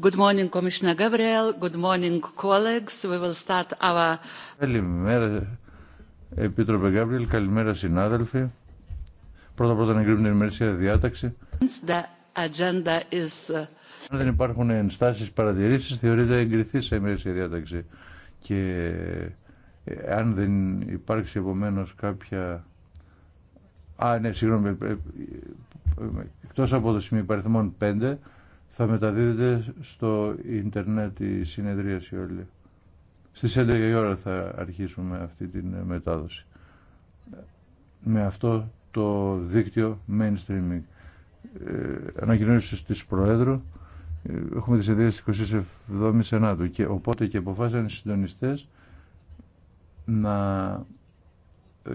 Καλημέρα, Επίτροπε Γκάμπριελ. Καλημέρα, συνάδελφοι. Πρώτα πρώτα να εγκρίνουμε την ημερήσια διάταξη. The uh, Αν δεν υπάρχουν ενστάσεις παρατηρήσει, θεωρείται εγκριθή σε ημερήσια διάταξη. Και ε, αν δεν υπάρξει επομένω κάποια... Α, ναι, συγγνώμη, ε, ε, εκτός από το σημείο υπαριθμών 5, θα μεταδίδεται στο ίντερνετ η συνεδρίαση όλη. Στις 11 η ώρα θα αρχίσουμε αυτή την μετάδοση. Με αυτό το δίκτυο mainstreaming. Ε, ανακοινώσεις της Προέδρου ε, έχουμε τις ιδέες της 27 Σενάτου και οπότε και αποφάσισαν οι συντονιστές να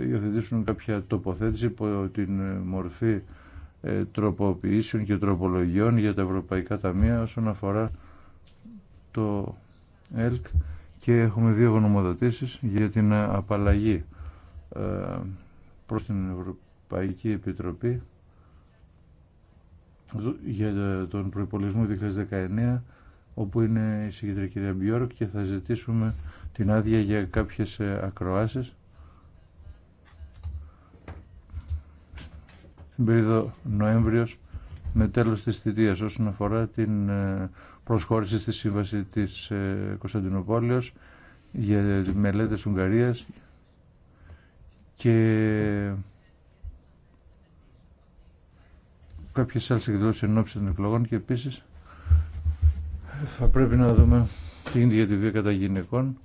υιοθετήσουν κάποια τοποθέτηση υπό την μορφή ε, τροποποιήσεων και τροπολογιών για τα Ευρωπαϊκά Ταμεία όσον αφορά το ΕΛΚ και έχουμε δύο γνωμοδοτήσεις για την απαλλαγή ε, προς την Ευρωπαϊκή Επιτροπή για τον προϋπολογισμό 2019 όπου είναι η συγκεντρική κυρία Μπιόρκ και θα ζητήσουμε την άδεια για κάποιες ε, ακροάσεις στην περίοδο Νοέμβριος με τέλος της θητείας όσον αφορά την ε, προσχώρηση στη σύμβαση της ε, Κωνσταντινούπολης για μελέτες Ουγγαρίας και κάποιες άλλες εκδηλώσεις εν των εκλογών και επίσης θα πρέπει να δούμε τι γίνεται για τη βία κατά γυναικών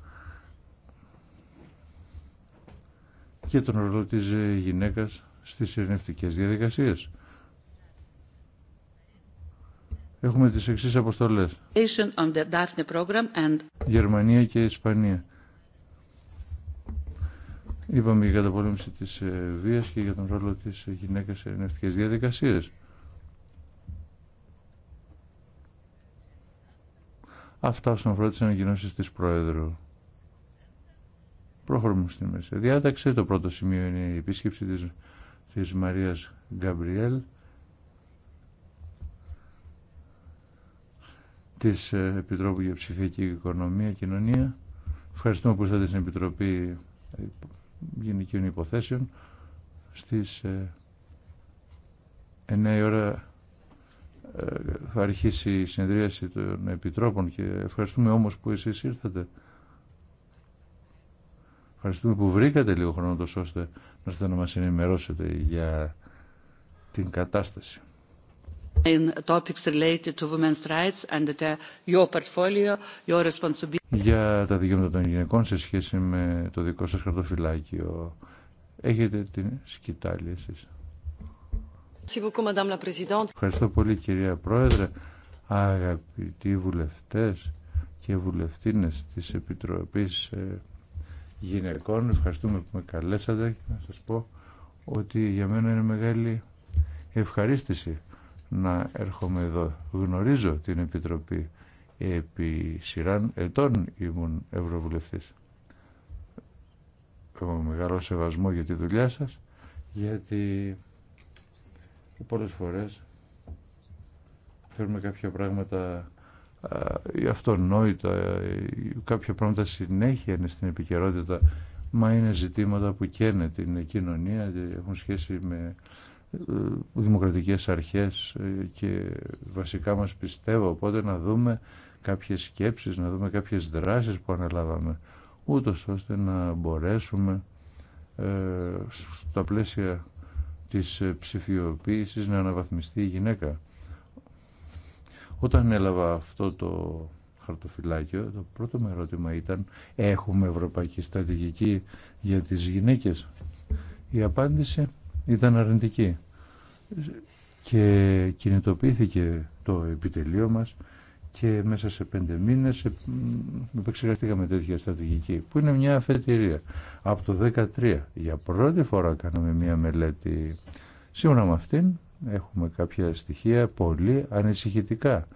και τον ρόλο της ε, γυναίκας στις ειρηνευτικές διαδικασίες. Έχουμε τις εξής αποστολές. Γερμανία και Ισπανία. Είπαμε για την πολέμηση της ε, βίας και για τον ρόλο της ε, γυναίκας σε ειρηνευτικές διαδικασίες. Αυτά όσον αφορά τις ανακοινώσεις της Πρόεδρου. Προχωρούμε στη μέση. Διάταξε το πρώτο σημείο είναι η επίσκεψη της της Μαρίας Γκαμπριέλ της ε, Επιτρόπου για Ψηφιακή Οικονομία και Κοινωνία. Ευχαριστούμε που ήρθατε στην Επιτροπή ε, Γενικών Υποθέσεων στις 9 ε, η ώρα θα αρχίσει η συνεδρίαση των Επιτρόπων και ευχαριστούμε όμως που εσείς ήρθατε. Ευχαριστούμε που βρήκατε λίγο χρόνο τόσο ώστε να έρθετε να μας ενημερώσετε για την κατάσταση. Για τα δικαιώματα των γυναικών σε σχέση με το δικό σας χαρτοφυλάκιο. Έχετε την σκητάλη εσείς. Ευχαριστώ πολύ κυρία Πρόεδρε, αγαπητοί βουλευτές και βουλευτίνες της Επιτροπής ε, γυναικών. Ευχαριστούμε που με καλέσατε και να σας πω ότι για μένα είναι μεγάλη ευχαρίστηση να έρχομαι εδώ. Γνωρίζω την Επιτροπή επί σειράν ετών ήμουν Ευρωβουλευτής. Έχω μεγάλο σεβασμό για τη δουλειά σας, γιατί πολλές φορές φέρουμε κάποια πράγματα η αυτονόητα, κάποια πράγματα συνέχεια είναι στην επικαιρότητα, μα είναι ζητήματα που καίνε την κοινωνία, ε, έχουν σχέση με ε, δημοκρατικές αρχές ε, και βασικά μας πιστεύω, οπότε να δούμε κάποιες σκέψεις, να δούμε κάποιες δράσεις που αναλάβαμε, ούτως ώστε να μπορέσουμε στα πλαίσια της ψηφιοποίησης να αναβαθμιστεί η γυναίκα όταν έλαβα αυτό το χαρτοφυλάκιο, το πρώτο μου ερώτημα ήταν έχουμε ευρωπαϊκή στρατηγική για τις γυναίκες. Η απάντηση ήταν αρνητική και κινητοποιήθηκε το επιτελείο μας και μέσα σε πέντε μήνες επεξεργαστήκαμε τέτοια στρατηγική που είναι μια αφετηρία. Από το 2013 για πρώτη φορά κάναμε μια μελέτη σύμφωνα με αυτήν έχουμε κάποια στοιχεία πολύ ανησυχητικά.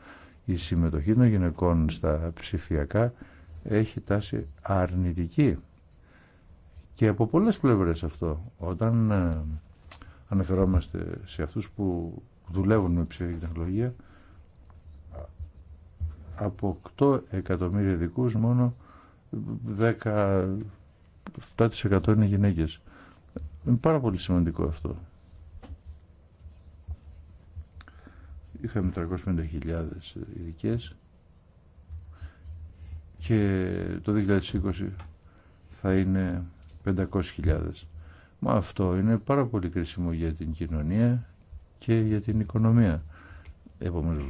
Η συμμετοχή των γυναικών στα ψηφιακά έχει τάση αρνητική. Και από πολλές πλευρές αυτό. Όταν ε, αναφερόμαστε σε αυτούς που δουλεύουν με ψηφιακή τεχνολογία, από 8 εκατομμύρια ειδικού μόνο 17% είναι γυναίκες. Είναι πάρα πολύ σημαντικό αυτό. είχαμε 350.000 ειδικέ και το 2020 θα είναι 500.000. Μα αυτό είναι πάρα πολύ κρίσιμο για την κοινωνία και για την οικονομία. Επομένως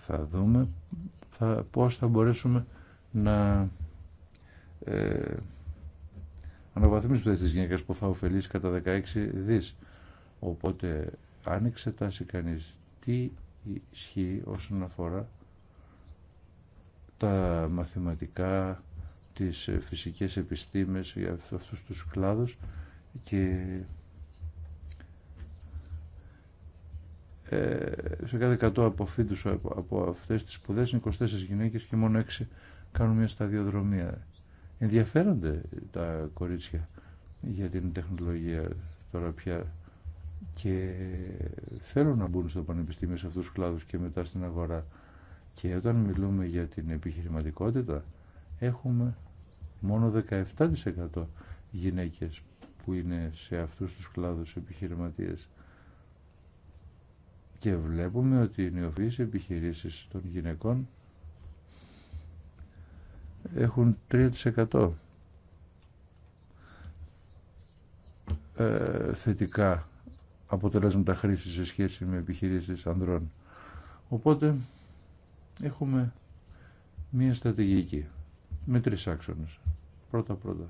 θα δούμε θα, πώς θα μπορέσουμε να ε, αναβαθμίσουμε τις γυναίκες που θα ωφελήσει κατά 16 δις. Οπότε αν εξετάσει κανείς τι ισχύει όσον αφορά τα μαθηματικά, τις φυσικές επιστήμες για αυτούς τους κλάδους και ε, σε κάθε 100 αποφύντους από αυτές τις σπουδές είναι 24 γυναίκες και μόνο 6 κάνουν μια σταδιοδρομία. Ενδιαφέρονται τα κορίτσια για την τεχνολογία τώρα πια και θέλουν να μπουν στο πανεπιστήμιο σε αυτούς τους κλάδους και μετά στην αγορά. Και όταν μιλούμε για την επιχειρηματικότητα έχουμε μόνο 17% γυναίκες που είναι σε αυτούς τους κλάδους επιχειρηματίες. Και βλέπουμε ότι οι νεοφυείς επιχειρήσεις των γυναικών έχουν 3% ε, θετικά αποτελέσματα χρήση σε σχέση με επιχειρήσεις ανδρών. Οπότε έχουμε μία στρατηγική με τρεις άξονες. Πρώτα πρώτα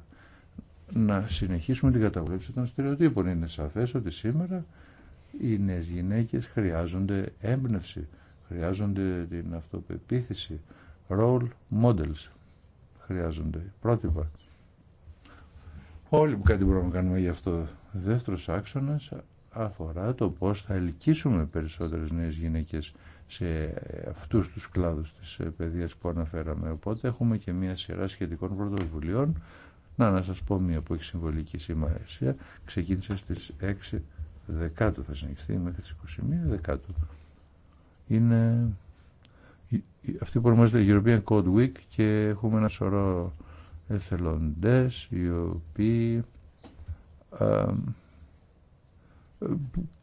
να συνεχίσουμε την καταβλέψη των στερεοτύπων. Είναι σαφές ότι σήμερα οι νέες γυναίκες χρειάζονται έμπνευση, χρειάζονται την αυτοπεποίθηση, role models χρειάζονται, πρότυπα. Όλοι που κάτι μπορούμε να κάνουμε γι' αυτό. Δεύτερος άξονας αφορά το πώς θα ελκύσουμε περισσότερες νέες γυναίκες σε αυτούς τους κλάδους της ε, παιδείας που αναφέραμε. Οπότε έχουμε και μια σειρά σχετικών πρωτοβουλειών. Να, να σας πω μία που έχει συμβολική σημασία. Ξεκίνησε στις 6 Δεκάτου, θα συνεχιστεί μέχρι τις 21 Δεκάτου. Είναι αυτή που ονομάζεται European Code Week και έχουμε ένα σωρό εθελοντές οι οποίοι ε,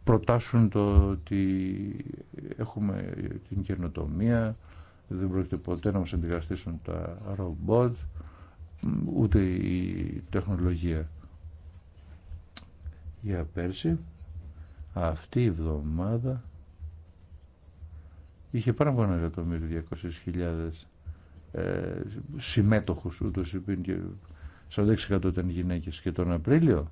προτάσουν το ότι έχουμε την καινοτομία, δεν πρόκειται ποτέ να μας αντικαστήσουν τα ρομπότ, ούτε η τεχνολογία. Για πέρσι, αυτή η εβδομάδα, είχε πάνω από ένα εκατομμύριο 200.000 ε, συμμέτοχους, ούτως είπε 46% ήταν γυναίκες και τον Απρίλιο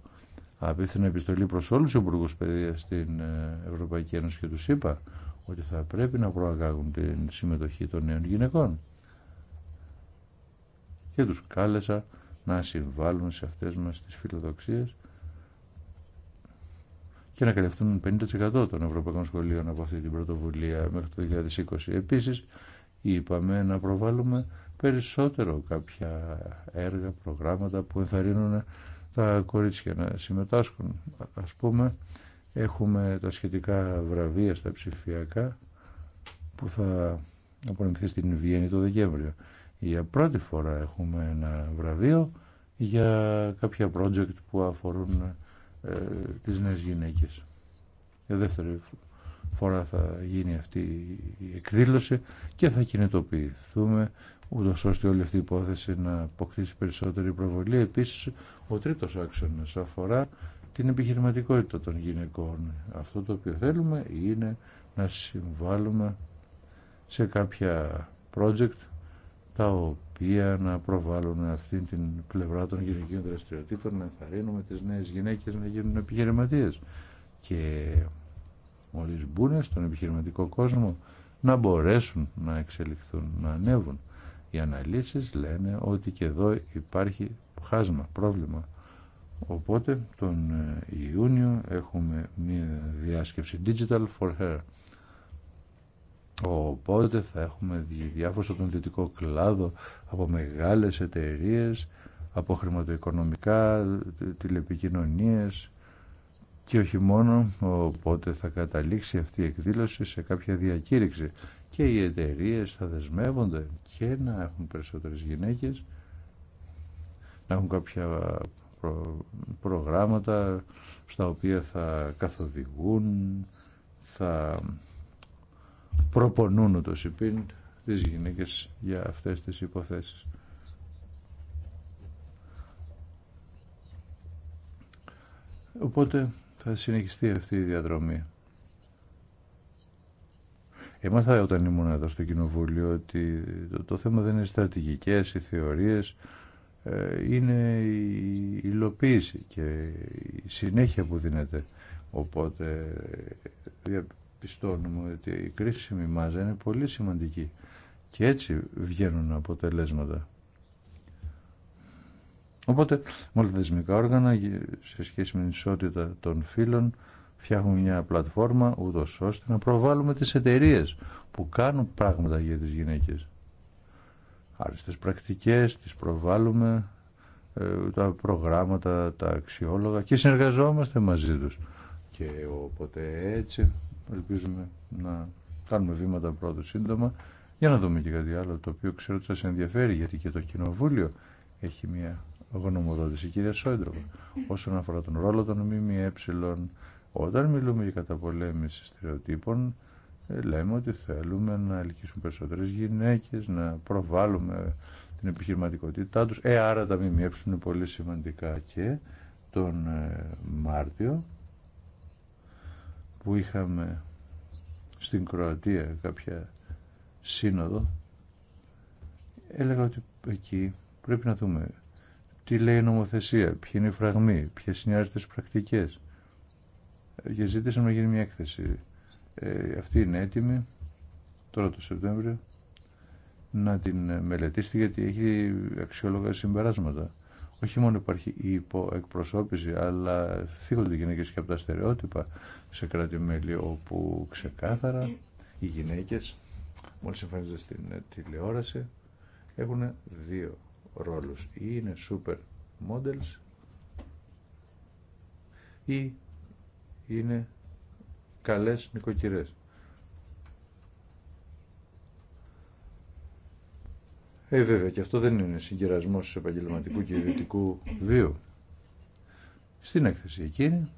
απίθυνα επιστολή προ όλους του υπουργού παιδεία στην ε, Ευρωπαϊκή Ένωση και του είπα ότι θα πρέπει να προαγάγουν την συμμετοχή των νέων γυναικών. Και τους κάλεσα να συμβάλλουν σε αυτές μας τις φιλοδοξίες και να καλυφθούν 50% των ευρωπαϊκών σχολείων από αυτή την πρωτοβουλία μέχρι το 2020. Επίσης, είπαμε να προβάλλουμε περισσότερο κάποια έργα, προγράμματα που ενθαρρύνουν τα κορίτσια να συμμετάσχουν. Ας πούμε, έχουμε τα σχετικά βραβεία στα ψηφιακά που θα απονεμηθεί στην Βιέννη το Δεκέμβριο. Για πρώτη φορά έχουμε ένα βραβείο για κάποια project που αφορούν ε, τις νέες γυναίκες. Για δεύτερη φορά θα γίνει αυτή η εκδήλωση και θα κινητοποιηθούμε ούτως ώστε όλη αυτή η υπόθεση να αποκτήσει περισσότερη προβολή. Επίσης ο τρίτος άξονας αφορά την επιχειρηματικότητα των γυναικών. Αυτό το οποίο θέλουμε είναι να συμβάλλουμε σε κάποια project τα οποία να προβάλλουν αυτή την πλευρά των γυναικείων δραστηριοτήτων, να ενθαρρύνουμε τις νέες γυναίκες να γίνουν επιχειρηματίες και μόλις μπουν στον επιχειρηματικό κόσμο να μπορέσουν να εξελιχθούν, να ανέβουν. Οι αναλύσεις λένε ότι και εδώ υπάρχει χάσμα, πρόβλημα. Οπότε τον ε, Ιούνιο έχουμε μία διάσκεψη Digital for Her. Οπότε θα έχουμε διάφορο από τον δυτικό κλάδο, από μεγάλες εταιρείες, από χρηματοοικονομικά, τηλεπικοινωνίες και όχι μόνο, οπότε θα καταλήξει αυτή η εκδήλωση σε κάποια διακήρυξη και οι εταιρείε θα δεσμεύονται και να έχουν περισσότερες γυναίκες, να έχουν κάποια προγράμματα στα οποία θα καθοδηγούν, θα προπονούν το ΣΥΠΗΝ τις γυναίκες για αυτές τις υποθέσεις. Οπότε θα συνεχιστεί αυτή η διαδρομή. Έμαθα όταν ήμουν εδώ στο Κοινοβούλιο ότι το, το θέμα δεν είναι στρατηγικές, ε, η θεωρίες, είναι η υλοποίηση και η συνέχεια που δίνεται. Οπότε ε, διαπιστώνουμε ότι η κρίσιμη μάζα είναι πολύ σημαντική και έτσι βγαίνουν αποτελέσματα. Οπότε, με όργανα, ε, σε σχέση με την ισότητα των φύλων, φτιάχνουμε μια πλατφόρμα ούτω ώστε να προβάλλουμε τις εταιρείε που κάνουν πράγματα για τις γυναίκες. Άριστες πρακτικές, τις προβάλλουμε, ε, τα προγράμματα, τα αξιόλογα και συνεργαζόμαστε μαζί τους. Και οπότε έτσι ελπίζουμε να κάνουμε βήματα πρώτο σύντομα για να δούμε και κάτι άλλο το οποίο ξέρω ότι σας ενδιαφέρει γιατί και το Κοινοβούλιο έχει μια γνωμοδότηση. Κυρία Σόιντροβα, όσον αφορά τον ρόλο των ΜΜΕ όταν μιλούμε για καταπολέμηση στερεοτύπων, ε, λέμε ότι θέλουμε να ελκύσουν περισσότερες γυναίκες, να προβάλλουμε την επιχειρηματικότητά τους. Ε, άρα τα ΜΜΕ είναι πολύ σημαντικά και τον ε, Μάρτιο που είχαμε στην Κροατία κάποια σύνοδο έλεγα ότι εκεί πρέπει να δούμε τι λέει η νομοθεσία, ποιοι είναι οι φραγμοί, ποιες είναι οι πρακτικές και ζήτησαμε να γίνει μια έκθεση. Ε, αυτή είναι έτοιμη τώρα το Σεπτέμβριο να την μελετήσετε γιατί έχει αξιόλογα συμπεράσματα. Όχι μόνο υπάρχει η υποεκπροσώπηση, αλλά φύγονται οι γυναίκες και από τα στερεότυπα σε κράτη-μέλη όπου ξεκάθαρα οι γυναίκες, μόλις εμφανίζονται στην ε, τηλεόραση, έχουν δύο ρόλους. Ή είναι super models ή είναι καλές νοικοκυρές. Ε, βέβαια, και αυτό δεν είναι συγκερασμός επαγγελματικού και ιδιωτικού βίου. Στην έκθεση εκείνη,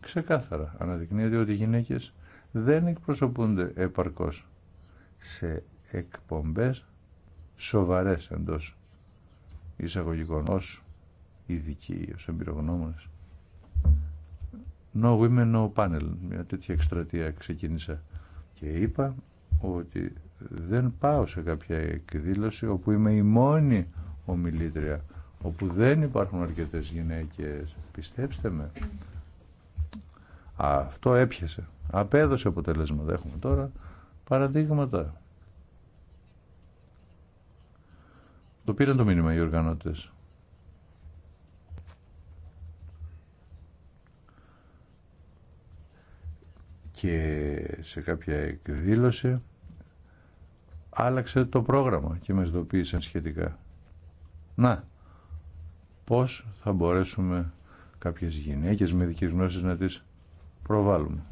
ξεκάθαρα αναδεικνύεται ότι οι γυναίκες δεν εκπροσωπούνται επαρκώς σε εκπομπές σοβαρές εντός εισαγωγικών ως ειδικοί, ως εμπειρογνώμονες. No Women No Panel. Μια τέτοια εκστρατεία ξεκίνησα και είπα ότι δεν πάω σε κάποια εκδήλωση όπου είμαι η μόνη ομιλήτρια, όπου δεν υπάρχουν αρκετές γυναίκες. Πιστέψτε με. Αυτό έπιασε. Απέδωσε αποτελέσματα. Έχουμε τώρα παραδείγματα. Το πήραν το μήνυμα οι οργανώτες. και σε κάποια εκδήλωση άλλαξε το πρόγραμμα και μας ειδοποίησαν σχετικά. Να, πώς θα μπορέσουμε κάποιες γυναίκες με ειδικές γνώσεις να τις προβάλλουμε.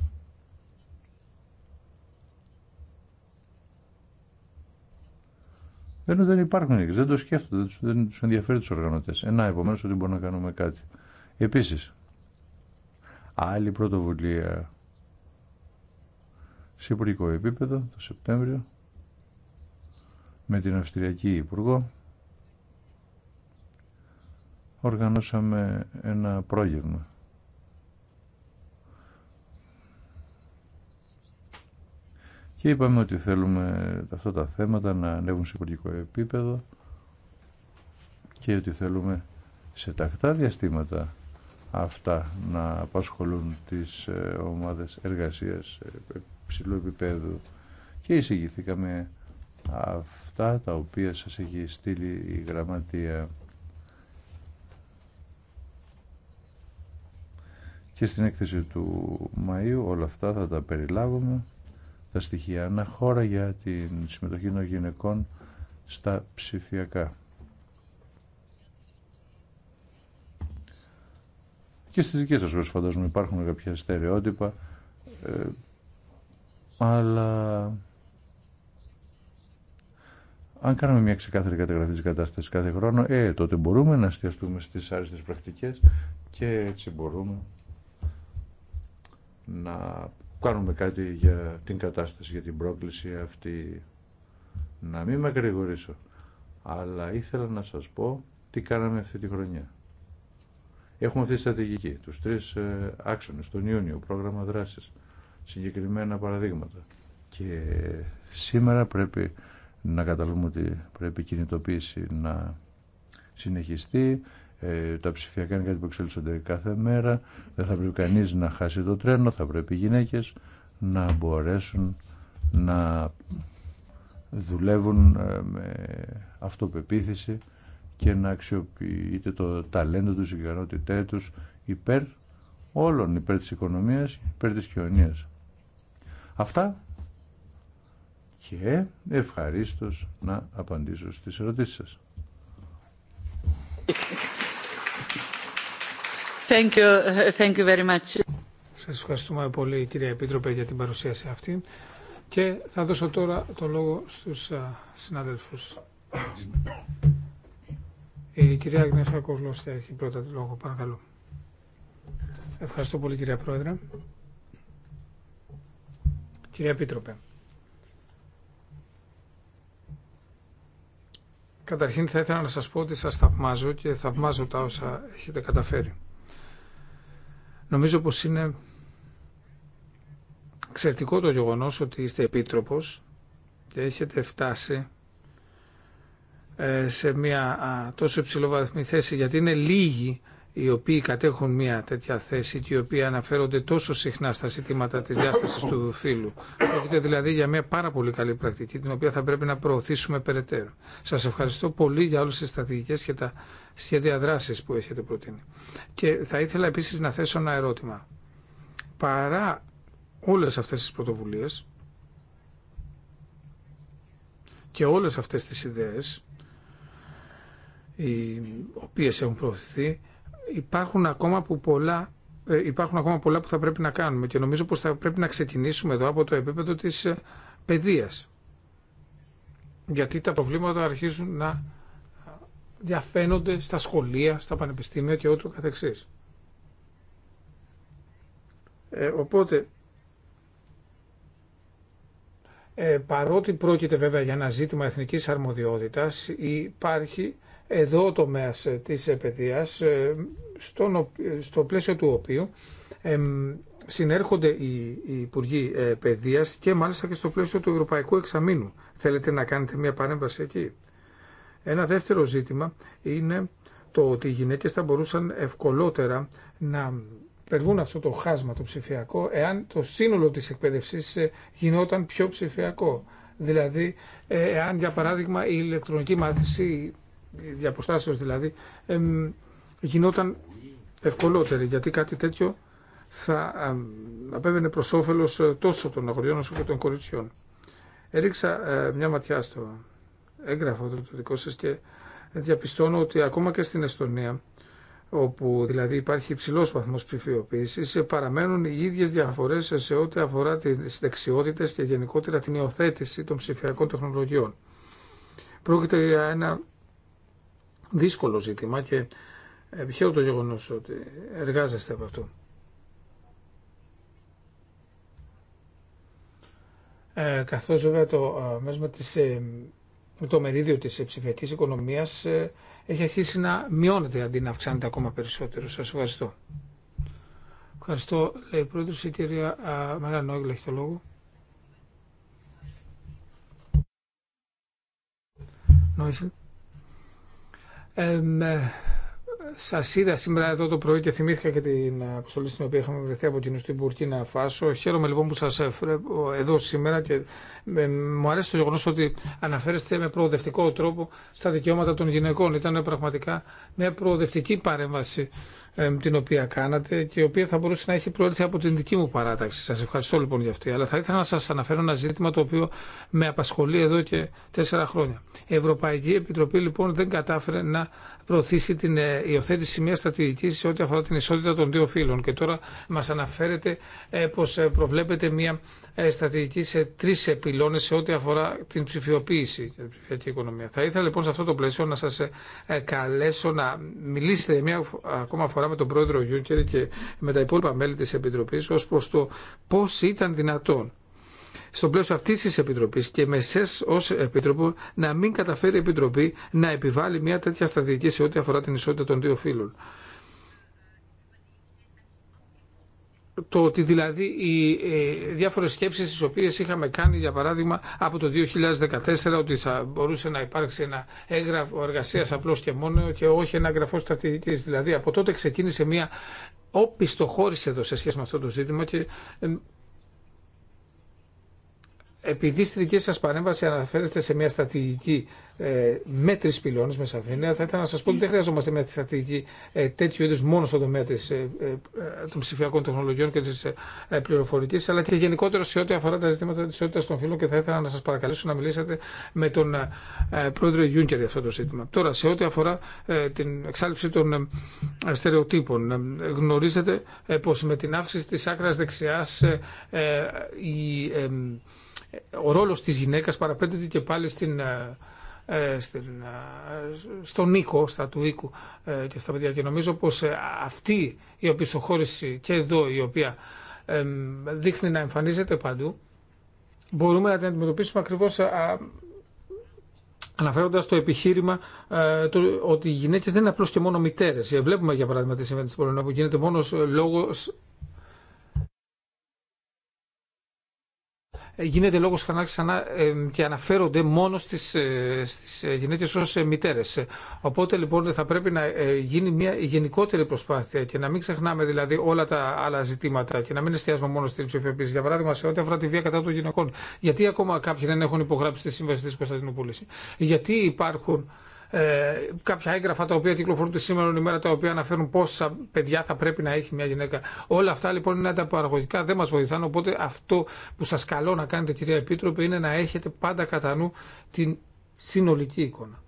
Δεν, δεν υπάρχουν γυναίκες, δεν το σκέφτονται, δεν τους ενδιαφέρει τους οργανωτές. Ε, να, επομένως ότι μπορούμε να κάνουμε κάτι. Επίσης, άλλη πρωτοβουλία σε υπουργικό επίπεδο το Σεπτέμβριο με την Αυστριακή Υπουργό οργανώσαμε ένα πρόγευμα. Και είπαμε ότι θέλουμε αυτά τα θέματα να ανέβουν σε υπουργικό επίπεδο και ότι θέλουμε σε τακτά διαστήματα αυτά να απασχολούν τις ε, ομάδες εργασίας ε, ψηλού επίπεδου και εισηγηθήκαμε αυτά τα οποία σας έχει στείλει η γραμματεία. Και στην έκθεση του Μαΐου όλα αυτά θα τα περιλάβουμε, τα στοιχεία αναχώρα για την συμμετοχή των γυναικών στα ψηφιακά. Και στις δικές σας φαντάζομαι υπάρχουν κάποια στερεότυπα ε, αλλά αν κάνουμε μια ξεκάθαρη καταγραφή της κατάστασης κάθε χρόνο, ε, τότε μπορούμε να εστιαστούμε στις άριστες πρακτικές και έτσι μπορούμε να κάνουμε κάτι για την κατάσταση, για την πρόκληση αυτή. Να μην με γρηγορήσω, αλλά ήθελα να σας πω τι κάναμε αυτή τη χρονιά. Έχουμε αυτή τη στρατηγική, τους τρεις ε, άξονες, τον Ιούνιο, πρόγραμμα δράσης, συγκεκριμένα παραδείγματα. Και σήμερα πρέπει να καταλάβουμε ότι πρέπει η κινητοποίηση να συνεχιστεί. Ε, τα ψηφιακά είναι κάτι που εξελίσσονται κάθε μέρα. Δεν θα πρέπει κανείς να χάσει το τρένο. Θα πρέπει οι γυναίκες να μπορέσουν να δουλεύουν ε, με αυτοπεποίθηση και να αξιοποιείται το ταλέντο τους, η ικανότητα τους υπέρ όλων, υπέρ της οικονομίας, υπέρ της κοινωνίας. Αυτά και ευχαριστώ να απαντήσω στις ερωτήσεις σας. Thank you. Thank you very much. Σας ευχαριστούμε πολύ κυρία Επίτροπε για την παρουσίαση αυτή και θα δώσω τώρα το λόγο στους συναδέλφους. Η κυρία Αγνέσσα Κοβλώστα έχει πρώτα το λόγο, παρακαλώ. Ευχαριστώ πολύ κυρία Πρόεδρε. Κύριε Επίτροπε, καταρχήν θα ήθελα να σας πω ότι σας θαυμάζω και θαυμάζω τα όσα έχετε καταφέρει. Νομίζω πως είναι εξαιρετικό το γεγονός ότι είστε επίτροπος και έχετε φτάσει ε, σε μια τόσο υψηλοβαθμή θέση γιατί είναι λίγοι οι οποίοι κατέχουν μια τέτοια θέση και οι οποίοι αναφέρονται τόσο συχνά στα ζητήματα τη διάσταση του φύλου. Πρόκειται δηλαδή για μια πάρα πολύ καλή πρακτική την οποία θα πρέπει να προωθήσουμε περαιτέρω. Σας ευχαριστώ πολύ για όλες τις στρατηγικές και τα σχέδια δράση που έχετε προτείνει. Και θα ήθελα επίση να θέσω ένα ερώτημα. Παρά όλε αυτέ τι πρωτοβουλίε και όλε αυτέ τι ιδέε οι οποίες έχουν προωθηθεί υπάρχουν ακόμα που πολλά ε, υπάρχουν ακόμα πολλά που θα πρέπει να κάνουμε και νομίζω πως θα πρέπει να ξεκινήσουμε εδώ από το επίπεδο της ε, παιδείας. Γιατί τα προβλήματα αρχίζουν να ε, διαφαίνονται στα σχολεία, στα πανεπιστήμια και ούτω καθεξής. Ε, οπότε, ε, παρότι πρόκειται βέβαια για ένα ζήτημα εθνικής αρμοδιότητας, υπάρχει εδώ ο τομέας ε, της παιδείας ε, ε, στο πλαίσιο του οποίου συνέρχονται οι Υπουργοί Παιδείας και μάλιστα και στο πλαίσιο του Ευρωπαϊκού Εξαμήνου. Θέλετε να κάνετε μια παρέμβαση εκεί. Ένα δεύτερο ζήτημα είναι το ότι οι γυναίκες θα μπορούσαν ευκολότερα να περνούν αυτό το χάσμα το ψηφιακό εάν το σύνολο της εκπαίδευσης γινόταν πιο ψηφιακό. Δηλαδή, εάν για παράδειγμα η ηλεκτρονική μάθηση διαποστάσεω δηλαδή, εμ, γινόταν ευκολότερη, γιατί κάτι τέτοιο θα απέβαινε προ όφελο ε, τόσο των αγοριών όσο και των κοριτσιών. Έριξα ε, μια ματιά στο έγγραφο το, το δικό σα και διαπιστώνω ότι ακόμα και στην Εστονία, όπου δηλαδή υπάρχει υψηλό βαθμό ψηφιοποίηση, ε, παραμένουν οι ίδιε διαφορέ σε ό,τι αφορά τι δεξιότητε και γενικότερα την υιοθέτηση των ψηφιακών τεχνολογιών. Πρόκειται για ένα δύσκολο ζήτημα και επιχαίρω το γεγονός ότι εργάζεστε από αυτό. Ε, καθώς βέβαια το, ε, μέσα με το μερίδιο της ε, ψηφιακής οικονομίας ε, έχει αρχίσει να μειώνεται αντί να αυξάνεται ακόμα περισσότερο. Σας ευχαριστώ. Ευχαριστώ. Λέει πρόεδρος η κυρία Μαρία Νόγκλα έχει το λόγο. Ε, Σα είδα σήμερα εδώ το πρωί και θυμήθηκα και την αποστολή στην οποία είχαμε βρεθεί από κοινού στην να Φάσο. Χαίρομαι λοιπόν που σα βλέπω ε, εδώ σήμερα και ε, μου αρέσει το γεγονό ότι αναφέρεστε με προοδευτικό τρόπο στα δικαιώματα των γυναικών. Ήταν πραγματικά μια προοδευτική παρέμβαση την οποία κάνατε και η οποία θα μπορούσε να έχει προέλθει από την δική μου παράταξη. Σας ευχαριστώ λοιπόν για αυτή. Αλλά θα ήθελα να σας αναφέρω ένα ζήτημα το οποίο με απασχολεί εδώ και τέσσερα χρόνια. Η Ευρωπαϊκή Επιτροπή λοιπόν δεν κατάφερε να προωθήσει την ε, υιοθέτηση μια στρατηγική σε ό,τι αφορά την ισότητα των δύο φύλων. Και τώρα μας αναφέρεται ε, πως ε, προβλέπεται μια ε, στρατηγική σε τρει επιλώνε σε ό,τι αφορά την ψηφιοποίηση και την ψηφιακή οικονομία. Θα ήθελα λοιπόν σε αυτό το πλαίσιο να σα ε, ε, καλέσω να μιλήσετε μια ακόμα φορά με τον πρόεδρο Γιούκερ και με τα υπόλοιπα μέλη τη Επιτροπή ω προ το πώ ήταν δυνατόν στο πλαίσιο αυτή τη Επιτροπή και με εσέ ω Επίτροπο να μην καταφέρει η Επιτροπή να επιβάλλει μια τέτοια στρατηγική σε ό,τι αφορά την ισότητα των δύο φύλων. το ότι δηλαδή οι ε, διάφορες σκέψεις τις οποίες είχαμε κάνει για παράδειγμα από το 2014 ότι θα μπορούσε να υπάρξει ένα έγγραφο εργασίας απλώς και μόνο και όχι ένα έγγραφο στρατηγικής. Δηλαδή από τότε ξεκίνησε μια χώρισε εδώ σε σχέση με αυτό το ζήτημα και ε, επειδή στη δική σα παρέμβαση αναφέρεστε σε μια στρατηγική ε, με τρει πυλώνε, με σαφήνεια, θα ήθελα να σα πω ότι δεν χρειαζόμαστε μια στρατηγική ε, τέτοιου είδου μόνο στον τομέα της, ε, ε των ψηφιακών τεχνολογιών και τη ε, πληροφορικής, αλλά και γενικότερα σε ό,τι αφορά τα ζητήματα τη ισότητα των φύλων και θα ήθελα να σα παρακαλέσω να μιλήσετε με τον ε, πρόεδρο Γιούνκερ για αυτό το ζήτημα. Τώρα, σε ό,τι αφορά ε, την εξάλληψη των ε, στερεοτύπων, γνωρίζετε πω με την αύξηση της ε, δεξιάς η ο ρόλος της γυναίκας παραπέμπεται και πάλι στην, ε, ε, στην, ε, στον οίκο, στα του οίκου και στα παιδιά. Και νομίζω πως αυτή η οπισθοχώρηση και εδώ η οποία δείχνει να εμφανίζεται παντού, μπορούμε να την αντιμετωπίσουμε ακριβώς Αναφέροντα το επιχείρημα ότι οι γυναίκε δεν είναι απλώ και μόνο μητέρε. Βλέπουμε για παράδειγμα τι συμβαίνει στην Πολωνία που γίνεται μόνο λόγο γίνεται λόγος ξανά ξανά και αναφέρονται μόνο στις, ε, στις ε, γυναίκες ως ε, μητέρες. Οπότε λοιπόν θα πρέπει να γίνει μια γενικότερη προσπάθεια και να μην ξεχνάμε δηλαδή όλα τα άλλα ζητήματα και να μην εστιάζουμε μόνο στην ψηφιοποίηση. Για παράδειγμα σε ό,τι αφορά τη βία κατά των γυναικών. Γιατί ακόμα κάποιοι δεν έχουν υπογράψει τη σύμβαση της Κωνσταντινούπολης. Γιατί υπάρχουν ε, κάποια έγγραφα τα οποία κυκλοφορούν σήμερα ημέρα τα οποία αναφέρουν πόσα παιδιά θα πρέπει να έχει μια γυναίκα. Όλα αυτά λοιπόν είναι ανταπαραγωγικά, δεν μα βοηθάνε. Οπότε αυτό που σα καλώ να κάνετε, κυρία Επίτροπε, είναι να έχετε πάντα κατά νου την συνολική εικόνα.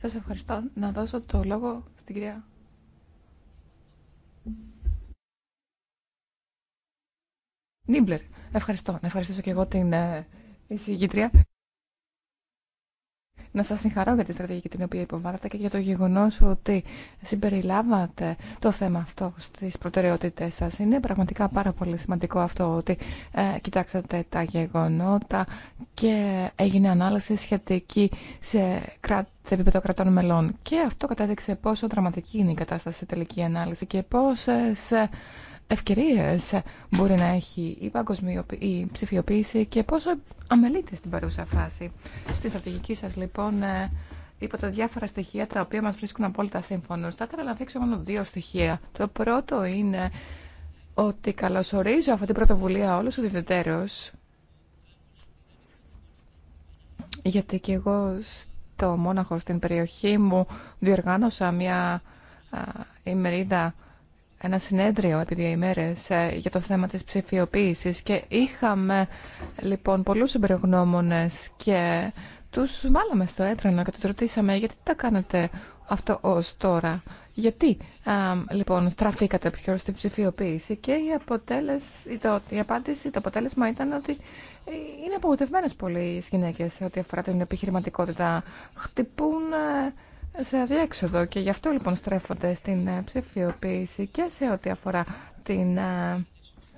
Σας ευχαριστώ. Να δώσω το λόγο στην κυρία. Νίμπλερ, ευχαριστώ. Να ευχαριστήσω και εγώ την ε, εισηγήτρια. Να σας συγχαρώ για τη στρατηγική την οποία υποβάλλατε και για το γεγονός ότι συμπεριλάβατε το θέμα αυτό στις προτεραιότητές σας. Είναι πραγματικά πάρα πολύ σημαντικό αυτό ότι ε, κοιτάξατε τα γεγονότα και έγινε ανάλυση σχετική σε, σε επίπεδο κρατών μελών. Και αυτό κατέδειξε πόσο δραματική είναι η κατάσταση σε τελική ανάλυση και πόσες... Ε, ευκαιρίες μπορεί να έχει η, η ψηφιοποίηση και πόσο αμελείται στην παρούσα φάση. Στη στρατηγική σας λοιπόν ε, τα διάφορα στοιχεία τα οποία μας βρίσκουν απόλυτα σύμφωνος. Θα ήθελα να δείξω μόνο δύο στοιχεία. Το πρώτο είναι ότι καλωσορίζω αυτή την πρωτοβουλία όλου ο ιδιωτέρως γιατί και εγώ στο Μόναχο στην περιοχή μου διοργάνωσα μια ημερίδα ένα συνέδριο επί δύο ημέρες ε, για το θέμα της ψηφιοποίησης και είχαμε λοιπόν πολλούς εμπειρογνώμονες και τους βάλαμε στο έτρανο και τους ρωτήσαμε γιατί τα κάνετε αυτό ως τώρα. Γιατί λοιπόν στραφήκατε πιο στην ψηφιοποίηση και η, το, η απάντηση, το αποτέλεσμα ήταν ότι είναι απογοητευμένες πολλοί οι γυναίκες ό,τι αφορά την επιχειρηματικότητα. Χτυπούν ε, σε αδιέξοδο και γι' αυτό λοιπόν στρέφονται στην ε, ψηφιοποίηση και σε ό,τι αφορά την ε,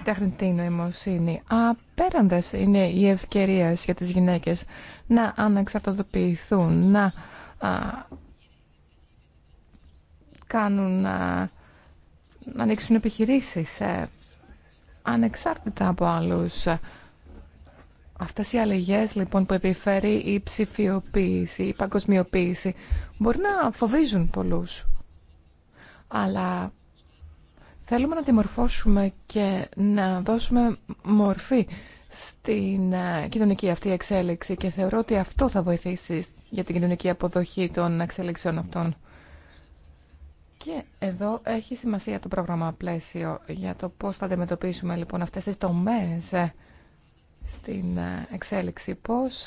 τεχνητή νοημοσύνη. Απέραντες είναι οι ευκαιρίες για τις γυναίκες να αναξαρτοποιηθούν, να κάνουν να, ανοίξουν επιχειρήσεις ε, ανεξάρτητα από άλλους Αυτές οι αλλαγές λοιπόν που επιφέρει η ψηφιοποίηση, η παγκοσμιοποίηση μπορεί να φοβίζουν πολλούς. Αλλά θέλουμε να τη και να δώσουμε μορφή στην ε, κοινωνική αυτή εξέλιξη και θεωρώ ότι αυτό θα βοηθήσει για την κοινωνική αποδοχή των εξέλιξεων αυτών. Και εδώ έχει σημασία το πρόγραμμα πλαίσιο για το πώς θα αντιμετωπίσουμε λοιπόν αυτές τις τομές ε, στην ε, εξέλιξη. Πώς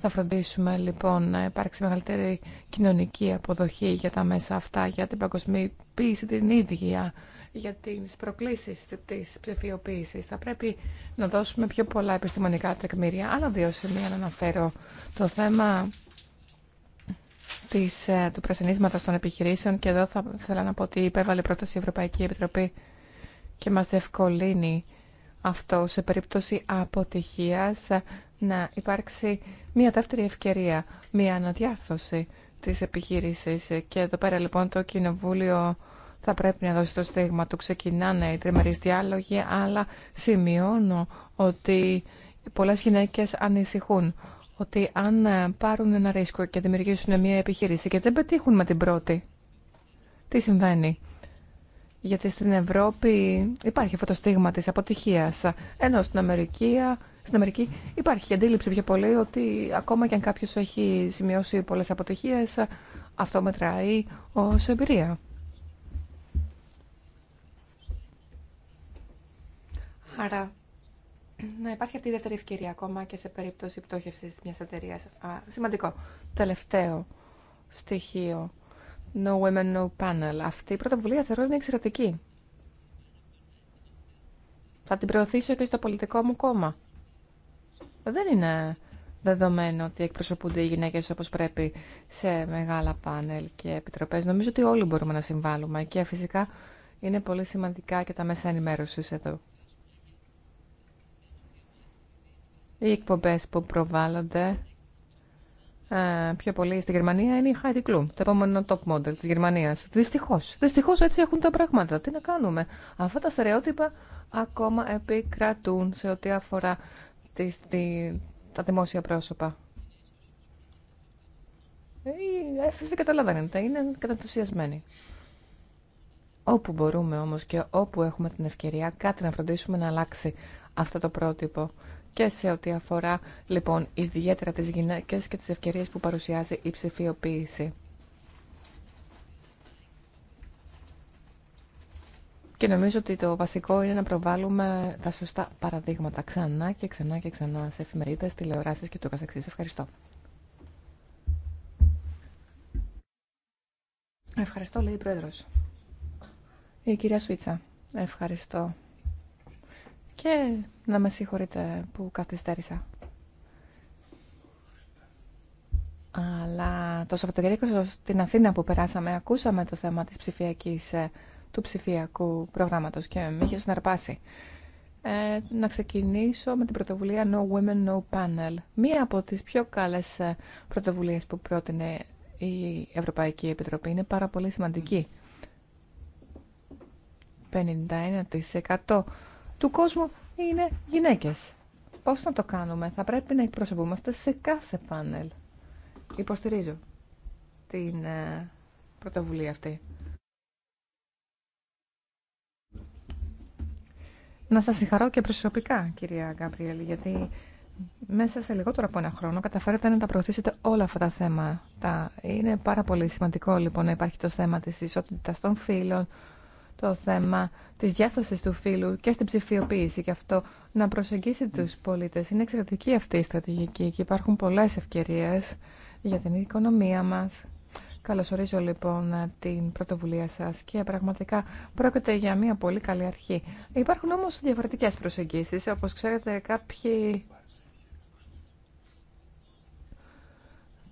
θα φροντίσουμε λοιπόν να υπάρξει μεγαλύτερη κοινωνική αποδοχή για τα μέσα αυτά, για την παγκοσμιοποίηση την ίδια, για τις προκλήσεις της ψηφιοποίηση. Θα πρέπει να δώσουμε πιο πολλά επιστημονικά τεκμήρια. Άλλα δύο σημεία να αναφέρω. Το θέμα της, ε, του πρασινίσματος των επιχειρήσεων και εδώ θα ήθελα να πω ότι υπέβαλε πρόταση η Ευρωπαϊκή Επιτροπή και μας ευκολύνει αυτό σε περίπτωση αποτυχίας να υπάρξει μια δεύτερη ευκαιρία, μια αναδιάρθρωση της επιχείρησης. Και εδώ πέρα λοιπόν το Κοινοβούλιο θα πρέπει να δώσει το στίγμα του. Ξεκινάνε οι τριμερείς διάλογοι, αλλά σημειώνω ότι πολλές γυναίκες ανησυχούν ότι αν πάρουν ένα ρίσκο και δημιουργήσουν μια επιχείρηση και δεν πετύχουν με την πρώτη, τι συμβαίνει. Γιατί στην Ευρώπη υπάρχει αυτό το στίγμα της αποτυχίας. Ενώ στην Αμερική, στην Αμερική υπάρχει η αντίληψη πιο πολύ ότι ακόμα και αν κάποιος έχει σημειώσει πολλές αποτυχίες, αυτό μετράει ως εμπειρία. Άρα, να υπάρχει αυτή η δεύτερη ευκαιρία ακόμα και σε περίπτωση πτώχευσης μιας εταιρείας. σημαντικό. Τελευταίο στοιχείο No Women, No Panel. Αυτή η πρωτοβουλία θεωρώ είναι εξαιρετική. Θα την προωθήσω και στο πολιτικό μου κόμμα. Δεν είναι δεδομένο ότι εκπροσωπούνται οι γυναίκες όπως πρέπει σε μεγάλα πάνελ και επιτροπέ. Νομίζω ότι όλοι μπορούμε να συμβάλλουμε και φυσικά είναι πολύ σημαντικά και τα μέσα ενημέρωση εδώ. Οι εκπομπέ που προβάλλονται ε, πιο πολύ στη Γερμανία είναι η Heidi Klum, το επόμενο top model της Γερμανίας. Δυστυχώς. Δυστυχώς έτσι έχουν τα πράγματα. Τι να κάνουμε. Αυτά τα στερεότυπα ακόμα επικρατούν σε ό,τι αφορά τα δημόσια πρόσωπα. Οι καταλαβαίνετε, είναι κατανθουσιασμένοι. Όπου μπορούμε όμως και όπου έχουμε την ευκαιρία κάτι να φροντίσουμε να αλλάξει αυτό το πρότυπο και σε ό,τι αφορά λοιπόν ιδιαίτερα τις γυναίκες και τις ευκαιρίες που παρουσιάζει η ψηφιοποίηση. Και νομίζω ότι το βασικό είναι να προβάλλουμε τα σωστά παραδείγματα ξανά και ξανά και ξανά σε εφημερίδες, τηλεοράσεις και το καθεξής. Ευχαριστώ. Ευχαριστώ, λέει η Πρόεδρος. Η κυρία Σουίτσα. Ευχαριστώ. Και να με συγχωρείτε που καθυστέρησα. Αλλά το Σαββατοκύριακο στην Αθήνα που περάσαμε ακούσαμε το θέμα της ψηφιακής, ε, του ψηφιακού προγράμματος και με είχε συναρπάσει. Ε, να ξεκινήσω με την πρωτοβουλία No Women, No Panel. Μία από τις πιο καλές ε, πρωτοβουλίες που πρότεινε η Ευρωπαϊκή Επιτροπή είναι πάρα πολύ σημαντική. 51% του κόσμου είναι γυναίκες. Πώς να το κάνουμε, θα πρέπει να εκπροσωπούμαστε σε κάθε πάνελ. Υποστηρίζω την ε, πρωτοβουλία αυτή. Να σας συγχαρώ και προσωπικά, κυρία Γκάμπριελ, γιατί μέσα σε λιγότερο από ένα χρόνο καταφέρατε να τα προωθήσετε όλα αυτά τα θέματα. Είναι πάρα πολύ σημαντικό λοιπόν να υπάρχει το θέμα της ισότητας των φύλων, το θέμα της διάστασης του φύλου και στην ψηφιοποίηση και αυτό να προσεγγίσει τους πολίτες. Είναι εξαιρετική αυτή η στρατηγική και υπάρχουν πολλές ευκαιρίες για την οικονομία μας. Καλωσορίζω λοιπόν την πρωτοβουλία σας και πραγματικά πρόκειται για μια πολύ καλή αρχή. Υπάρχουν όμως διαφορετικές προσεγγίσεις. Όπως ξέρετε κάποιοι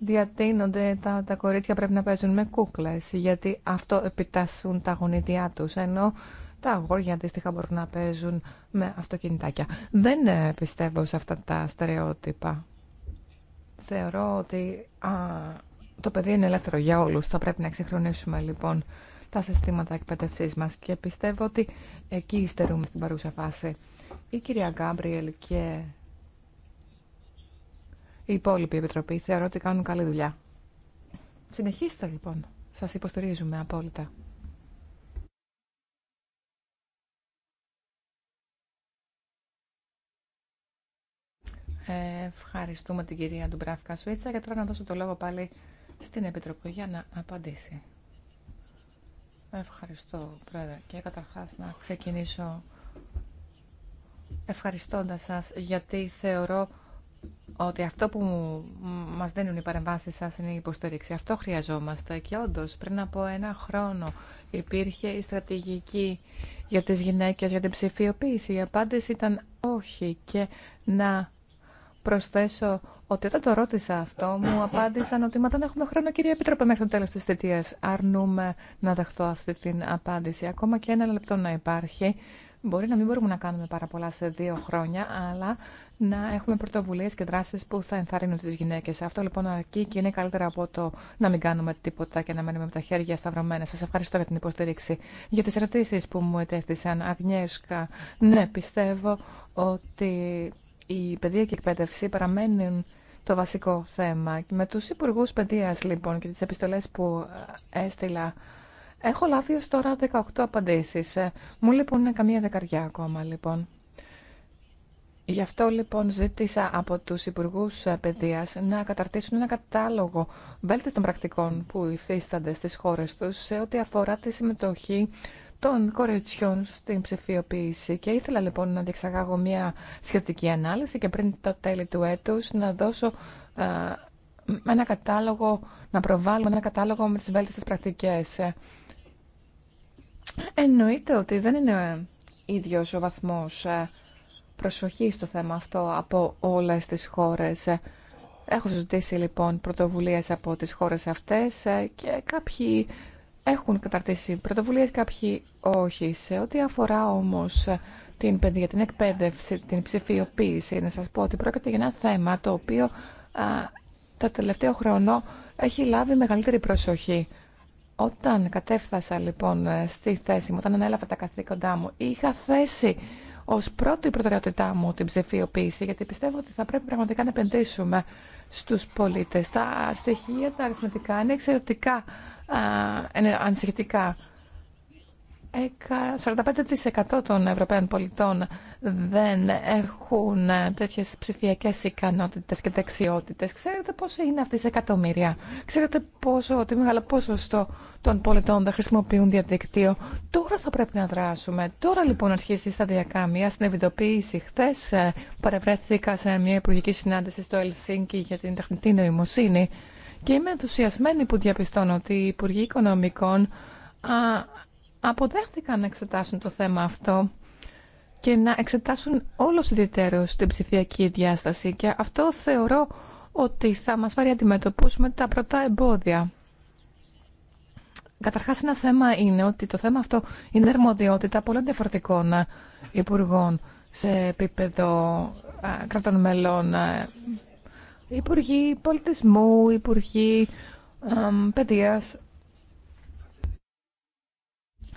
διατείνονται τα, τα κορίτσια πρέπει να παίζουν με κούκλες γιατί αυτό επιτάσσουν τα γονίδια τους ενώ τα αγόρια αντίστοιχα μπορούν να παίζουν με αυτοκινητάκια. Δεν ε, πιστεύω σε αυτά τα στερεότυπα. Θεωρώ ότι το παιδί είναι ελεύθερο για όλους. Θα πρέπει να εξυγχρονίσουμε λοιπόν τα συστήματα εκπαίδευσή μας και πιστεύω ότι εκεί υστερούμε στην παρούσα φάση. Η κυρία Γκάμπριελ και η υπόλοιπη επιτροπή. Θεωρώ ότι κάνουν καλή δουλειά. Συνεχίστε λοιπόν. Σας υποστηρίζουμε απόλυτα. Ευχαριστούμε την κυρία Ντουμπράφκα Σουίτσα και τώρα να δώσω το λόγο πάλι στην Επιτροπή για να απαντήσει. Ευχαριστώ, Πρόεδρε. Και καταρχάς να ξεκινήσω ευχαριστώντας σας γιατί θεωρώ ότι αυτό που μας δίνουν οι παρεμβάσεις σας είναι η υποστήριξη. Αυτό χρειαζόμαστε και όντως πριν από ένα χρόνο υπήρχε η στρατηγική για τις γυναίκες, για την ψηφιοποίηση. Η απάντηση ήταν όχι και να προσθέσω ότι όταν το ρώτησα αυτό μου απάντησαν ότι μα δεν έχουμε χρόνο κυρία Επίτροπε μέχρι το τέλος της θητείας. Αρνούμε να δεχτώ αυτή την απάντηση. Ακόμα και ένα λεπτό να υπάρχει Μπορεί να μην μπορούμε να κάνουμε πάρα πολλά σε δύο χρόνια, αλλά να έχουμε πρωτοβουλίε και δράσει που θα ενθαρρύνουν τι γυναίκε. Αυτό λοιπόν αρκεί και είναι καλύτερα από το να μην κάνουμε τίποτα και να μένουμε με τα χέρια σταυρωμένα. Σα ευχαριστώ για την υποστήριξη. Για τι ερωτήσει που μου ετέθησαν, Αγνιέσκα, ναι, πιστεύω ότι η παιδεία και η εκπαίδευση παραμένουν το βασικό θέμα. Με του υπουργού παιδεία λοιπόν και τι επιστολέ που ε, έστειλα Έχω λάβει ως τώρα 18 απαντήσεις. Ε, μου λοιπόν είναι καμία δεκαριά ακόμα λοιπόν. Γι' αυτό λοιπόν ζήτησα από τους Υπουργούς ε, Παιδείας να καταρτήσουν ένα κατάλογο βέλτιστων πρακτικών που υφίστανται στις χώρες τους σε ό,τι αφορά τη συμμετοχή των κοριτσιών στην ψηφιοποίηση και ήθελα λοιπόν να διεξαγάγω μια σχετική ανάλυση και πριν το τέλη του έτους να δώσω ε, ένα κατάλογο, να προβάλλουμε ένα κατάλογο με τις βέλτιστες πρακτικές ε, Εννοείται ότι δεν είναι ίδιος ο βαθμός ε, προσοχή στο θέμα αυτό από όλες τις χώρες. Έχω ζητήσει λοιπόν πρωτοβουλίες από τις χώρες αυτές ε, και κάποιοι έχουν καταρτήσει πρωτοβουλίες, κάποιοι όχι. Σε ό,τι αφορά όμως την παιδεία, την εκπαίδευση, την ψηφιοποίηση, να σας πω ότι πρόκειται για ένα θέμα το οποίο τα τελευταία χρόνια έχει λάβει μεγαλύτερη προσοχή όταν κατέφθασα λοιπόν ε, στη θέση μου, όταν ανέλαβα τα καθήκοντά μου, είχα θέσει ως πρώτη προτεραιότητά μου την ψηφιοποίηση, γιατί πιστεύω ότι θα πρέπει πραγματικά να επενδύσουμε στους πολίτες. Τα στοιχεία, τα αριθμητικά είναι εξαιρετικά ε, ανησυχητικά. 45% των Ευρωπαίων πολιτών δεν έχουν τέτοιες ψηφιακές ικανότητες και δεξιότητες. Ξέρετε πόσο είναι αυτή σε εκατομμύρια. Ξέρετε πόσο, ότι μεγάλο ποσοστό των πολιτών δεν χρησιμοποιούν διαδικτύο. Τώρα θα πρέπει να δράσουμε. Τώρα λοιπόν αρχίσει σταδιακά μια συνειδητοποίηση. Χθε ε, παρευρέθηκα σε μια υπουργική συνάντηση στο Ελσίνκι για την τεχνητή νοημοσύνη και είμαι ενθουσιασμένη που διαπιστώνω ότι οι Υπουργοί Οικονομικών αποδέχθηκαν να εξετάσουν το θέμα αυτό και να εξετάσουν όλος ιδιαίτερος την ψηφιακή διάσταση και αυτό θεωρώ ότι θα μας φέρει αντιμετωπίσουμε τα πρώτα εμπόδια. Καταρχάς ένα θέμα είναι ότι το θέμα αυτό είναι αρμοδιότητα πολλών διαφορετικών ε, υπουργών σε επίπεδο ε, κρατών μελών. Ε, υπουργοί πολιτισμού, υπουργοί παιδείας,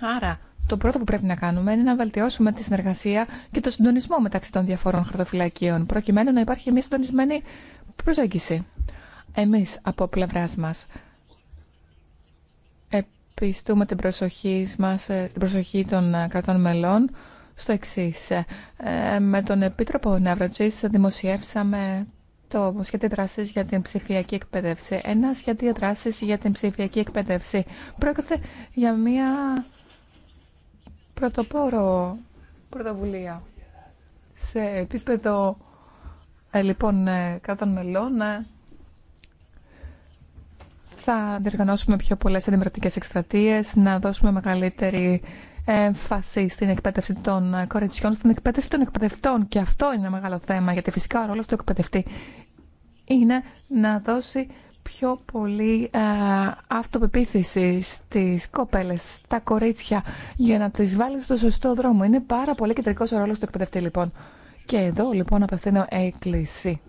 Άρα, το πρώτο που πρέπει να κάνουμε είναι να βελτιώσουμε τη συνεργασία και το συντονισμό μεταξύ των διαφόρων χαρτοφυλακίων, προκειμένου να υπάρχει μια συντονισμένη προσέγγιση. Εμείς από πλευρά μα. επιστούμε την προσοχή, μας, ε, την προσοχή των ε, κρατών μελών στο εξή. Ε, με τον Επίτροπο Ναύρατζης δημοσιεύσαμε το σχέδιο δράση για την ψηφιακή εκπαίδευση. Ένα σχέδιο δράση για την ψηφιακή εκπαίδευση. Πρόκειται για μια πρωτοπόρο πρωτοβουλία σε επίπεδο ε, λοιπόν ε, κράτων μελών ε, θα διοργανώσουμε πιο πολλές ενημερωτικές εκστρατείες, να δώσουμε μεγαλύτερη έμφαση στην εκπαίδευση των ε, κοριτσιών, στην εκπαίδευση των εκπαιδευτών. Και αυτό είναι ένα μεγάλο θέμα, γιατί φυσικά ο ρόλος του εκπαιδευτή είναι να δώσει πιο πολύ ε, αυτοπεποίθηση στις κοπέλες, στα κορίτσια, για να τις βάλεις στο σωστό δρόμο. Είναι πάρα πολύ κεντρικός ο ρόλος του εκπαιδευτή, λοιπόν. Και εδώ, λοιπόν, απευθύνω έκκληση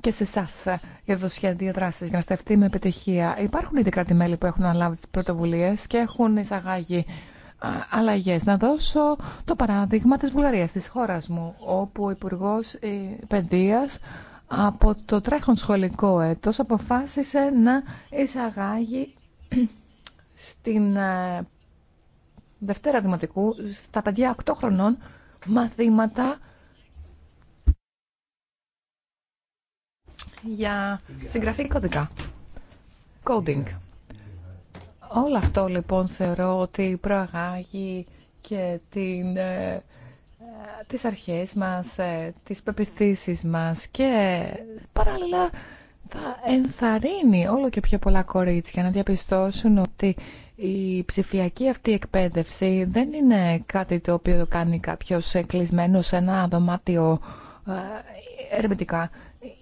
και σε εσά ε, για το σχέδιο για να στεφτεί με επιτυχία. Υπάρχουν ήδη κράτη-μέλη που έχουν αναλάβει τι πρωτοβουλίε και έχουν εισαγάγει ε, αλλαγέ. Να δώσω το παράδειγμα τη Βουλγαρία, τη χώρα μου, όπου ο Υπουργό ε, Παιδεία από το τρέχον σχολικό έτος αποφάσισε να εισαγάγει στην ε, Δευτέρα Δημοτικού στα παιδιά 8 χρονών μαθήματα για συγγραφή κωδικά. Coding. Όλο αυτό λοιπόν θεωρώ ότι προαγάγει και την ε, τις αρχές μας, ε, τις πεπιθήσεις μας και παράλληλα θα ενθαρρύνει όλο και πιο πολλά κορίτσια να διαπιστώσουν ότι η ψηφιακή αυτή εκπαίδευση δεν είναι κάτι το οποίο κάνει κάποιος ε, κλεισμένο σε ένα δωμάτιο ε, ερευνητικά.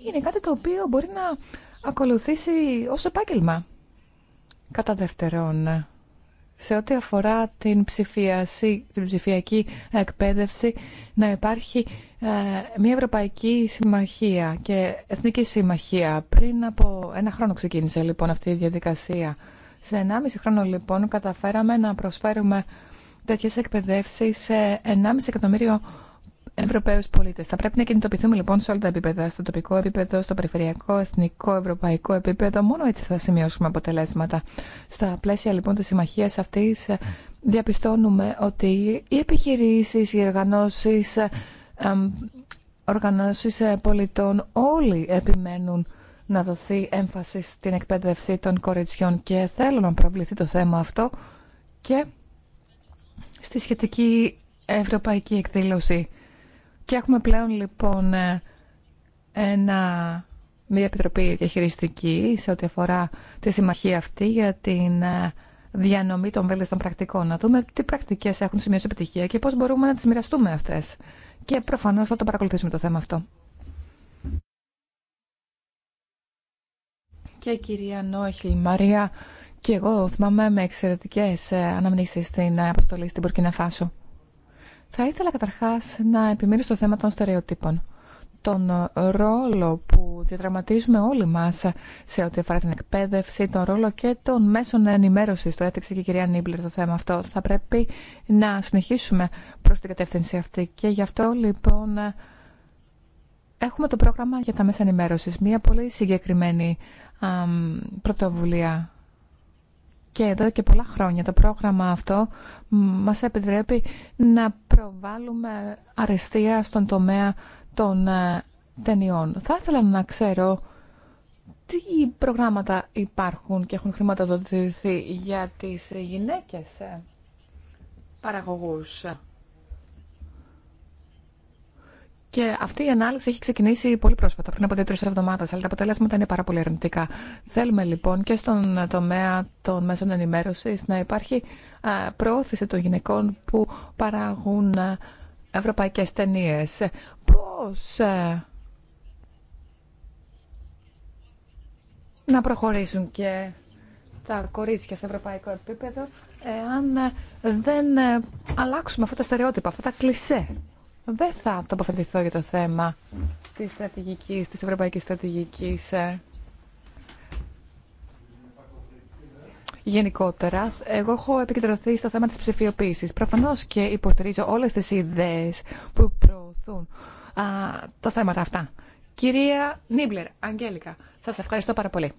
Είναι κάτι το οποίο μπορεί να ακολουθήσει ως επάγγελμα. Κατά δεύτερον, σε ό,τι αφορά την, την ψηφιακή εκπαίδευση να υπάρχει ε, μια Ευρωπαϊκή Συμμαχία και Εθνική Συμμαχία. Πριν από ένα χρόνο ξεκίνησε λοιπόν αυτή η διαδικασία. Σε 1,5 χρόνο λοιπόν καταφέραμε να προσφέρουμε τέτοιες εκπαιδεύσεις σε 1,5 εκατομμύριο Ευρωπαίου πολίτε. Θα πρέπει να κινητοποιηθούμε λοιπόν σε όλα τα επίπεδα, στο τοπικό επίπεδο, στο περιφερειακό, εθνικό, ευρωπαϊκό επίπεδο. Μόνο έτσι θα σημειώσουμε αποτελέσματα. Στα πλαίσια λοιπόν τη συμμαχία αυτή ε, διαπιστώνουμε ότι οι επιχειρήσει, οι οργανώσει ε, ε, πολιτών όλοι επιμένουν να δοθεί έμφαση στην εκπαίδευση των κοριτσιών και θέλω να προβληθεί το θέμα αυτό και στη σχετική ευρωπαϊκή εκδήλωση και έχουμε πλέον λοιπόν ε, ένα, μια επιτροπή διαχειριστική σε ό,τι αφορά τη συμμαχία αυτή για την ε, διανομή των βέλτιστων πρακτικών. Να δούμε τι πρακτικέ έχουν σημειώσει επιτυχία και πώς μπορούμε να τις μοιραστούμε αυτές. Και προφανώ θα το παρακολουθήσουμε το θέμα αυτό. Και κυρία Νόχιλ, Μαρία, και εγώ θυμάμαι με εξαιρετικέ ε, αναμνήσεις στην αποστολή στην Πουρκίνα Φάσο. Θα ήθελα καταρχάς να επιμείνω στο θέμα των στερεοτύπων. Τον ε, ρόλο που διαδραματίζουμε όλοι μας σε ό,τι αφορά την εκπαίδευση, τον ρόλο και των μέσων ενημέρωσης, το έθιξε και η κυρία Νίμπλερ το θέμα αυτό. Θα πρέπει να συνεχίσουμε προς την κατεύθυνση αυτή και γι' αυτό λοιπόν έχουμε το πρόγραμμα για τα μέσα ενημέρωσης, μια πολύ συγκεκριμένη α, πρωτοβουλία. Και εδώ και πολλά χρόνια το πρόγραμμα αυτό μας επιτρέπει να προβάλλουμε αρεστία στον τομέα των ε, ταινιών. Θα ήθελα να ξέρω τι προγράμματα υπάρχουν και έχουν χρηματοδοτηθεί για τις γυναίκες ε, παραγωγούς και αυτή η ανάλυση έχει ξεκινήσει πολύ πρόσφατα, πριν από δύο-τρει εβδομάδε, αλλά τα αποτελέσματα είναι πάρα πολύ αρνητικά. Θέλουμε λοιπόν και στον τομέα των μέσων ενημέρωση να υπάρχει προώθηση των γυναικών που παράγουν ευρωπαϊκέ ταινίε. Πώ ε, να προχωρήσουν και τα κορίτσια σε ευρωπαϊκό επίπεδο, εάν ε, δεν ε, αλλάξουμε αυτά τα στερεότυπα, αυτά τα κλισέ δεν θα τοποθετηθώ για το θέμα της στρατηγικής, της ευρωπαϊκής στρατηγικής ε. γενικότερα. Εγώ έχω επικεντρωθεί στο θέμα της ψηφιοποίησης. Προφανώς και υποστηρίζω όλες τις ιδέες που προωθούν α, τα θέματα αυτά. Κυρία Νίμπλερ, Αγγέλικα, σας ευχαριστώ πάρα πολύ.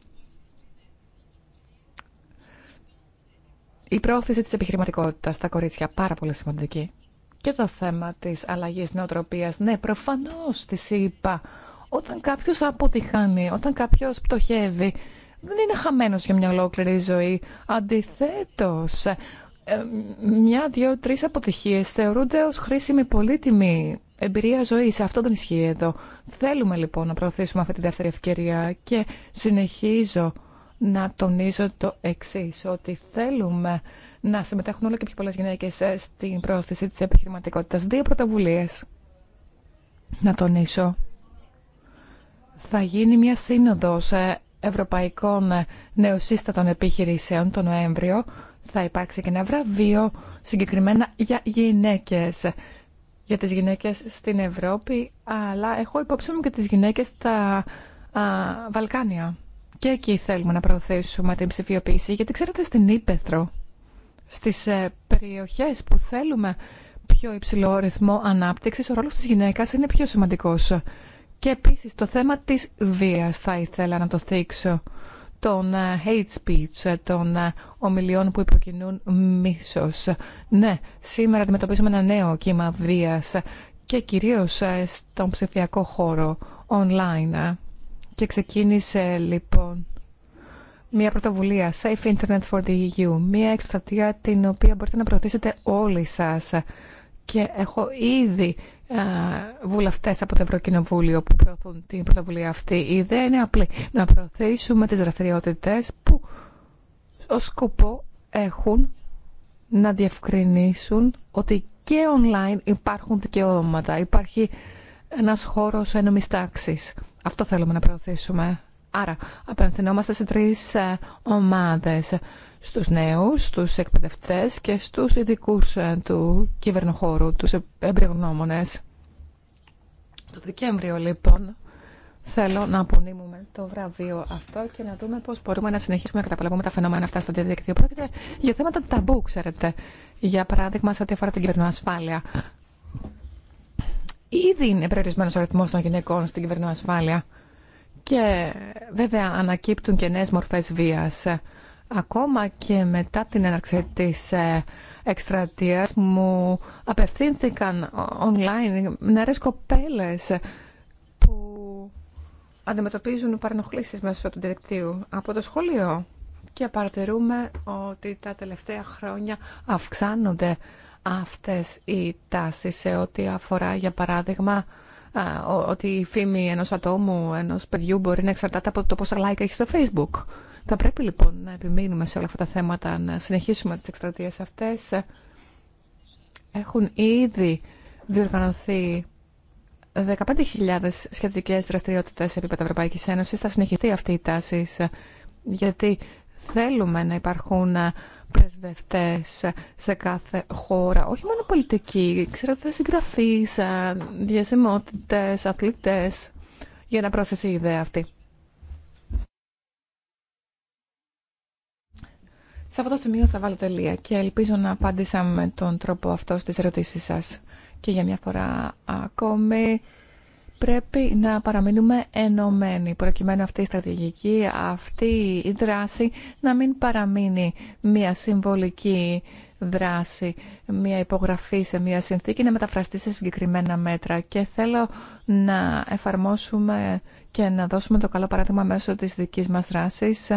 Η πρόθεση της επιχειρηματικότητας στα κορίτσια πάρα πολύ σημαντική και το θέμα της αλλαγής νοοτροπίας. Ναι, προφανώς τη είπα. Όταν κάποιος αποτυχάνει, όταν κάποιος πτωχεύει, δεν είναι χαμένος για μια ολόκληρη ζωή. Αντιθέτως, ε, μια, δύο, τρεις αποτυχίες θεωρούνται ως χρήσιμη πολύτιμη εμπειρία ζωής. Αυτό δεν ισχύει εδώ. Θέλουμε λοιπόν να προωθήσουμε αυτή τη δεύτερη ευκαιρία και συνεχίζω να τονίζω το εξής, ότι θέλουμε να συμμετέχουν όλο και πιο πολλέ γυναίκε ε, στην πρόθεση τη επιχειρηματικότητα. Δύο πρωταβουλίες. να τονίσω. Θα γίνει μια σύνοδος ε, ευρωπαϊκών ε, νεοσύστατων επιχειρήσεων τον Νοέμβριο. Θα υπάρξει και ένα βραβείο συγκεκριμένα για γυναίκες. Για τις γυναίκες στην Ευρώπη, αλλά έχω υπόψη μου και τις γυναίκες στα α, Βαλκάνια. Και εκεί θέλουμε να προωθήσουμε την ψηφιοποίηση, γιατί ξέρετε στην Ήπεθρο στις ε, περιοχές που θέλουμε πιο υψηλό ρυθμό ανάπτυξης, ο ρόλος της γυναίκας είναι πιο σημαντικός. Και επίσης το θέμα της βίας θα ήθελα να το θίξω Τον ε, hate speech, ε, των ομιλιών που υποκινούν μίσος. Ναι, σήμερα αντιμετωπίζουμε ένα νέο κύμα βίας και κυρίως στον ψηφιακό χώρο online. Και ξεκίνησε λοιπόν μια πρωτοβουλία, Safe Internet for the EU, μια εκστρατεία την οποία μπορείτε να προωθήσετε όλοι σας. Και έχω ήδη α, βουλευτές από το Ευρωκοινοβούλιο που προωθούν την πρωτοβουλία αυτή. Η ιδέα είναι απλή, να προωθήσουμε τις δραστηριότητες που ως σκοπό έχουν να διευκρινίσουν ότι και online υπάρχουν δικαιώματα, υπάρχει ένας χώρος ένομης τάξης. Αυτό θέλουμε να προωθήσουμε. Άρα, απευθυνόμαστε σε τρεις ε, ομάδες. Στους νέους, στους εκπαιδευτές και στους ειδικού ε, του κυβερνοχώρου, τους ε, εμπειρογνώμονες. Το Δεκέμβριο, λοιπόν, θέλω να απονείμουμε το βραβείο αυτό και να δούμε πώς μπορούμε να συνεχίσουμε να καταπολεμούμε τα φαινόμενα αυτά στο διαδικτύο. Πρόκειται για θέματα ταμπού, ξέρετε. Για παράδειγμα, σε ό,τι αφορά την κυβερνοασφάλεια. Ήδη είναι περιορισμένο ο αριθμό των γυναικών στην κυβερνοασφάλεια. Και βέβαια ανακύπτουν και νέες μορφές βίας. Ακόμα και μετά την έναρξη της ε, εκστρατείας μου απευθύνθηκαν online νεαρές κοπέλες που αντιμετωπίζουν παρανοχλήσεις μέσω του διαδικτύου από το σχολείο και παρατηρούμε ότι τα τελευταία χρόνια αυξάνονται αυτές οι τάσεις σε ό,τι αφορά για παράδειγμα ότι η φήμη ενός ατόμου, ενός παιδιού μπορεί να εξαρτάται από το πόσα like έχει στο facebook. Θα πρέπει λοιπόν να επιμείνουμε σε όλα αυτά τα θέματα, να συνεχίσουμε τις εκστρατείες αυτές. Έχουν ήδη διοργανωθεί 15.000 σχετικές δραστηριότητες σε επίπεδο Ευρωπαϊκής Ένωσης. Θα συνεχιστεί αυτή η τάση γιατί θέλουμε να υπάρχουν πρεσβευτές σε κάθε χώρα, όχι μόνο πολιτικοί, ξέρετε, συγγραφείς, ε, διασημότητες, αθλητές, για να προωθηθεί η ιδέα αυτή. Σε αυτό το σημείο θα βάλω τελεία και ελπίζω να απάντησα με τον τρόπο αυτό στις ερωτήσεις σας. Και για μια φορά ακόμη πρέπει να παραμείνουμε ενωμένοι προκειμένου αυτή η στρατηγική, αυτή η δράση να μην παραμείνει μια συμβολική δράση, μια υπογραφή σε μια συνθήκη να μεταφραστεί σε συγκεκριμένα μέτρα και θέλω να εφαρμόσουμε και να δώσουμε το καλό παράδειγμα μέσω της δικής μας δράσης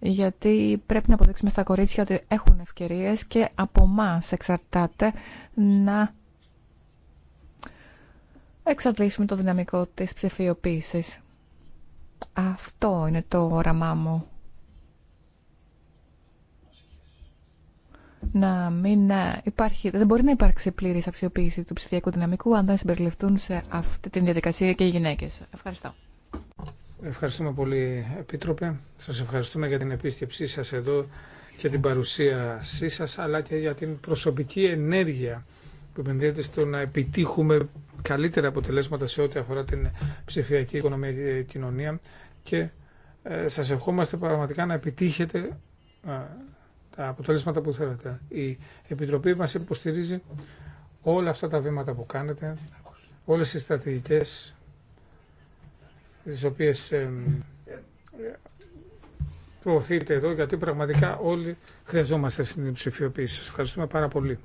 γιατί πρέπει να αποδείξουμε στα κορίτσια ότι έχουν ευκαιρίες και από εμά εξαρτάται να εξαντλήσουμε το δυναμικό της ψηφιοποίησης. Αυτό είναι το όραμά μου. Να μην ε, υπάρχει, δεν μπορεί να υπάρξει πλήρης αξιοποίηση του ψηφιακού δυναμικού αν δεν συμπεριληφθούν σε αυτή τη διαδικασία και οι γυναίκες. Ευχαριστώ. Ευχαριστούμε πολύ, Επίτροπε. Σας ευχαριστούμε για την επίσκεψή σας εδώ και την παρουσίασή σας, αλλά και για την προσωπική ενέργεια που επενδύεται στο να επιτύχουμε καλύτερα αποτελέσματα σε ό,τι αφορά την ψηφιακή οικονομία και κοινωνία και ε, σας ευχόμαστε πραγματικά να επιτύχετε ε, τα αποτελέσματα που θέλετε. Η Επιτροπή μας υποστηρίζει όλα αυτά τα βήματα που κάνετε, όλες οι στρατηγικές τις οποίες ε, προωθείτε εδώ, γιατί πραγματικά όλοι χρειαζόμαστε στην ψηφιοποίηση. Σας ευχαριστούμε πάρα πολύ.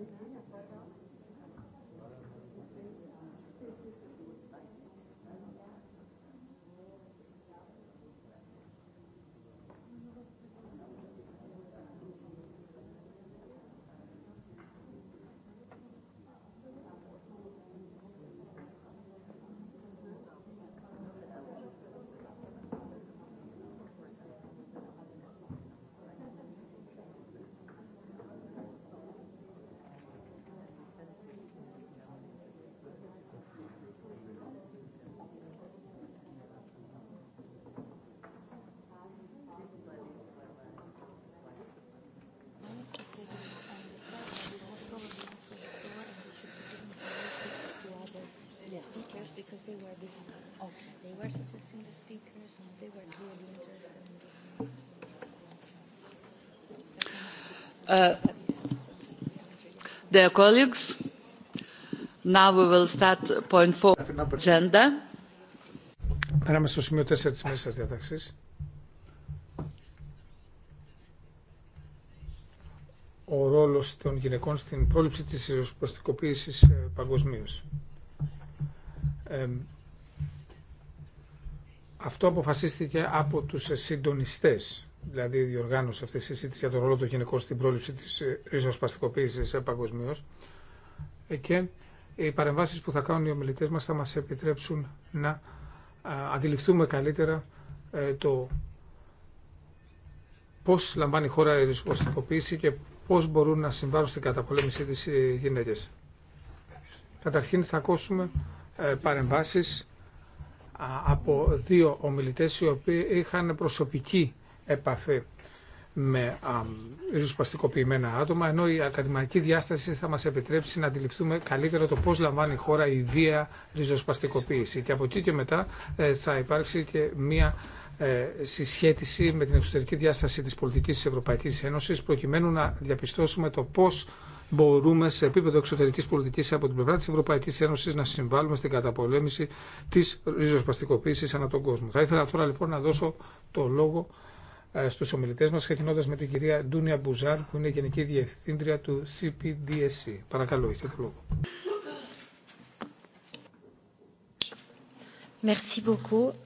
Υπότιτλοι Uh, dear colleagues, now we will start point four agenda. Πέραμε στο σημείο 4 της μέσης διαταξής. Ο ρόλος των γυναικών στην πρόληψη της ριζοσπαστικοποίησης παγκοσμίω. Ε, αυτό αποφασίστηκε από τους συντονιστές, δηλαδή η διοργάνωση αυτής της συζήτησης για τον ρόλο του γυναικών στην πρόληψη της ε, ριζοσπαστικοποίησης ε, παγκοσμίω. Ε, και οι παρεμβάσεις που θα κάνουν οι ομιλητές μας θα μας επιτρέψουν να αντιληφθούμε καλύτερα το πώς λαμβάνει η χώρα η ριζοσπαστικοποίηση και πώς μπορούν να συμβάλλουν στην καταπολέμηση της γυναίκες. Καταρχήν θα ακούσουμε παρεμβάσεις από δύο ομιλητές οι οποίοι είχαν προσωπική επαφή με ριζοσπαστικοποιημένα άτομα, ενώ η ακαδημαϊκή διάσταση θα μας επιτρέψει να αντιληφθούμε καλύτερα το πώς λαμβάνει η χώρα η βία ριζοσπαστικοποίηση. Και από εκεί και μετά ε, θα υπάρξει και μία ε, συσχέτιση με την εξωτερική διάσταση της πολιτικής της Ευρωπαϊκής Ένωσης, προκειμένου να διαπιστώσουμε το πώς μπορούμε σε επίπεδο εξωτερική πολιτικής από την πλευρά της Ευρωπαϊκή Ένωσης να συμβάλλουμε στην καταπολέμηση της ριζοσπαστικοποίηση ανά τον κόσμο. Θα ήθελα τώρα λοιπόν να δώσω το λόγο ε, στους ομιλητές μας, ξεκινώντα με την κυρία Ντούνια Μπουζάρ, που είναι Γενική Διευθύντρια του CPDSC. Παρακαλώ, έχετε το λόγο.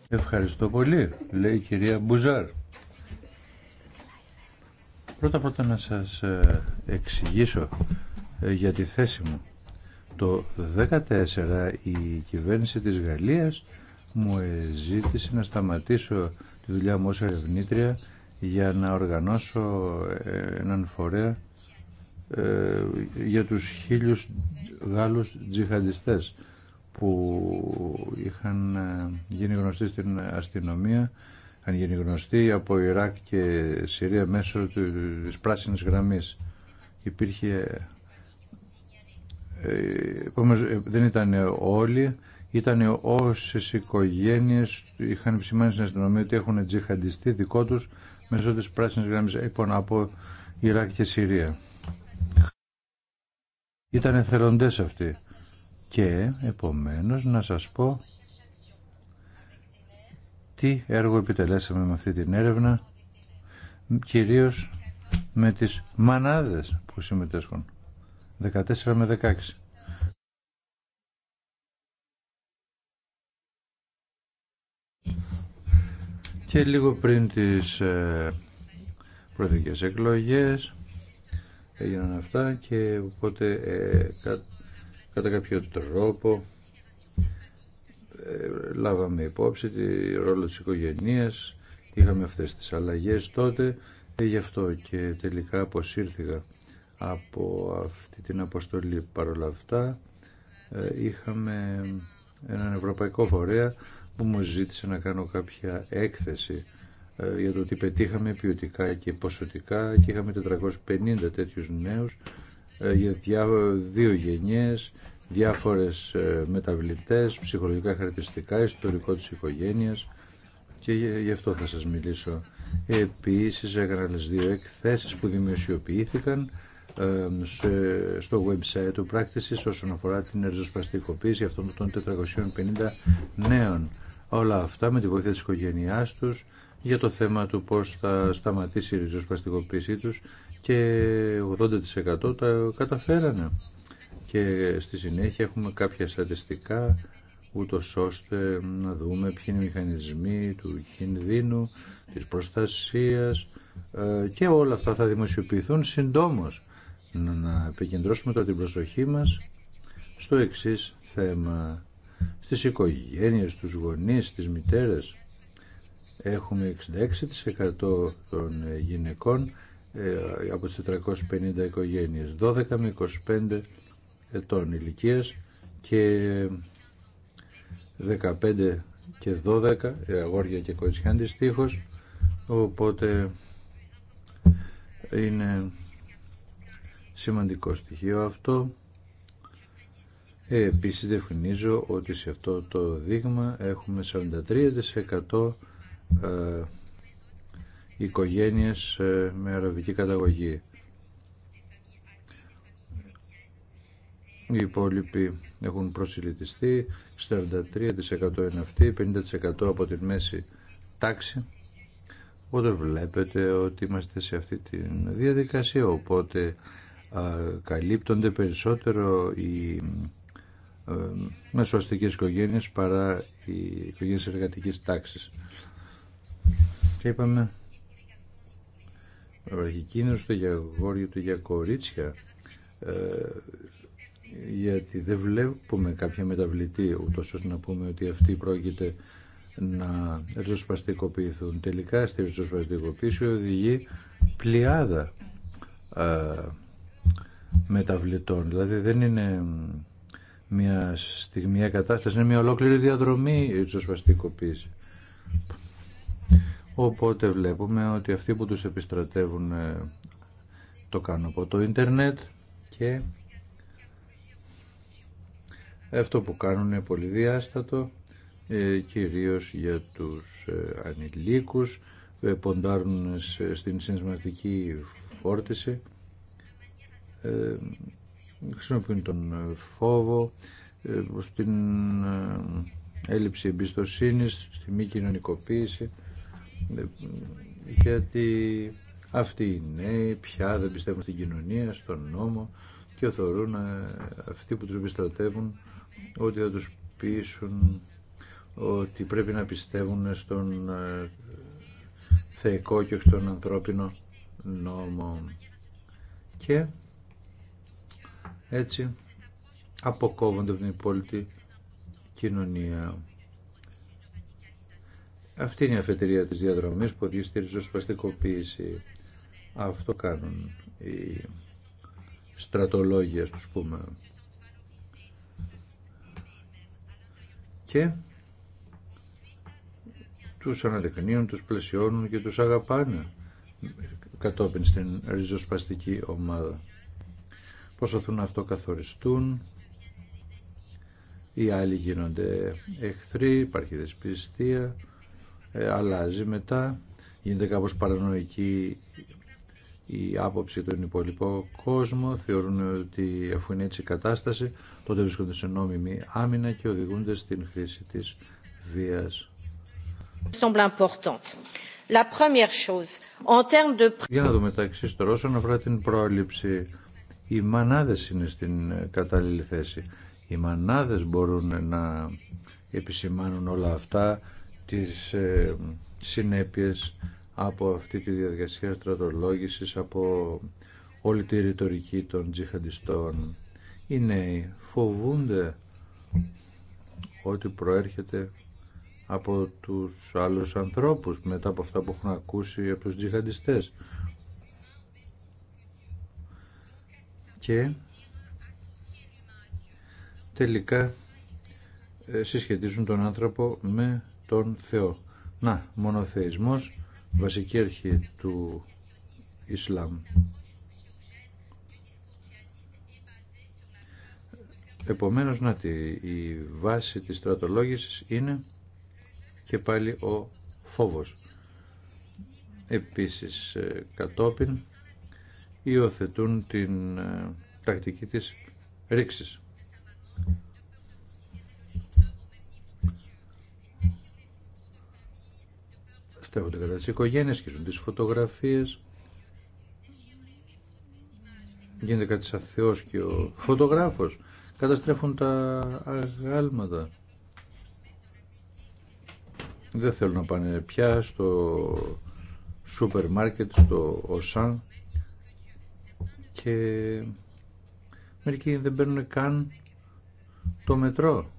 Ευχαριστώ πολύ, λέει η κυρία Μπουζάρ. Πρώτα πρώτα να σας ε, εξηγήσω ε, για τη θέση μου. Το 2014 η κυβέρνηση της Γαλλίας μου ζήτησε να σταματήσω τη δουλειά μου ως ερευνήτρια για να οργανώσω ε, έναν φορέα για τους χίλιους Γάλλους τζιχαντιστές που είχαν γίνει γνωστοί στην αστυνομία είχαν γίνει από Ιράκ και Συρία μέσω της πράσινης γραμμής. Υπήρχε... Ε, ε, δεν ήταν όλοι, ήταν όσες οικογένειες είχαν επισημάνει στην αστυνομία ότι έχουν τζιχαντιστεί δικό τους μέσω της πράσινης γραμμής λοιπόν, από Ιράκ και Συρία. Ήταν εθελοντές αυτοί. Και επομένως να σας πω τι έργο επιτελέσαμε με αυτή την έρευνα, κυρίως με τις μανάδες που συμμετέσχουν, 14 με 16. Και λίγο πριν τις ε, προεδρικές εκλογές έγιναν αυτά και οπότε ε, κατά κάποιο τρόπο ε, λάβαμε υπόψη τη ρόλο της οικογένειας, είχαμε αυτές τις αλλαγές τότε, και γι' αυτό και τελικά αποσύρθηκα από αυτή την αποστολή. Παρ' όλα αυτά ε, είχαμε έναν ευρωπαϊκό φορέα που μου ζήτησε να κάνω κάποια έκθεση ε, για το ότι πετύχαμε ποιοτικά και ποσοτικά και είχαμε 450 τέτοιους νέους για δύο γενιές διάφορες ε, μεταβλητές, ψυχολογικά χαρακτηριστικά, ιστορικό της οικογένειας και γι' αυτό θα σας μιλήσω. Επίσης έκανα άλλες δύο εκθέσεις που δημοσιοποιήθηκαν ε, στο website του πράκτησης όσον αφορά την ριζοσπαστικοποίηση αυτών των 450 νέων. Όλα αυτά με τη βοήθεια της οικογένειάς τους για το θέμα του πώς θα σταματήσει η ριζοσπαστικοποίησή τους και 80% τα καταφέρανε και στη συνέχεια έχουμε κάποια στατιστικά ούτω ώστε να δούμε ποιοι είναι οι μηχανισμοί του κινδύνου, της προστασίας ε, και όλα αυτά θα δημοσιοποιηθούν συντόμως. Να επικεντρώσουμε τώρα την προσοχή μας στο εξής θέμα. Στις οικογένειες, τους γονείς, τις μητέρες έχουμε 66% των ε, γυναικών ε, από τις 450 οικογένειες, 12 με 25 ετών ηλικίας και 15 και 12 ε, αγόρια και κοριτσιά αντιστοίχως οπότε είναι σημαντικό στοιχείο αυτό ε, επίσης διευκρινίζω ότι σε αυτό το δείγμα έχουμε 43% ε, οικογένειες ε, με αραβική καταγωγή Οι υπόλοιποι έχουν προσιλητιστεί, 43% είναι αυτοί, 50% από την μέση τάξη. Οπότε βλέπετε ότι είμαστε σε αυτή τη διαδικασία, οπότε καλύπτονται περισσότερο οι ε, μεσοαστικές οικογένειες παρά οι οικογένειες εργατικής τάξης. Και είπαμε, είναι για του για κορίτσια, ε, γιατί δεν βλέπουμε κάποια μεταβλητή ούτως ώστε να πούμε ότι αυτοί πρόκειται να ριζοσπαστικοποιηθούν. Τελικά στη ριζοσπαστικοποίηση οδηγεί πλειάδα μεταβλητών. Δηλαδή δεν είναι μια στιγμιαία κατάσταση, είναι μια ολόκληρη διαδρομή η ριζοσπαστικοποίηση. Οπότε βλέπουμε ότι αυτοί που τους επιστρατεύουν ε, το κάνουν από το ίντερνετ και αυτό που κάνουν είναι πολύ διάστατο, ε, κυρίως για τους ε, ανηλίκους, ε, ποντάρουν στην συναισθηματική φόρτιση, χρησιμοποιούν τον φόβο, στην έλλειψη εμπιστοσύνης, στη μη κοινωνικοποίηση, γιατί αυτοί οι νέοι πια δεν πιστεύουν στην κοινωνία, στον νόμο και θεωρούν αυτοί που τους επιστρατεύουν ότι θα τους πείσουν ότι πρέπει να πιστεύουν στον ε, θεϊκό και στον ανθρώπινο νόμο. Και έτσι αποκόβονται από την υπόλοιπη κοινωνία. Αυτή είναι η αφετηρία της διαδρομής που οδηγεί στη ριζοσπαστικοποίηση. Αυτό κάνουν οι στρατολόγοι, ας πούμε. και τους αναδεικνύουν, τους πλαισιώνουν και τους αγαπάνε κατόπιν στην ριζοσπαστική ομάδα. Προσπαθούν να αυτοκαθοριστούν, οι άλλοι γίνονται εχθροί, υπάρχει δεσπιστία, ε, αλλάζει μετά, γίνεται κάπως παρανοϊκή η άποψη των υπόλοιπων κόσμο, θεωρούν ότι αφού είναι έτσι η κατάσταση, τότε βρίσκονται σε νόμιμη άμυνα και οδηγούνται στην χρήση της βίας. Για να δούμε τα εξή τώρα, όσον αφορά την πρόληψη, οι μανάδες είναι στην κατάλληλη θέση. Οι μανάδες μπορούν να επισημάνουν όλα αυτά, τις ε, συνέπειες από αυτή τη διαδικασία στρατολόγησης, από όλη τη ρητορική των τζιχαντιστών. Οι νέοι φοβούνται ότι προέρχεται από τους άλλους ανθρώπους μετά από αυτά που έχουν ακούσει από τους τζιχαντιστές. Και τελικά ε, συσχετίζουν τον άνθρωπο με τον Θεό. Να, μονοθεϊσμός βασική αρχή του Ισλάμ. Επομένως, να τη, η βάση της στρατολόγησης είναι και πάλι ο φόβος. Επίσης, ε, κατόπιν, υιοθετούν την ε, τακτική της ρήξης. στέκονται κατά τις οικογένειες, σκίζουν τις φωτογραφίες. Γίνεται κάτι σαν Θεός και ο φωτογράφος. Καταστρέφουν τα αγάλματα. Δεν θέλουν να πάνε πια στο σούπερ μάρκετ, στο ΟΣΑΝ και μερικοί δεν παίρνουν καν το μετρό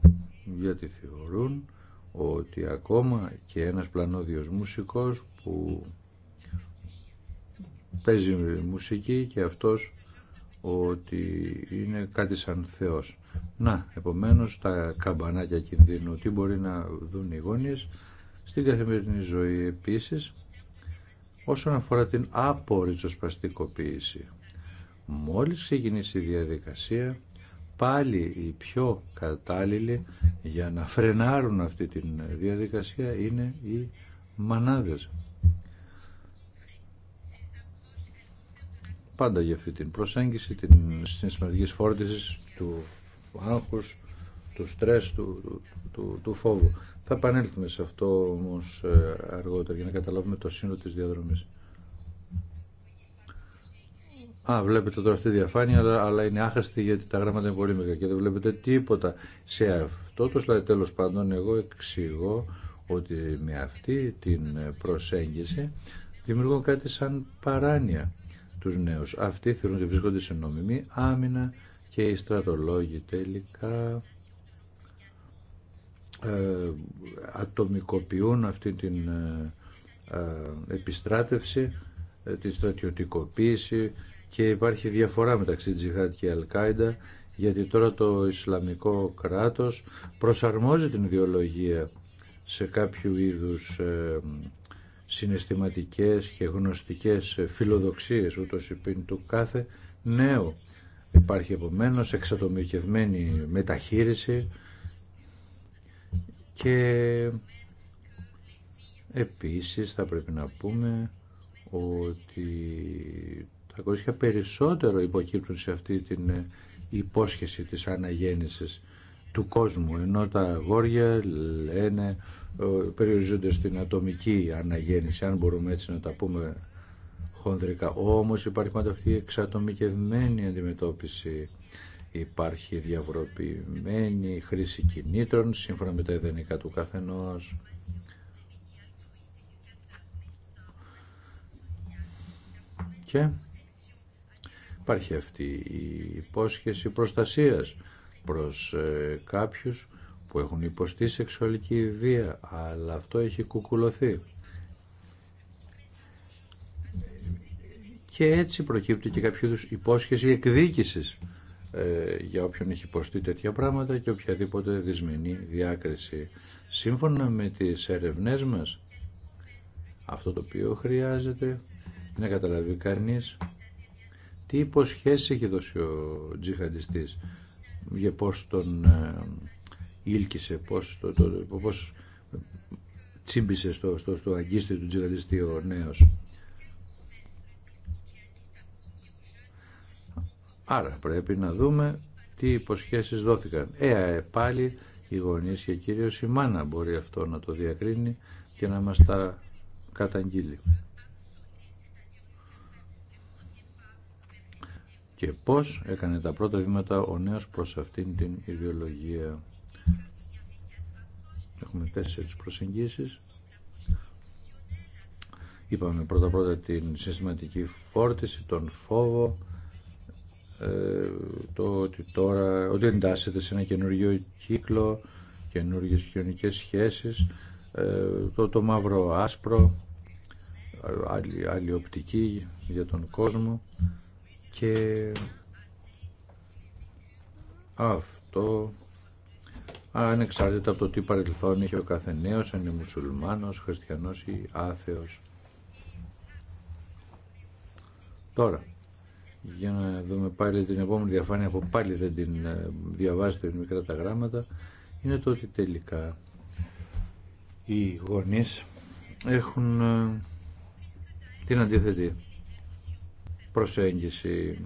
γιατί θεωρούν ότι ακόμα και ένας πλανόδιος μουσικός που παίζει μουσική και αυτός ότι είναι κάτι σαν Θεός. Να, επομένως τα καμπανάκια κινδύνου, τι μπορεί να δουν οι γόνιες στην καθημερινή ζωή επίσης όσον αφορά την απορριτσοσπαστικόποίηση. Μόλις ξεκινήσει η διαδικασία πάλι οι πιο κατάλληλη για να φρενάρουν αυτή τη διαδικασία είναι οι μανάδες. Πάντα για αυτή την προσέγγιση, την συναισθηματική φόρτιση του άγχους, του στρες, του, του, φόβου. Θα επανέλθουμε σε αυτό όμως ε, αργότερα για να καταλάβουμε το σύνολο της διαδρομής. Α, βλέπετε τώρα αυτή τη διαφάνεια, αλλά, είναι άχρηστη γιατί τα γράμματα είναι πολύ μικρά και δεν βλέπετε τίποτα. Σε αυτό το σλάι τέλος πάντων εγώ εξηγώ ότι με αυτή την προσέγγιση δημιουργούν κάτι σαν παράνοια τους νέους. Αυτοί θεωρούν ότι βρίσκονται σε νομιμή άμυνα και οι στρατολόγοι τελικά ε, ατομικοποιούν αυτή την ε, ε επιστράτευση, ε, τη στρατιωτικοποίηση, και υπάρχει διαφορά μεταξύ Τζιχάτ και Αλκάιντα γιατί τώρα το Ισλαμικό κράτος προσαρμόζει την ιδεολογία σε κάποιου είδους ε, συναισθηματικές και γνωστικές φιλοδοξίες ούτως υπήν του κάθε νέου. Υπάρχει επομένω εξατομικευμένη μεταχείριση και επίσης θα πρέπει να πούμε ότι τα περισσότερο υποκύπτουν σε αυτή την ε, υπόσχεση της αναγέννησης του κόσμου, ενώ τα αγόρια λένε ε, περιορίζονται στην ατομική αναγέννηση, αν μπορούμε έτσι να τα πούμε χονδρικά. Όμως υπάρχει πάντα αυτή η εξατομικευμένη αντιμετώπιση. Υπάρχει διαβροποιημένη χρήση κινήτρων σύμφωνα με τα ιδανικά του καθενός. Και Υπάρχει αυτή η υπόσχεση προστασίας προς ε, κάποιους που έχουν υποστεί σεξουαλική βία, αλλά αυτό έχει κουκουλωθεί. Και έτσι προκύπτει και κάποιο είδους υπόσχεση εκδίκησης ε, για όποιον έχει υποστεί τέτοια πράγματα και οποιαδήποτε δυσμενή διάκριση. Σύμφωνα με τις ερευνές μας, αυτό το οποίο χρειάζεται είναι να καταλαβεί κανείς τι υποσχέσεις έχει δώσει ο τζιχαντιστής για πώς τον ε, ήλκησε, πώς, το, τσίμπησε στο, στο, του τζιχαντιστή ο νέος. Άρα πρέπει να δούμε τι υποσχέσεις δόθηκαν. Ε, ε, πάλι οι γονείς και κυρίως η μάνα μπορεί αυτό να το διακρίνει και να μας τα καταγγείλει. και πώς έκανε τα πρώτα βήματα ο νέος προς αυτήν την ιδεολογία. Έχουμε τέσσερις προσεγγίσεις. Είπαμε πρώτα-πρώτα την συστηματική φόρτιση, τον φόβο, ε, το ότι τώρα ότι εντάσσεται σε ένα καινούργιο κύκλο, καινούργιες κοινωνικές σχέσεις, ε, το, το μαύρο άσπρο, άλλη οπτική για τον κόσμο και αυτό ανεξάρτητα από το τι παρελθόν είχε ο κάθε νέος, αν είναι μουσουλμάνος, χριστιανός ή άθεος. Τώρα, για να δούμε πάλι την επόμενη διαφάνεια που πάλι δεν την ε, διαβάζετε μικρά τα γράμματα, είναι το ότι τελικά οι γονείς έχουν ε, την αντίθετη προσέγγιση.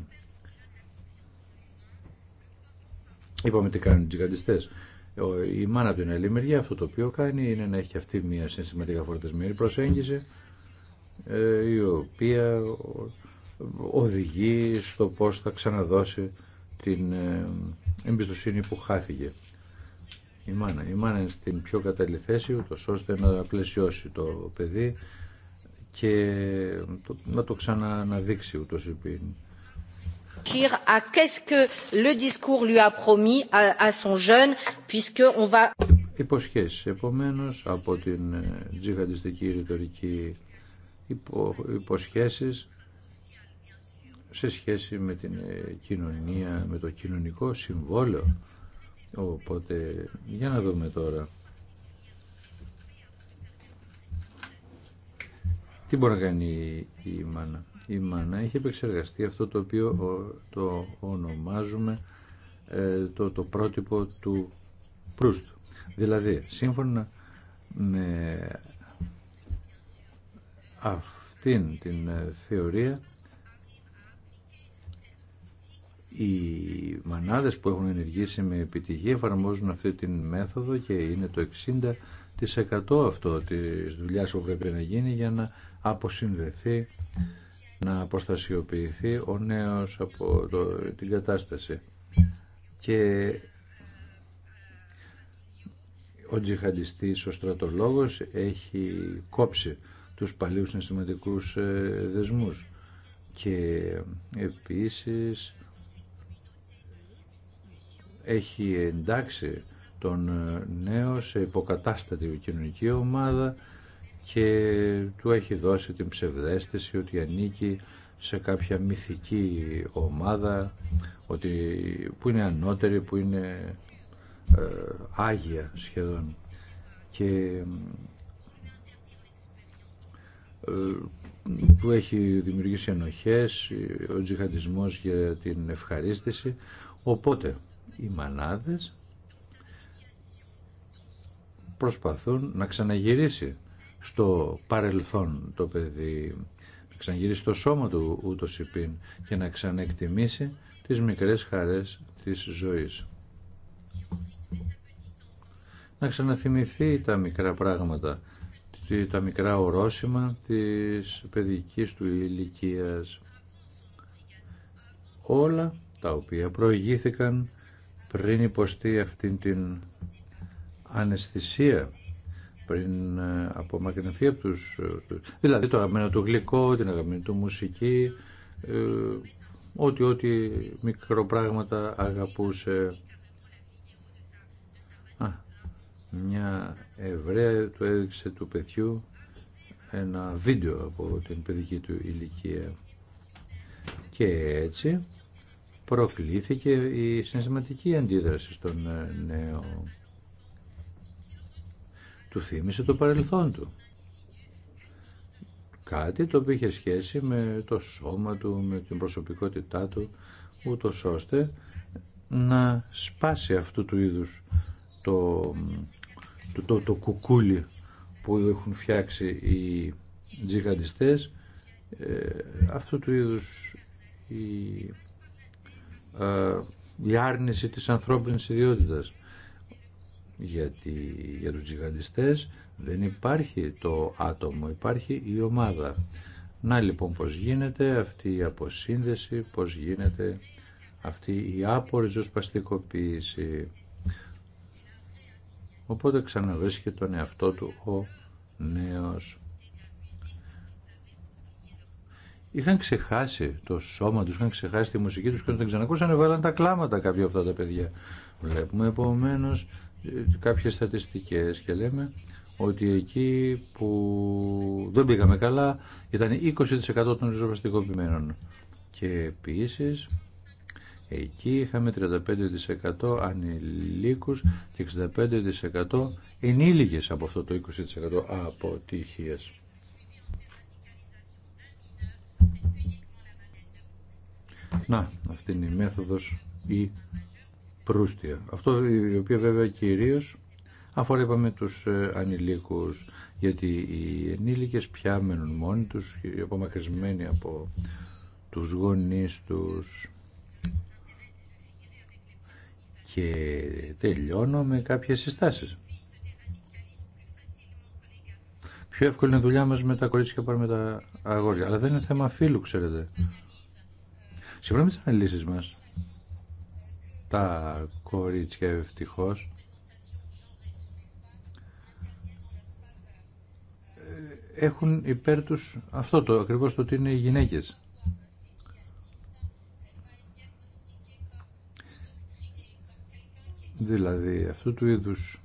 Είπαμε τι κάνουν οι τζιγκαντιστέ. Η μάνα από την άλλη μεριά αυτό το οποίο κάνει είναι να έχει αυτή μια συναισθηματικά φορτισμένη προσέγγιση ε, η οποία οδηγεί στο πώς θα ξαναδώσει την ε, εμπιστοσύνη που χάθηκε. Η μάνα. Η μάνα είναι στην πιο κατάλληλη θέση ούτως ώστε να πλαισιώσει το παιδί και να το ξανααναδείξει η είπε. À Υποσχέσεις. Επομένως, από την ε, τζιχαντιστική ρητορική υπο, υποσχέσεις σε σχέση με την ε, κοινωνία, με το κοινωνικό συμβόλαιο. Οπότε, για να δούμε τώρα Τι μπορεί να κάνει η μάνα. Η μάνα έχει επεξεργαστεί αυτό το οποίο το ονομάζουμε ε, το, το πρότυπο του Προύστου. Δηλαδή, σύμφωνα με αυτήν την ε, θεωρία, οι μανάδες που έχουν ενεργήσει με επιτυχία εφαρμόζουν αυτή την μέθοδο και είναι το 60% αυτό της δουλειάς που πρέπει να γίνει για να αποσυνδεθεί, να αποστασιοποιηθεί ο νέος από την κατάσταση. Και ο τζιχαντιστής, ο στρατολόγος έχει κόψει τους παλιούς συναισθηματικούς ε, δεσμούς και επίσης έχει εντάξει τον ε, νέο σε υποκατάστατη κοινωνική ομάδα και του έχει δώσει την ψευδέστηση ότι ανήκει σε κάποια μυθική ομάδα ότι, που είναι ανώτερη, που είναι ε, άγια σχεδόν και ε, του έχει δημιουργήσει ενοχές ο τζιχαντισμός για την ευχαρίστηση οπότε οι μανάδες προσπαθούν να ξαναγυρίσει στο παρελθόν το παιδί, να ξαναγυρίσει το σώμα του ούτως υπήν και να ξανεκτιμήσει τις μικρές χαρές της ζωής. Να ξαναθυμηθεί τα μικρά πράγματα, τα μικρά ορόσημα της παιδικής του ηλικία. Όλα τα οποία προηγήθηκαν πριν υποστεί αυτήν την αναισθησία πριν ε, απομακρυνθεί από τους... Ε, δηλαδή το αγαπημένο του γλυκό, την αγαπημένη του μουσική, ε, ό,τι ό,τι μικροπράγματα αγαπούσε. μια Εβραία του έδειξε του παιδιού ένα βίντεο από την παιδική του ηλικία και έτσι προκλήθηκε η συναισθηματική αντίδραση στον νέο του θύμισε το παρελθόν του. Κάτι το οποίο είχε σχέση με το σώμα του, με την προσωπικότητά του, ούτω ώστε να σπάσει αυτού του είδους το, το, το, κουκούλι που έχουν φτιάξει οι τζιχαντιστές ε, αυτού του είδους η, ε, η άρνηση της ανθρώπινης ιδιότητας γιατί για τους τζιγαντιστές δεν υπάρχει το άτομο, υπάρχει η ομάδα. Να λοιπόν πώς γίνεται αυτή η αποσύνδεση, πώς γίνεται αυτή η άπορη ζωσπαστικοποίηση. Οπότε ξαναβρίσκεται τον εαυτό του ο νέος. Είχαν ξεχάσει το σώμα τους, είχαν ξεχάσει τη μουσική τους και όταν ξανακούσαν βάλαν τα κλάματα κάποια αυτά τα παιδιά. Βλέπουμε επομένως κάποιες στατιστικές και λέμε ότι εκεί που δεν πήγαμε καλά ήταν 20% των ριζοβαστικοποιημένων. Και επίσης εκεί είχαμε 35% ανηλίκους και 65% ενήλικες από αυτό το 20% αποτυχίες. Να, αυτή είναι η μέθοδος η προύστια. Αυτό η οποία βέβαια κυρίως αφορά είπαμε τους ε, ανηλίκους γιατί οι ενήλικες πια μένουν μόνοι τους απομακρυσμένοι από τους γονείς τους και τελειώνω με κάποιες συστάσεις. Πιο εύκολη είναι η δουλειά μας με τα κορίτσια παρά με τα αγόρια. Αλλά δεν είναι θέμα φίλου, ξέρετε. Συμφωνώ με τις αναλύσεις μας, τα κορίτσια ευτυχώς ε, έχουν υπέρ τους αυτό το ακριβώς το ότι είναι οι γυναίκες. Δηλαδή αυτού του είδους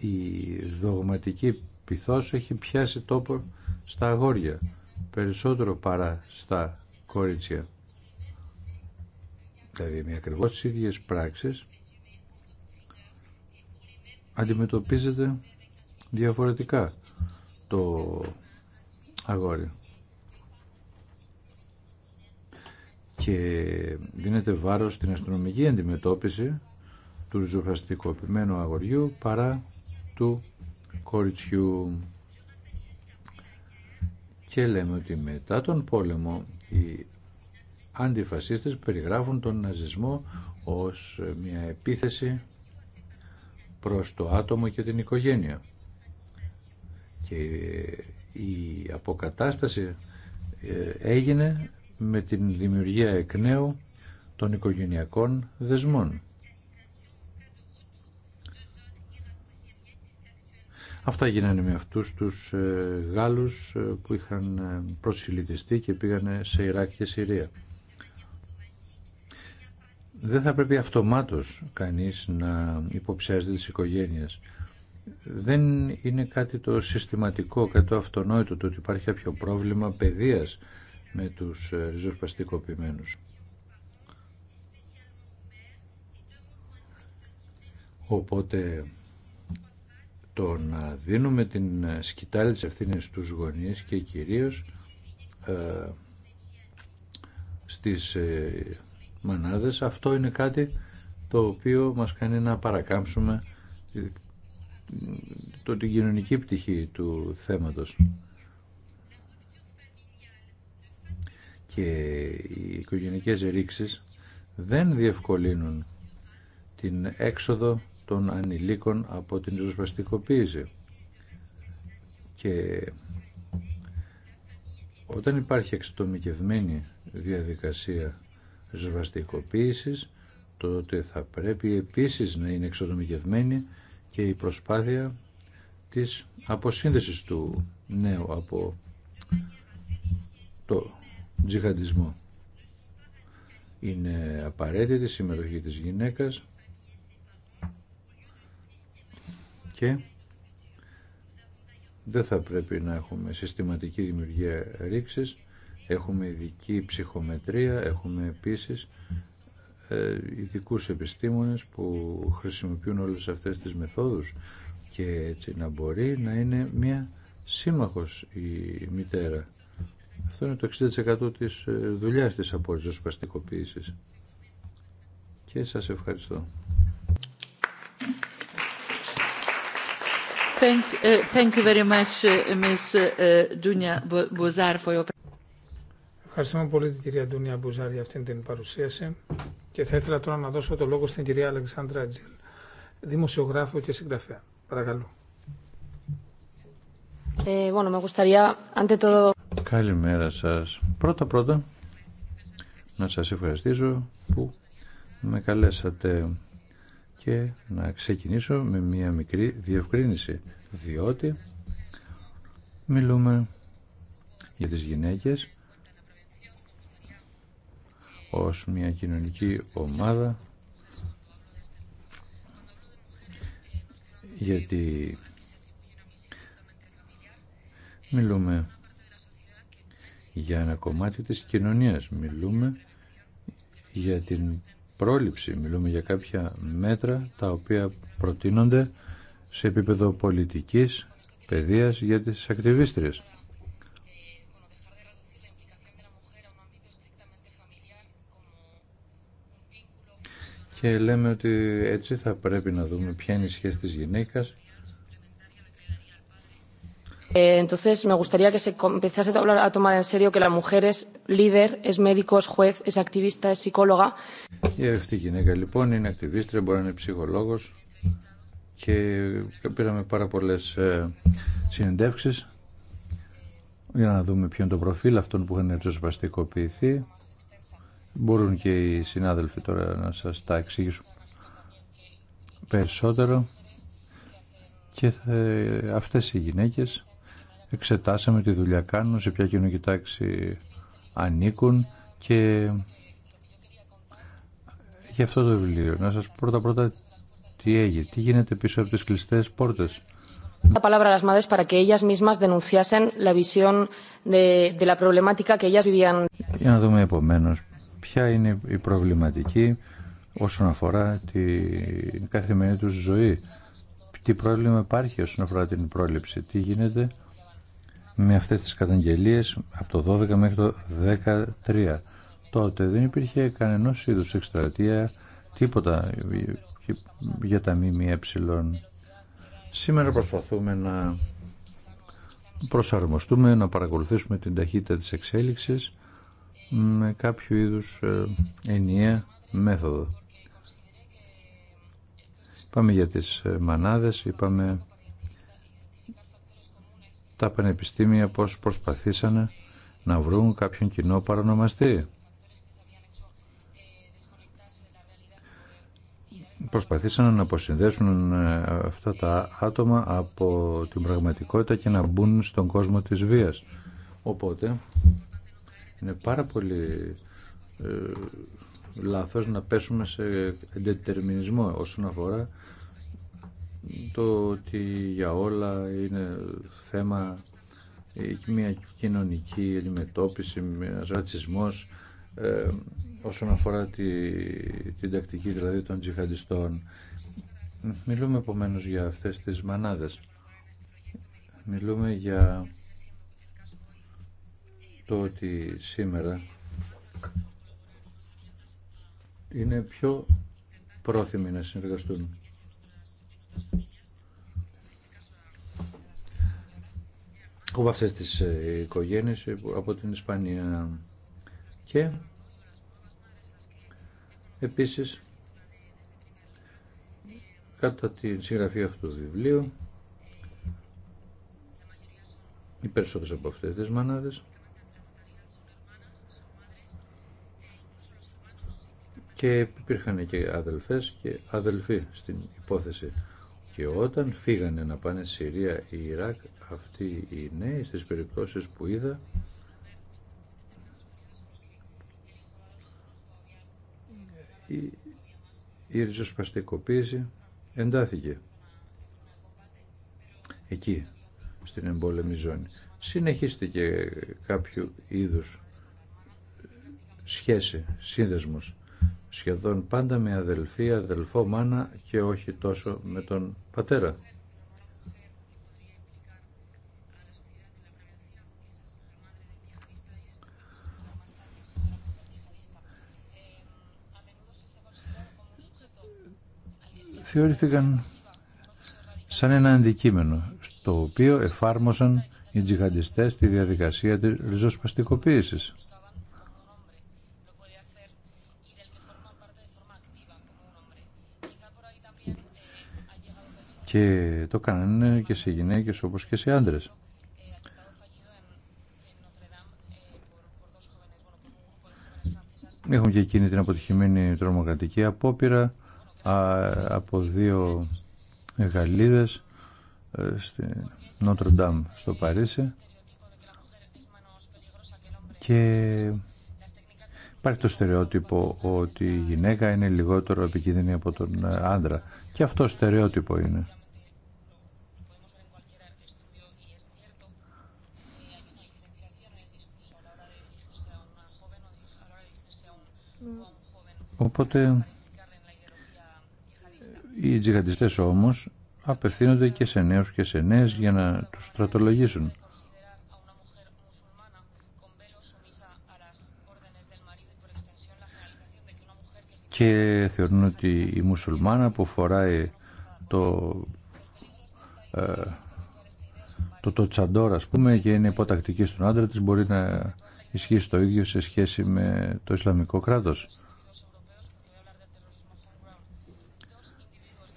η δογματική πυθός έχει πιάσει τόπο στα αγόρια περισσότερο παρά στα κορίτσια δηλαδή με ακριβώς τις ίδιες πράξεις, αντιμετωπίζεται διαφορετικά το αγόρι. Και δίνεται βάρος στην αστυνομική αντιμετώπιση του ριζοφαστικοποιημένου αγοριού παρά του κοριτσιού. Και λέμε ότι μετά τον πόλεμο η αντιφασίστες περιγράφουν τον ναζισμό ως μια επίθεση προς το άτομο και την οικογένεια. Και η αποκατάσταση ε, έγινε με την δημιουργία εκ νέου των οικογενειακών δεσμών. Αυτά γίνανε με αυτούς τους ε, Γάλλους ε, που είχαν προσιλητιστεί και πήγανε σε Ιράκ και Συρία δεν θα πρέπει αυτομάτως κανείς να υποψιάζεται τις οικογένειες. Δεν είναι κάτι το συστηματικό, κάτι το αυτονόητο το ότι υπάρχει κάποιο πρόβλημα παιδείας με τους ε, ριζοσπαστικοποιημένους. Οπότε το να δίνουμε την ε, σκητάλη της ευθύνη στους γονείς και κυρίως ε, στις ε, μανάδες. Αυτό είναι κάτι το οποίο μας κάνει να παρακάμψουμε ε, το, την κοινωνική πτυχή του θέματος. Και οι οικογενειακές ρήξεις δεν διευκολύνουν την έξοδο των ανηλίκων από την ζωσπαστικοποίηση Και όταν υπάρχει εξτομικευμένη διαδικασία σβαστικοποίησης, τότε θα πρέπει επίσης να είναι εξοδομικευμένη και η προσπάθεια της αποσύνδεσης του νέου από το τζιχαντισμό. Είναι απαραίτητη η συμμετοχή της γυναίκας και δεν θα πρέπει να έχουμε συστηματική δημιουργία ρήξης Έχουμε ειδική ψυχομετρία, έχουμε επίσης ε, ειδικού επιστήμονες που χρησιμοποιούν όλες αυτές τις μεθόδους και έτσι να μπορεί να είναι μια σύμμαχος η μητέρα. Αυτό είναι το 60% της ε, δουλειάς της απόρριζος παστικοποίησης. Και σας ευχαριστώ. Thank, ε, you very much, Ms. Bozar, for your Ευχαριστούμε πολύ την κυρία Ντούνια Μπουζάρ για αυτήν την παρουσίαση και θα ήθελα τώρα να δώσω το λόγο στην κυρία Αλεξάνδρα Τζιλ, δημοσιογράφο και συγγραφέα. Παρακαλώ. Ε, bueno, me gustaría, ante todo... Καλημέρα σας. Πρώτα πρώτα να σας ευχαριστήσω που με καλέσατε και να ξεκινήσω με μία μικρή διευκρίνηση διότι μιλούμε για τις γυναίκες ως μια κοινωνική ομάδα γιατί μιλούμε για ένα κομμάτι της κοινωνίας, μιλούμε για την πρόληψη, μιλούμε για κάποια μέτρα τα οποία προτείνονται σε επίπεδο πολιτικής, παιδείας για τις ακτιβίστριες. και λέμε ότι έτσι θα πρέπει να δούμε ποια είναι η σχέση της γυναίκας. Ε, entonces, me Η αυτή γυναίκα λοιπόν είναι ακτιβίστρια, μπορεί να είναι ψυχολόγος και πήραμε πάρα πολλές ε, συνεντεύξεις για να δούμε ποιο είναι το προφίλ αυτών που είχαν ριζοσπαστικοποιηθεί Μπορούν και οι συνάδελφοι τώρα να σας τα εξηγήσουν περισσότερο και θα, αυτές οι γυναίκες εξετάσαμε τη δουλειά κάνουν, σε ποια κοινωνική τάξη ανήκουν και για αυτό το βιβλίο. Να σας πρώτα πρώτα τι έγινε, τι γίνεται πίσω από τις κλειστές πόρτες. La palabra a las madres para que ellas mismas denunciasen la visión de, de la problemática que ellas vivían. Για να δούμε επομένω ποια είναι η προβληματική όσον αφορά την καθημερινή τους ζωή. Τι πρόβλημα υπάρχει όσον αφορά την πρόληψη. Τι γίνεται με αυτές τις καταγγελίες από το 12 μέχρι το 13. Τότε δεν υπήρχε κανένας είδους εκστρατεία, τίποτα για τα ε. Σήμερα προσπαθούμε να προσαρμοστούμε, να παρακολουθήσουμε την ταχύτητα της εξέλιξης με κάποιο είδους ε, ενιαία μέθοδο. Πάμε για τις ε, μανάδες, είπαμε τα πανεπιστήμια πώς προσπαθήσανε να βρουν κάποιον κοινό παρονομαστή. Προσπαθήσαν να αποσυνδέσουν ε, αυτά τα άτομα από την πραγματικότητα και να μπουν στον κόσμο της βίας. Οπότε είναι πάρα πολύ ε, λάθος να πέσουμε σε εντετερμινισμό όσον αφορά το ότι για όλα είναι θέμα ε, μια κοινωνική αντιμετώπιση, ένα ρατσισμός ε, όσον αφορά τη, την τακτική δηλαδή των τζιχαντιστών. Μιλούμε επομένω για αυτές τις μανάδες. Μιλούμε για το ότι σήμερα είναι πιο πρόθυμοι να συνεργαστούν. από αυτές τις ε, οικογένειες ε, από την Ισπανία και επίσης κατά τη συγγραφή αυτού του βιβλίου οι περισσότερες από αυτές τις μανάδες και υπήρχαν και αδελφές και αδελφοί στην υπόθεση. Και όταν φύγανε να πάνε Συρία ή Ιράκ, αυτοί οι νέοι στις περιπτώσεις που είδα, η, η ριζοσπαστικοποίηση εντάθηκε εκεί στην εμπόλεμη ζώνη. Συνεχίστηκε κάποιο είδους σχέση, σύνδεσμος σχεδόν πάντα με αδελφή, αδελφό μάνα και όχι τόσο με τον πατέρα. Θεωρήθηκαν σαν ένα αντικείμενο στο οποίο εφάρμοσαν οι τζιχαντιστές τη διαδικασία της ριζοσπαστικοποίησης. Και το κάνουν και σε γυναίκες όπως και σε άντρες. Έχουμε και εκείνη την αποτυχημένη τρομοκρατική απόπειρα από δύο Γαλλίδες ε, στη Νότρο στο Παρίσι και υπάρχει το στερεότυπο ότι η γυναίκα είναι λιγότερο επικίνδυνη από τον άντρα και αυτό στερεότυπο είναι Οπότε οι τζιχαντιστές όμως απευθύνονται και σε νέους και σε νέες για να τους στρατολογήσουν. Και θεωρούν ότι η μουσουλμάνα που φοράει το, ε, το, το τσαντόρ ας πούμε και είναι υποτακτική στον άντρα της μπορεί να ισχύσει το ίδιο σε σχέση με το Ισλαμικό κράτος.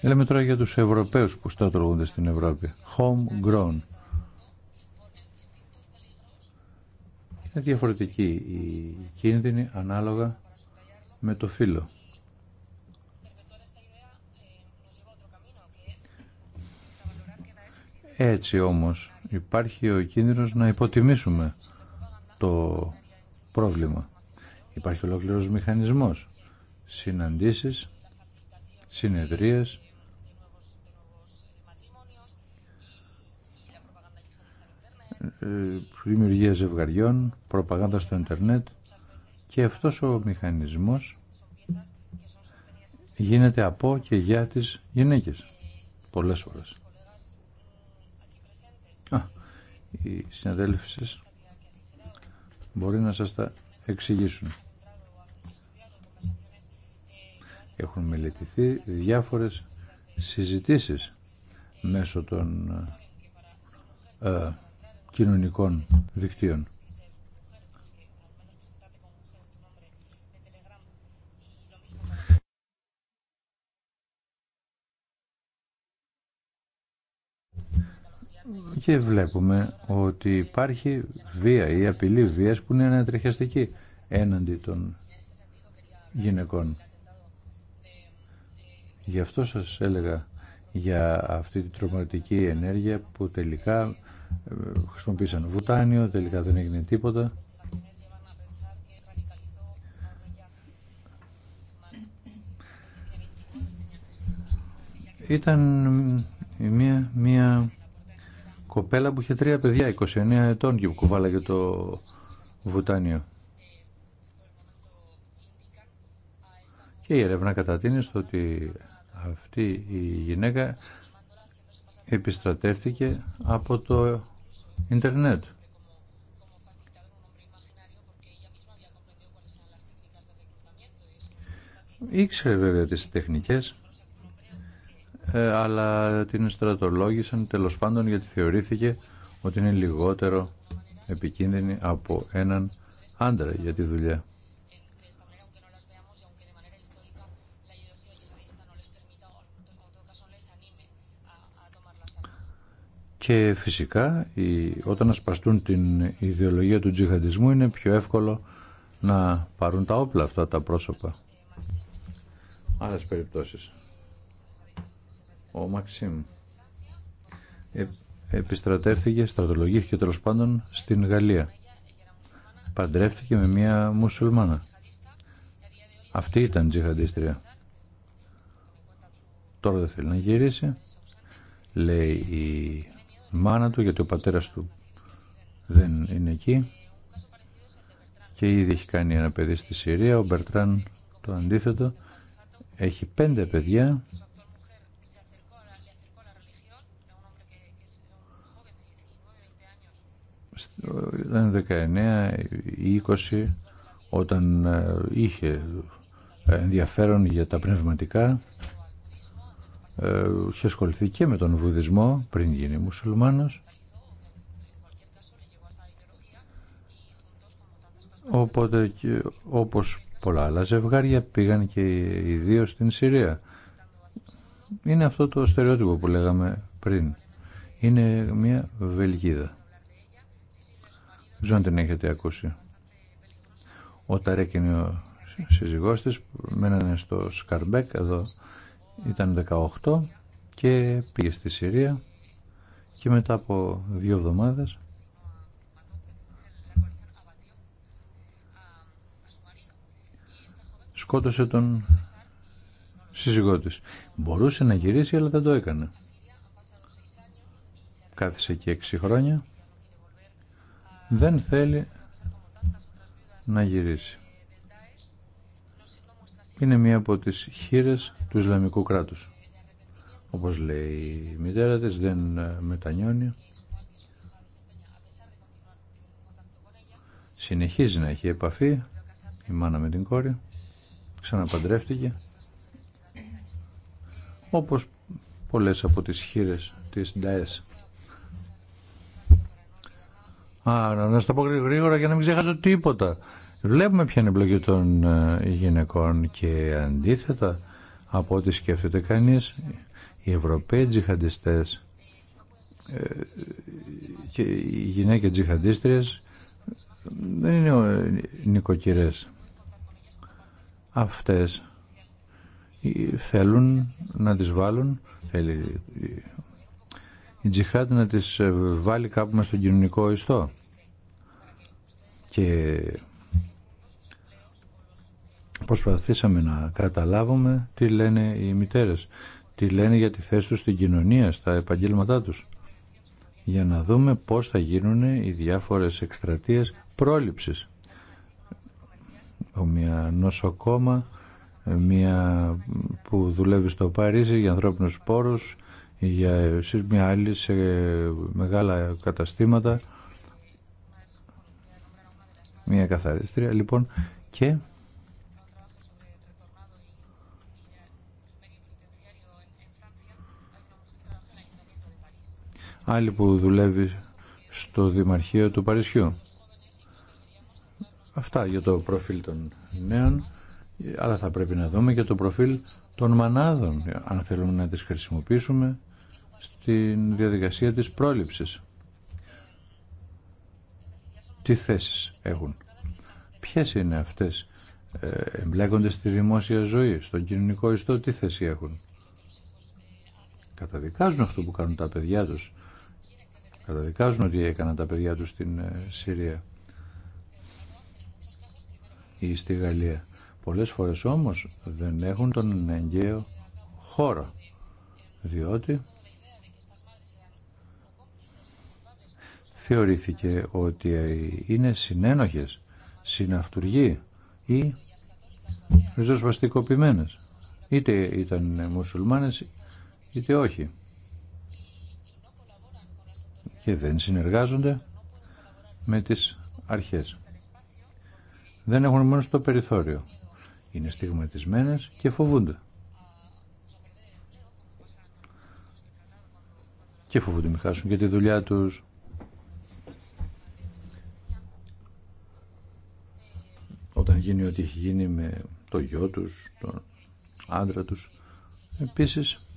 Λέμε τώρα για τους Ευρωπαίους που στατρογούνται στην Ευρώπη. home grown. Είναι διαφορετική η κίνδυνη ανάλογα με το φύλλο. Έτσι όμως υπάρχει ο κίνδυνος να υποτιμήσουμε το πρόβλημα. Υπάρχει ολόκληρος μηχανισμός συναντήσεις, συνεδρίες, Ε, δημιουργία ζευγαριών, προπαγάνδα στο ίντερνετ και αυτός ο μηχανισμός γίνεται από και για τις γυναίκες πολλές φορές. οι συναδέλφοι σας μπορεί να σας τα εξηγήσουν. Έχουν μελετηθεί διάφορες συζητήσεις μέσω των ε, κοινωνικών δικτύων. Και βλέπουμε ότι υπάρχει βία ή απειλή βίας που είναι ανατριχιαστική έναντι των γυναικών. Γι' αυτό σας έλεγα για αυτή την τρομακτική ενέργεια που τελικά χρησιμοποίησαν βουτάνιο, τελικά δεν έγινε τίποτα. Ήταν μια, μια κοπέλα που είχε τρία παιδιά, 29 ετών και που κουβάλαγε το βουτάνιο. Και η ερευνά κατατείνει στο ότι αυτή η γυναίκα επιστρατεύτηκε από το ίντερνετ. Ήξερε βέβαια τις τεχνικές, ε, αλλά την στρατολόγησαν τέλος πάντων γιατί θεωρήθηκε ότι είναι λιγότερο επικίνδυνη από έναν άντρα για τη δουλειά. Και φυσικά όταν ασπαστούν την ιδεολογία του τζιχαντισμού είναι πιο εύκολο να πάρουν τα όπλα αυτά τα πρόσωπα. Άλλες περιπτώσεις. Ο Μαξίμ ε, επιστρατεύθηκε, στρατολογήθηκε τέλο πάντων στην Γαλλία. Παντρεύτηκε με μία μουσουλμάνα. Αυτή ήταν τζιχαντίστρια. Τώρα δεν θέλει να γυρίσει. Λέει η μάνα του γιατί ο πατέρας του δεν είναι εκεί και ήδη έχει κάνει ένα παιδί στη Συρία ο Μπερτράν το αντίθετο έχει πέντε παιδιά ήταν 19 ή 20 όταν ε, είχε ενδιαφέρον για τα πνευματικά ε, είχε ασχοληθεί και με τον βουδισμό πριν γίνει μουσουλμάνος. Οπότε και, όπως πολλά άλλα ζευγάρια πήγαν και οι δύο στην Συρία. Είναι αυτό το στερεότυπο που λέγαμε πριν. Είναι μια Βελγίδα. Δεν αν την έχετε ακούσει. Ο Ταρέκ είναι ο σύζυγός της, μένανε στο Σκαρμπέκ εδώ ήταν 18 και πήγε στη Συρία και μετά από δύο εβδομάδες σκότωσε τον σύζυγό της. Μπορούσε να γυρίσει αλλά δεν το έκανε. Κάθισε εκεί έξι χρόνια. Δεν θέλει να γυρίσει είναι μία από τις χείρες του Ισλαμικού κράτους. Όπως λέει η μητέρα της, δεν ε, μετανιώνει. Συνεχίζει να έχει επαφή η μάνα με την κόρη. Ξαναπαντρεύτηκε. Όπως πολλές από τις χείρες της ΝΤΑΕΣ. Α, να, να στα πω γρήγορα για να μην ξεχάσω τίποτα. Βλέπουμε ποια είναι η εμπλοκή των ε, γυναικών και αντίθετα από ό,τι σκέφτεται κανείς οι Ευρωπαίοι τζιχαντιστές ε, και οι γυναίκες τζιχαντίστριες δεν είναι ε, νοικοκυρές. Αυτές θέλουν να τις βάλουν, θέλει η τζιχάτ να τις βάλει κάπου μες στον κοινωνικό ιστό. Και προσπαθήσαμε να καταλάβουμε τι λένε οι μητέρες, τι λένε για τη θέση τους στην κοινωνία, στα επαγγέλματά τους, για να δούμε πώς θα γίνουν οι διάφορες εκστρατείες πρόληψης. Μια νοσοκόμα, μια που δουλεύει στο Παρίσι για ανθρώπινους πόρους, για μια άλλη σε μεγάλα καταστήματα, μια καθαρίστρια λοιπόν και άλλη που δουλεύει στο Δημαρχείο του Παρισιού. Αυτά για το προφίλ των νέων, αλλά θα πρέπει να δούμε και το προφίλ των μανάδων, αν θέλουμε να τις χρησιμοποιήσουμε στην διαδικασία της πρόληψης. Τι θέσεις έχουν, ποιες είναι αυτές, ε, εμπλέκονται στη δημόσια ζωή, στον κοινωνικό ιστό, τι θέση έχουν. Καταδικάζουν αυτό που κάνουν τα παιδιά τους καταδικάζουν ότι έκαναν τα παιδιά τους στην ε, Συρία ή στη Γαλλία. Πολλές φορές όμως δεν έχουν τον εγκαίο χώρο, διότι θεωρήθηκε ότι είναι συνένοχες, συναυτουργοί ή ριζοσπαστικοποιημένες. Είτε ήταν μουσουλμάνες είτε όχι και δεν συνεργάζονται με τις αρχές. Δεν έχουν μόνο στο περιθώριο. Είναι στιγματισμένες και φοβούνται. Και φοβούνται μην χάσουν και τη δουλειά τους. Όταν γίνει ό,τι έχει γίνει με το γιο τους, τον άντρα τους. Επίσης,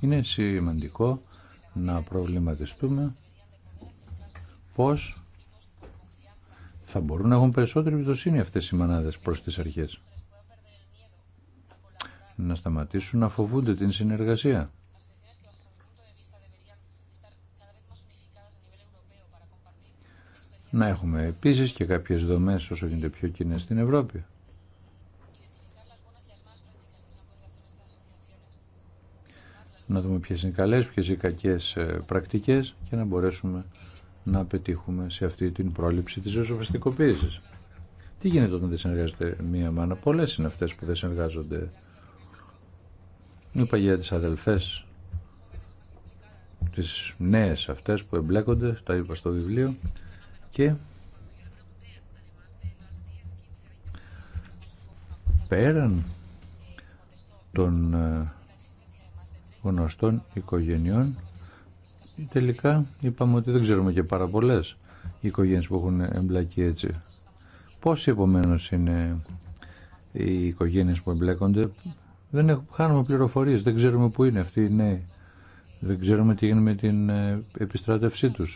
είναι σημαντικό να προβληματιστούμε πώς θα μπορούν να έχουν περισσότερη εμπιστοσύνη αυτές οι μανάδες προς τις αρχές. Να σταματήσουν να φοβούνται την συνεργασία. Να έχουμε επίσης και κάποιες δομές όσο γίνεται πιο κοινέ στην Ευρώπη. Να δούμε ποιες είναι οι καλές, ποιες οι κακές ε, πρακτικές και να μπορέσουμε να πετύχουμε σε αυτή την πρόληψη της ζωσοφαστικοποίησης. Τι γίνεται όταν δεν συνεργάζεται μία μάνα. Πολλές είναι αυτές που δεν συνεργάζονται. Είπα για τις αδελφές, τις νέες αυτές που εμπλέκονται, τα είπα στο βιβλίο και πέραν των ε, γνωστών οικογενειών τελικά είπαμε ότι δεν ξέρουμε και πάρα πολλέ οικογένειε που έχουν εμπλακεί έτσι. Πόσοι επομένω είναι οι οικογένειε που εμπλέκονται, δεν έχουμε, χάνουμε πληροφορίε, δεν ξέρουμε πού είναι αυτοί οι νέοι. Δεν ξέρουμε τι γίνεται με την ε, επιστράτευσή του.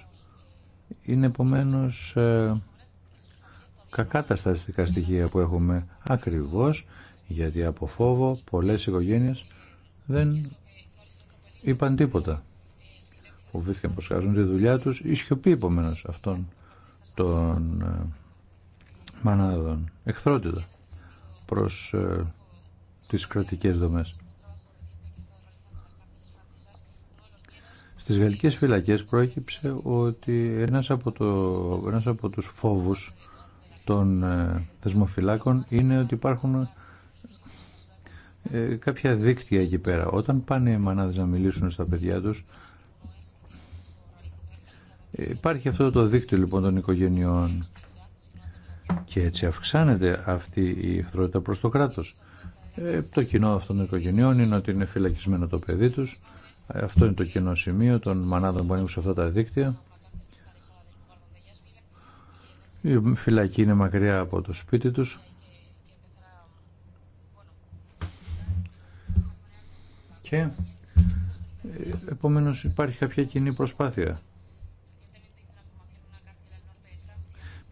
Είναι επομένω ε, κακά τα στατιστικά στοιχεία που έχουμε ακριβώ γιατί από φόβο πολλέ οικογένειε δεν είπαν τίποτα φοβήθηκαν πως χάζουν τη δουλειά τους η σιωπή επομένω αυτών των ε, μανάδων εχθρότητα προς ε, τις κρατικές δομές. Στις γαλλικές φυλακές πρόκειψε... ότι ένας από, το, ένας από τους φόβους των ε, θεσμοφυλάκων είναι ότι υπάρχουν κάποια δίκτυα εκεί πέρα. Όταν πάνε οι μανάδες να μιλήσουν στα παιδιά τους, Υπάρχει αυτό το δίκτυο λοιπόν των οικογενειών και έτσι αυξάνεται αυτή η εχθρότητα προς το κράτος. Ε, το κοινό αυτών των οικογενειών είναι ότι είναι φυλακισμένο το παιδί τους. Ε, αυτό είναι το κοινό σημείο των μανάδων που ανήκουν σε αυτά τα δίκτυα. Η φυλακή είναι μακριά από το σπίτι τους. Και ε, επομένως υπάρχει κάποια κοινή προσπάθεια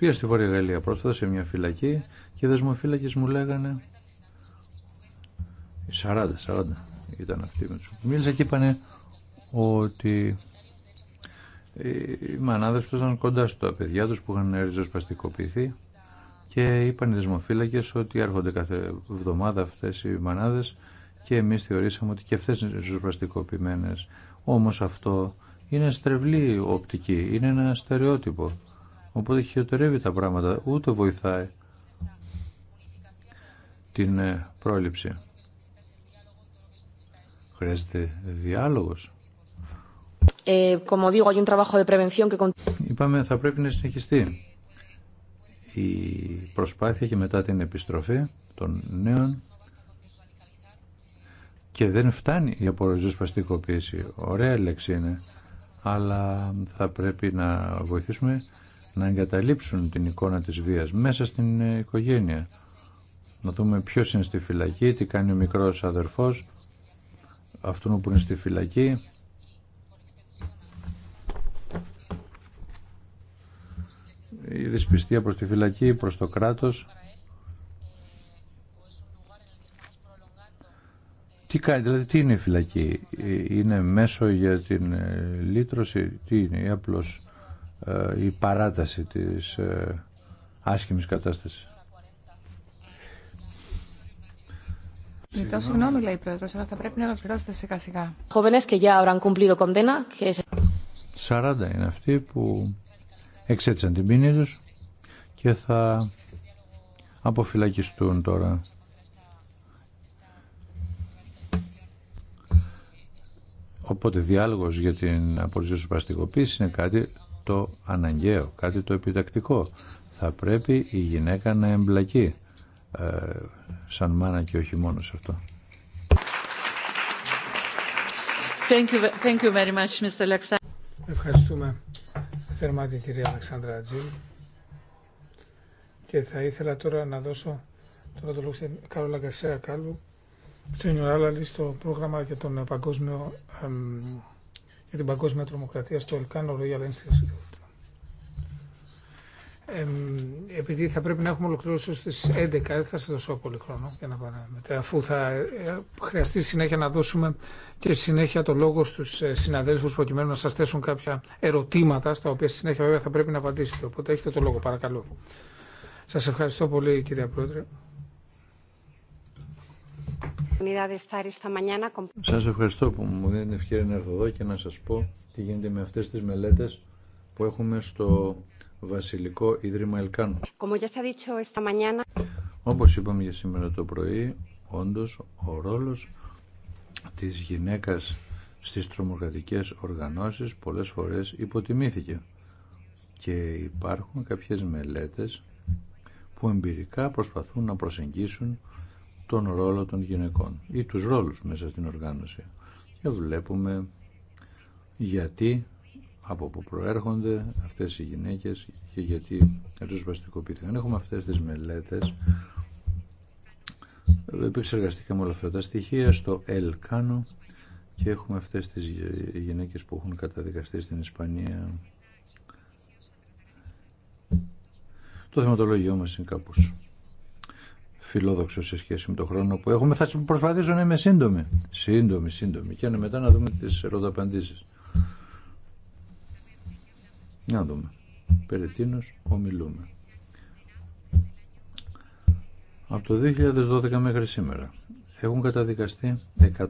Πήγα στη Βόρεια Γαλλία πρόσφατα σε μια φυλακή και οι δεσμοφύλακε μου λέγανε 40, 40 ήταν αυτοί με του. μίλησα και είπανε ότι οι μανάδε του ήταν κοντά στα παιδιά του που είχαν ριζοσπαστικοποιηθεί και είπαν οι δεσμοφύλακε ότι έρχονται κάθε εβδομάδα αυτέ οι μανάδε και εμεί θεωρήσαμε ότι και αυτέ είναι ριζοσπαστικοποιημένε. Όμω αυτό είναι στρεβλή οπτική, είναι ένα στερεότυπο. Οπότε χειροτερεύει τα πράγματα, ούτε βοηθάει την ε, πρόληψη. Χρειάζεται διάλογος. Ε, Είπαμε θα πρέπει να συνεχιστεί η προσπάθεια και μετά την επιστροφή των νέων και δεν φτάνει η απορροζοσπαστικοποίηση. Ωραία λέξη είναι, αλλά θα πρέπει να βοηθήσουμε να εγκαταλείψουν την εικόνα της βίας μέσα στην ε, οικογένεια. Να δούμε ποιος είναι στη φυλακή, τι κάνει ο μικρός αδερφός, αυτόν που είναι στη φυλακή. Η δυσπιστία προς τη φυλακή, προς το κράτος. Τι κάνει, δηλαδή τι είναι η φυλακή, ε, είναι μέσο για την ε, λύτρωση, τι είναι, απλώς ε, η παράταση της ε, άσχημης κατάστασης. Ζητώ συγγνώμη, λέει η Πρόεδρο, αλλά θα πρέπει να ολοκληρώσετε σιγά σιγά. Σαράντα είναι αυτοί που εξέτσαν την ποινή του και θα αποφυλακιστούν τώρα. Οπότε διάλογος για την απολυσία του είναι κάτι το αναγκαίο, κάτι το επιτακτικό. Θα πρέπει η γυναίκα να εμπλακεί ε, σαν μάνα και όχι μόνο σε αυτό. Ευχαριστούμε θερμά την κυρία Αλεξάνδρα Ατζήλ και θα ήθελα τώρα να δώσω τον το λόγο στην Κάρολα Γκαρσέα Κάλβου στην Ιωράλαλη στο πρόγραμμα για τον Παγκόσμιο για την παγκόσμια τρομοκρατία στο Ελκάνο Royal Institute. Ε, επειδή θα πρέπει να έχουμε ολοκληρώσει στις 11, δεν θα σας δώσω πολύ χρόνο για να Μετά αφού θα ε, χρειαστεί συνέχεια να δώσουμε και συνέχεια το λόγο στους ε, συναδέλφους προκειμένου να σας θέσουν κάποια ερωτήματα, στα οποία συνέχεια βέβαια θα πρέπει να απαντήσετε. Οπότε έχετε το λόγο, παρακαλώ. Σας ευχαριστώ πολύ κυρία Πρόεδρε. Σας ευχαριστώ που μου δίνετε την ευκαιρία να έρθω εδώ και να σας πω τι γίνεται με αυτές τις μελέτες που έχουμε στο Βασιλικό Ίδρυμα Ελκάνου. Όπως είπαμε για σήμερα το πρωί, όντως ο ρόλος της γυναίκας στις τρομοκρατικές οργανώσεις πολλές φορές υποτιμήθηκε και υπάρχουν κάποιες μελέτες που εμπειρικά προσπαθούν να προσεγγίσουν τον ρόλο των γυναικών ή τους ρόλους μέσα στην οργάνωση. Και βλέπουμε γιατί, από που προέρχονται αυτές οι γυναίκες και γιατί ριζοσπαστικοποιήθηκαν. Έχουμε αυτές τις μελέτες. Επεξεργαστήκαμε όλα αυτά τα στοιχεία στο Ελκάνο και έχουμε αυτές τις γυναίκες που έχουν καταδικαστεί στην Ισπανία. Το θεματολόγιο μας είναι κάπως φιλόδοξο σε σχέση με τον χρόνο που έχουμε. Θα προσπαθήσω να είμαι σύντομη. Σύντομη, σύντομη. Και μετά να δούμε τι ερωταπαντήσεις. Να δούμε. Περί ομιλούμε. Από το 2012 μέχρι σήμερα έχουν καταδικαστεί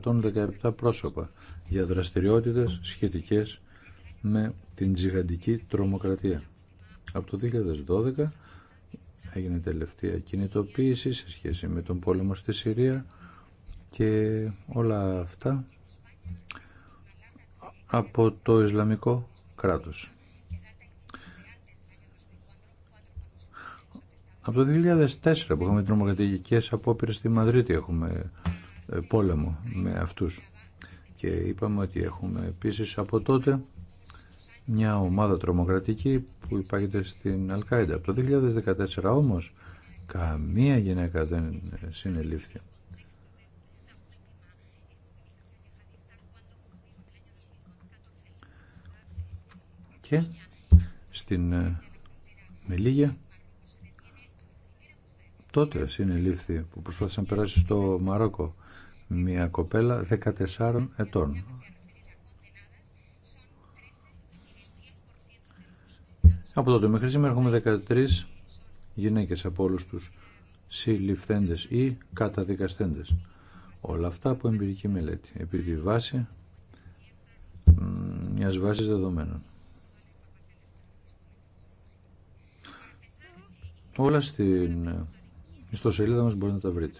117 πρόσωπα για δραστηριότητες σχετικές με την τζιγαντική τρομοκρατία. Από το 2012 έγινε τελευταία κινητοποίηση σε σχέση με τον πόλεμο στη Συρία και όλα αυτά από το Ισλαμικό κράτος. Από το 2004 που είχαμε τρομοκρατικές απόπειρες στη Μαδρίτη έχουμε ε, πόλεμο με αυτούς και είπαμε ότι έχουμε επίσης από τότε μια ομάδα τρομοκρατική που υπάρχει στην Αλκάιντα. Από το 2014 όμως καμία γυναίκα δεν συνελήφθη. Και στην ε, Μελίγια τότε συνελήφθη που προσπάθησε να περάσει στο Μαρόκο μια κοπέλα 14 ετών. Από τότε μέχρι σήμερα έχουμε 13 γυναίκες από όλους τους συλληφθέντες ή καταδικαστέντες. Όλα αυτά από εμπειρική μελέτη, επί τη βάση μιας βάσης δεδομένων. Όλα στην ιστοσελίδα μας μπορείτε να τα βρείτε.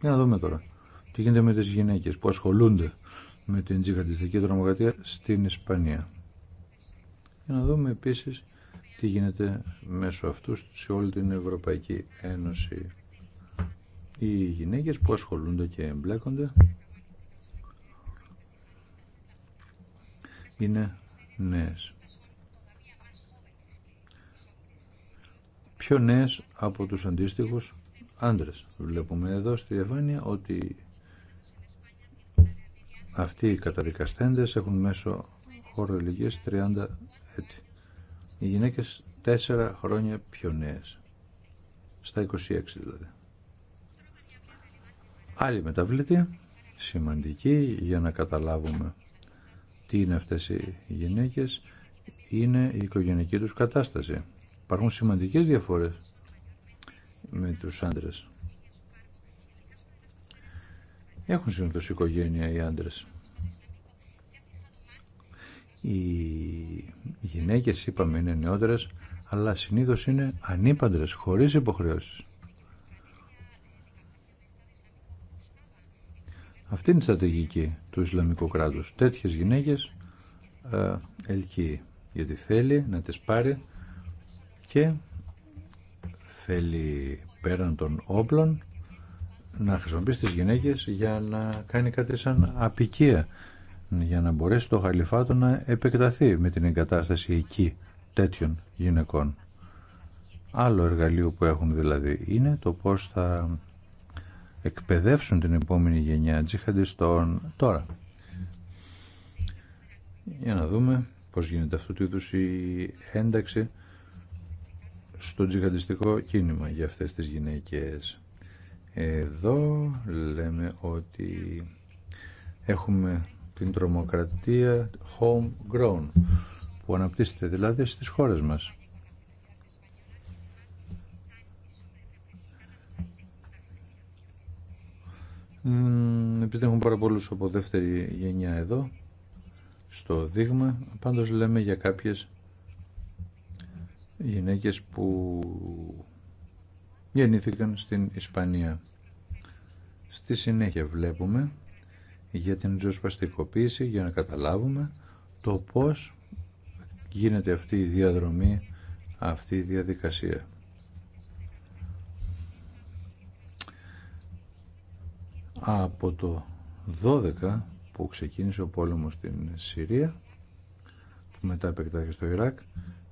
Για να δούμε τώρα τι γίνεται με τις γυναίκες που ασχολούνται με την τζιχαντιστική τρομοκρατία στην Ισπανία για να δούμε επίσης τι γίνεται μέσω αυτού σε όλη την Ευρωπαϊκή Ένωση. Οι γυναίκες που ασχολούνται και εμπλέκονται είναι νέες. Πιο νέες από τους αντίστοιχους άντρες. Βλέπουμε εδώ στη διαφάνεια ότι αυτοί οι καταδικαστέντες έχουν μέσω χώρο ηλικίας 30 έτσι. Οι γυναίκες τέσσερα χρόνια πιο νέες. Στα 26 δηλαδή. Άλλη μεταβλητή, σημαντική για να καταλάβουμε τι είναι αυτές οι γυναίκες, είναι η οικογενειακή τους κατάσταση. Υπάρχουν σημαντικές διαφορές με τους άντρες. Έχουν συνήθως οικογένεια οι άντρες. Οι γυναίκες, είπαμε, είναι νεότερες, αλλά συνήθως είναι ανήπαντρες, χωρίς υποχρεώσεις. Αυτή είναι η στρατηγική του Ισλαμικού κράτους. Τέτοιες γυναίκες ε, ελκύει, γιατί θέλει να τις πάρει και θέλει πέραν των όπλων να χρησιμοποιήσει τις γυναίκες για να κάνει κάτι σαν απικία για να μπορέσει το χαλιφάτο να επεκταθεί με την εγκατάσταση εκεί τέτοιων γυναικών. Άλλο εργαλείο που έχουν δηλαδή είναι το πώς θα εκπαιδεύσουν την επόμενη γενιά τζιχαντιστών τώρα. Για να δούμε πώς γίνεται αυτού του είδους η ένταξη στο τζιχαντιστικό κίνημα για αυτές τις γυναίκες. Εδώ λέμε ότι έχουμε την τρομοκρατία homegrown που αναπτύσσεται δηλαδή στις χώρες μας. Επειδή έχουμε πάρα πολλούς από δεύτερη γενιά εδώ, στο δείγμα, πάντως λέμε για κάποιες γυναίκες που γεννήθηκαν στην Ισπανία. Στη συνέχεια βλέπουμε για την ζωσπαστικοποίηση, για να καταλάβουμε το πώς γίνεται αυτή η διαδρομή, αυτή η διαδικασία. Από το 12 που ξεκίνησε ο πόλεμος στην Συρία, που μετά επεκτάθηκε στο Ιράκ,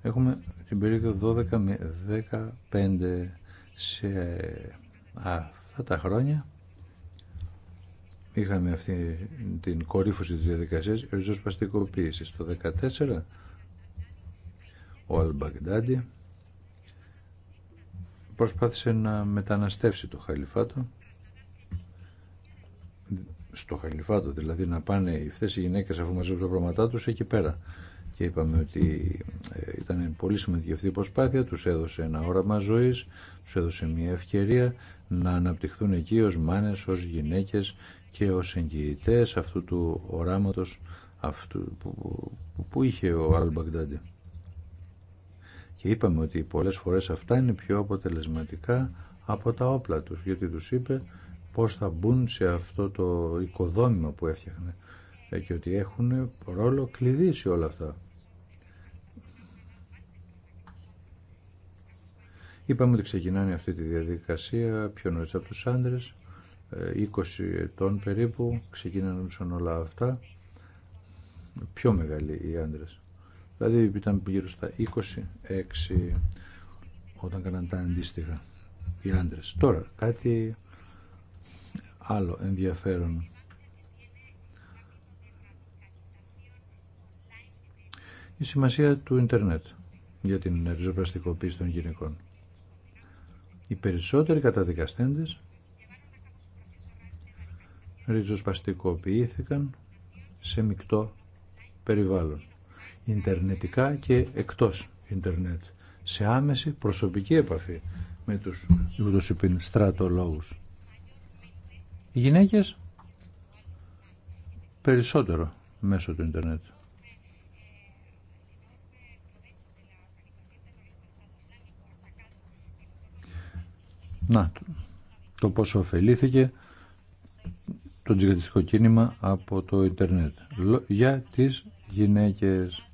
έχουμε την περίοδο 12 με 15 σε αυτά τα χρόνια είχαμε αυτή την κορύφωση της διαδικασίας ριζοσπαστικοποίησης το 14 ο Αλμπαγκντάντι προσπάθησε να μεταναστεύσει το Χαλιφάτο στο Χαλιφάτο δηλαδή να πάνε οι αυτές οι γυναίκες αφού μαζεύουν τα προγραμματά τους εκεί πέρα και είπαμε ότι ε, ήταν πολύ σημαντική αυτή η προσπάθεια, τους έδωσε ένα όραμα ζωής, τους έδωσε μια ευκαιρία να αναπτυχθούν εκεί ως μάνες, ως γυναίκες και ως εγγυητές αυτού του οράματος αυτού που, που, που είχε ο Μπαγκδάντι. Και είπαμε ότι πολλές φορές αυτά είναι πιο αποτελεσματικά από τα όπλα τους, γιατί τους είπε πώς θα μπουν σε αυτό το οικοδόμημα που έφτιαχνε ε, και ότι έχουν ρόλο κλειδί σε όλα αυτά. Είπαμε ότι ξεκινάνε αυτή τη διαδικασία πιο νωρίς από τους άντρες 20 ετών περίπου, ξεκίνησαν όλα αυτά, πιο μεγάλοι οι άντρες. Δηλαδή ήταν γύρω στα 26 όταν έκαναν τα αντίστοιχα οι άντρες. Τώρα κάτι άλλο ενδιαφέρον. Η σημασία του ίντερνετ για την ριζοπραστικοποίηση των γυναικών. Οι περισσότεροι καταδικαστέντες ριζοσπαστικοποιήθηκαν σε μεικτό περιβάλλον. Ιντερνετικά και εκτός ίντερνετ. Σε άμεση προσωπική επαφή με τους λουδοσυπήν στρατολόγους. Οι γυναίκες περισσότερο μέσω του ίντερνετ. Να, το πόσο ωφελήθηκε το τζιγατιστικό κίνημα από το ίντερνετ για τις γυναίκες.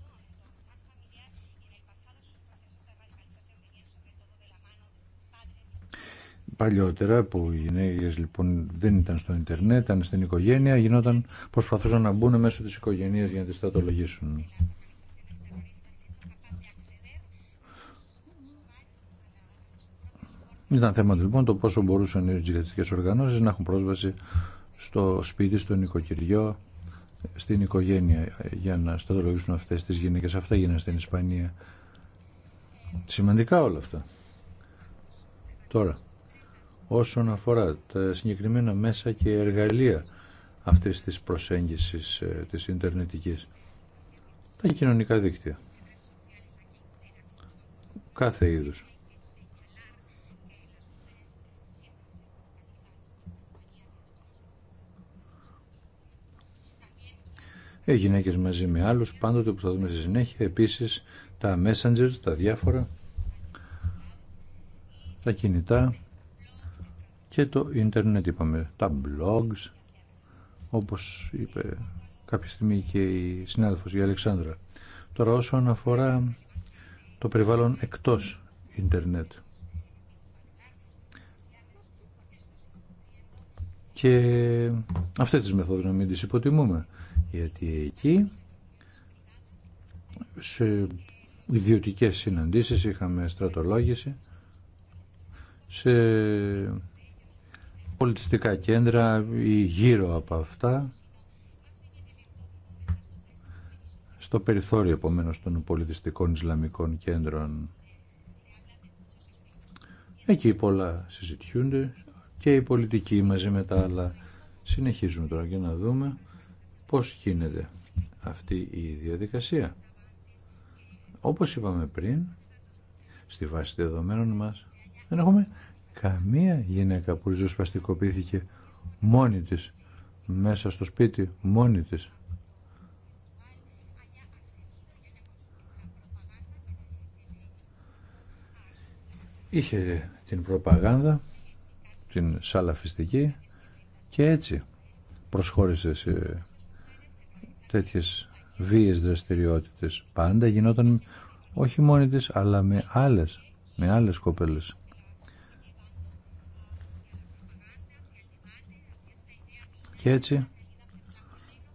Παλιότερα που οι γυναίκες λοιπόν δεν ήταν στο ίντερνετ, ήταν στην οικογένεια, γινόταν, προσπαθούσαν να μπουν μέσω της οικογένειας για να τις τατολογήσουν. Ήταν θέμα λοιπόν το πόσο μπορούσαν οι τζιγατιστικές οργανώσεις να έχουν πρόσβαση στο σπίτι, στο νοικοκυριό, στην οικογένεια για να στατολογήσουν αυτές τις γυναίκες. Αυτά γίνανε στην Ισπανία. Σημαντικά όλα αυτά. Τώρα, όσον αφορά τα συγκεκριμένα μέσα και εργαλεία αυτής της προσέγγισης ε, της ιντερνετικής, τα κοινωνικά δίκτυα, κάθε είδους, οι ε, γυναίκες μαζί με άλλους, πάντοτε που θα δούμε στη συνέχεια, επίσης τα messengers, τα διάφορα, τα κινητά και το ίντερνετ είπαμε, τα blogs, όπως είπε κάποια στιγμή και η συνάδελφος η Αλεξάνδρα. Τώρα όσον αφορά το περιβάλλον εκτός ίντερνετ. Και αυτές τις μεθόδους να μην τις υποτιμούμε γιατί εκεί σε ιδιωτικές συναντήσεις είχαμε στρατολόγηση σε πολιτιστικά κέντρα ή γύρω από αυτά στο περιθώριο επομένω των πολιτιστικών Ισλαμικών κέντρων εκεί πολλά συζητιούνται και οι πολιτικοί μαζί με τα άλλα συνεχίζουμε τώρα και να δούμε Πώς γίνεται αυτή η διαδικασία. Όπως είπαμε πριν, στη βάση δεδομένων μας, δεν έχουμε καμία γυναίκα που ριζοσπαστικοποιήθηκε μόνη της, μέσα στο σπίτι, μόνη της. Είχε την προπαγάνδα, την σαλαφιστική και έτσι προσχώρησε σε τέτοιες βίες δραστηριότητες. Πάντα γινόταν όχι μόνη της, αλλά με άλλες, με άλλες κοπέλες. Και έτσι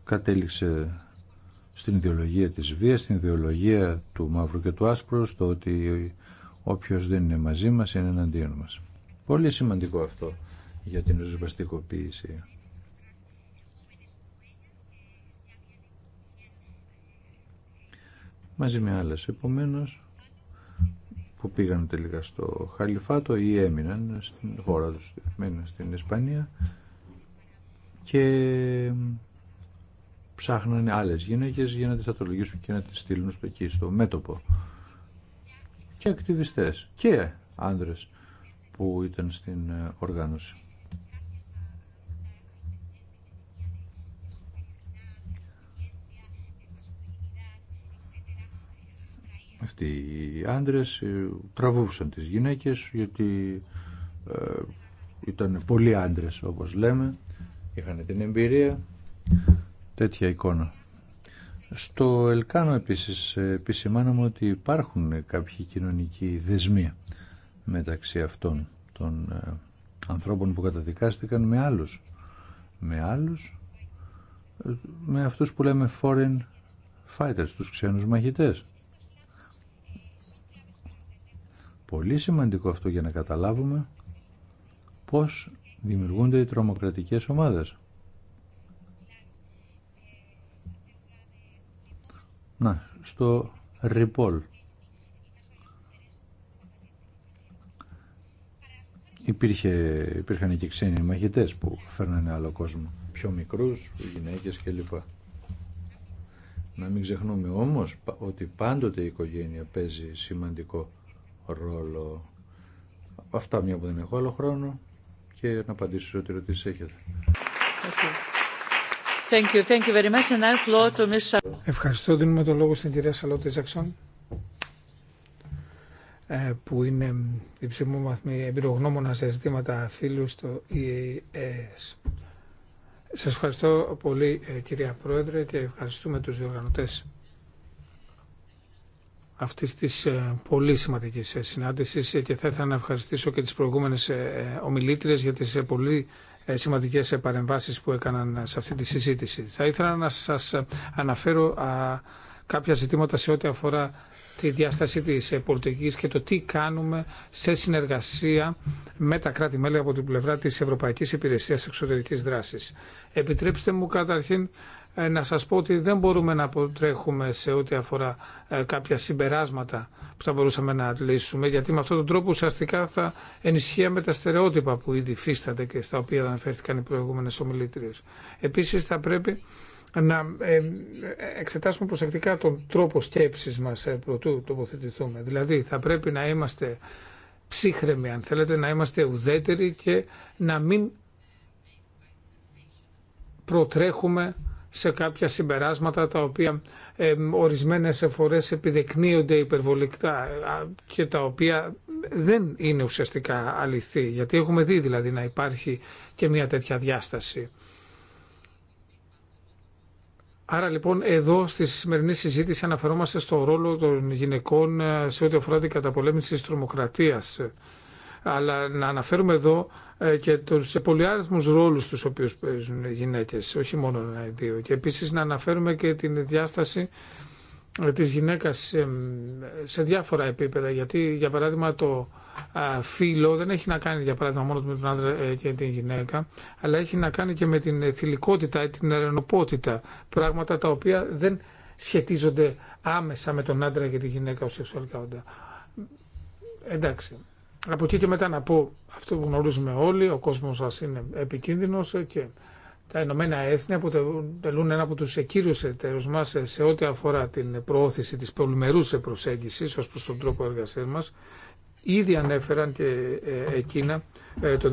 κατέληξε στην ιδεολογία της βίας, στην ιδεολογία του μαύρου και του άσπρου, στο ότι όποιος δεν είναι μαζί μας είναι εναντίον μας. Πολύ σημαντικό αυτό για την ριζοσπαστικοποίηση. μαζί με άλλες. Επομένως, που πήγαν τελικά στο Χαλιφάτο ή έμειναν στην χώρα τους, έμειναν στην Ισπανία και ψάχνανε άλλες γυναίκες για να τις ατολογήσουν και να τις στείλουν στο εκεί, στο μέτωπο. Και ακτιβιστές και άνδρες που ήταν στην ε, οργάνωση. Αυτοί οι άντρες ε, τραβούσαν τις γυναίκες γιατί ε, ήταν πολλοί άντρες όπως λέμε, είχαν την εμπειρία, τέτοια εικόνα. Στο Ελκάνο επίσης επισημάναμε ότι υπάρχουν κάποιοι κοινωνικοί δεσμοί μεταξύ αυτών των ε, ανθρώπων που καταδικάστηκαν με άλλους. Με άλλους, με αυτούς που λέμε foreign fighters, τους ξένους μαχητές. Πολύ σημαντικό αυτό για να καταλάβουμε πώς δημιουργούνται οι τρομοκρατικές ομάδες. Να, στο Ριπόλ. Υπήρχε, υπήρχαν και ξένοι μαχητές που φέρνανε άλλο κόσμο. Πιο μικρούς, γυναίκες κλπ. Να μην ξεχνούμε όμως ότι πάντοτε η οικογένεια παίζει σημαντικό ρόλο. Αυτά μια που δεν έχω άλλο χρόνο και να απαντήσω σε ό,τι ρωτήσεις έχετε. Ευχαριστώ. Δίνουμε το λόγο στην κυρία Σαλότη Ζαξόν ε, που είναι υψημόμαθμη εμπειρογνώμονα σε ζητήματα φίλου στο EAS. Σας ευχαριστώ πολύ ε, κυρία Πρόεδρε και ευχαριστούμε τους διοργανωτές αυτής της ε, πολύ σημαντικής ε, συνάντηση ε, και θα ήθελα να ευχαριστήσω και τις προηγούμενες ομιλήτριες για τις πολύ σημαντικές παρεμβάσει που έκαναν σε αυτή τη συζήτηση. Θα ήθελα να σας αναφέρω κάποια ζητήματα σε ό,τι αφορά τη διάσταση της πολιτικής και το τι κάνουμε σε συνεργασία με τα κράτη-μέλη από την πλευρά της Ευρωπαϊκής Υπηρεσίας Εξωτερικής Δράσης. Επιτρέψτε μου καταρχήν ε, να σας πω ότι δεν μπορούμε να αποτρέχουμε σε ό,τι αφορά ε, κάποια συμπεράσματα που θα μπορούσαμε να λύσουμε, γιατί με αυτόν τον τρόπο ουσιαστικά θα ενισχύαμε τα στερεότυπα που ήδη φύστανται και στα οποία αναφέρθηκαν οι προηγούμενες ομιλήτριες. Επίσης θα πρέπει να ε, εξετάσουμε προσεκτικά τον τρόπο σκέψης μας προτού τοποθετηθούμε. Δηλαδή θα πρέπει να είμαστε ψύχρεμοι αν θέλετε, να είμαστε ουδέτεροι και να μην προτρέχουμε σε κάποια συμπεράσματα τα οποία ορισμένες φορές επιδεκνύονται υπερβολικά και τα οποία δεν είναι ουσιαστικά αληθή, γιατί έχουμε δει δηλαδή να υπάρχει και μια τέτοια διάσταση. Άρα λοιπόν εδώ στη σημερινή συζήτηση αναφερόμαστε στο ρόλο των γυναικών ε, σε ό,τι αφορά την καταπολέμηση της τρομοκρατίας. Αλλά να αναφέρουμε εδώ ε, και τους πολυάριθμους ρόλους τους οποίους παίζουν οι γυναίκες, όχι μόνο ένα ή δύο. Και επίσης να αναφέρουμε και την διάσταση ε, της γυναίκας σε διάφορα επίπεδα, γιατί για παράδειγμα το φύλλο δεν έχει να κάνει για παράδειγμα μόνο με τον άντρα ε, και την γυναίκα, αλλά έχει να κάνει και με την θηλυκότητα ή την ερενοπότητα, πράγματα τα οποία δεν σχετίζονται άμεσα με τον άντρα και τη γυναίκα ως σεξουαλικά όντα. Εντάξει από εκεί και μετά να πω αυτό που γνωρίζουμε όλοι, ο κόσμος σας είναι επικίνδυνος και τα Ηνωμένα Έθνη αποτελούν ένα από τους εκείρους εταίρους μας σε ό,τι αφορά την προώθηση της πολυμερούς προσέγγισης ως προς τον τρόπο εργασίας μας. Ήδη ανέφεραν και ε, εκείνα ε, το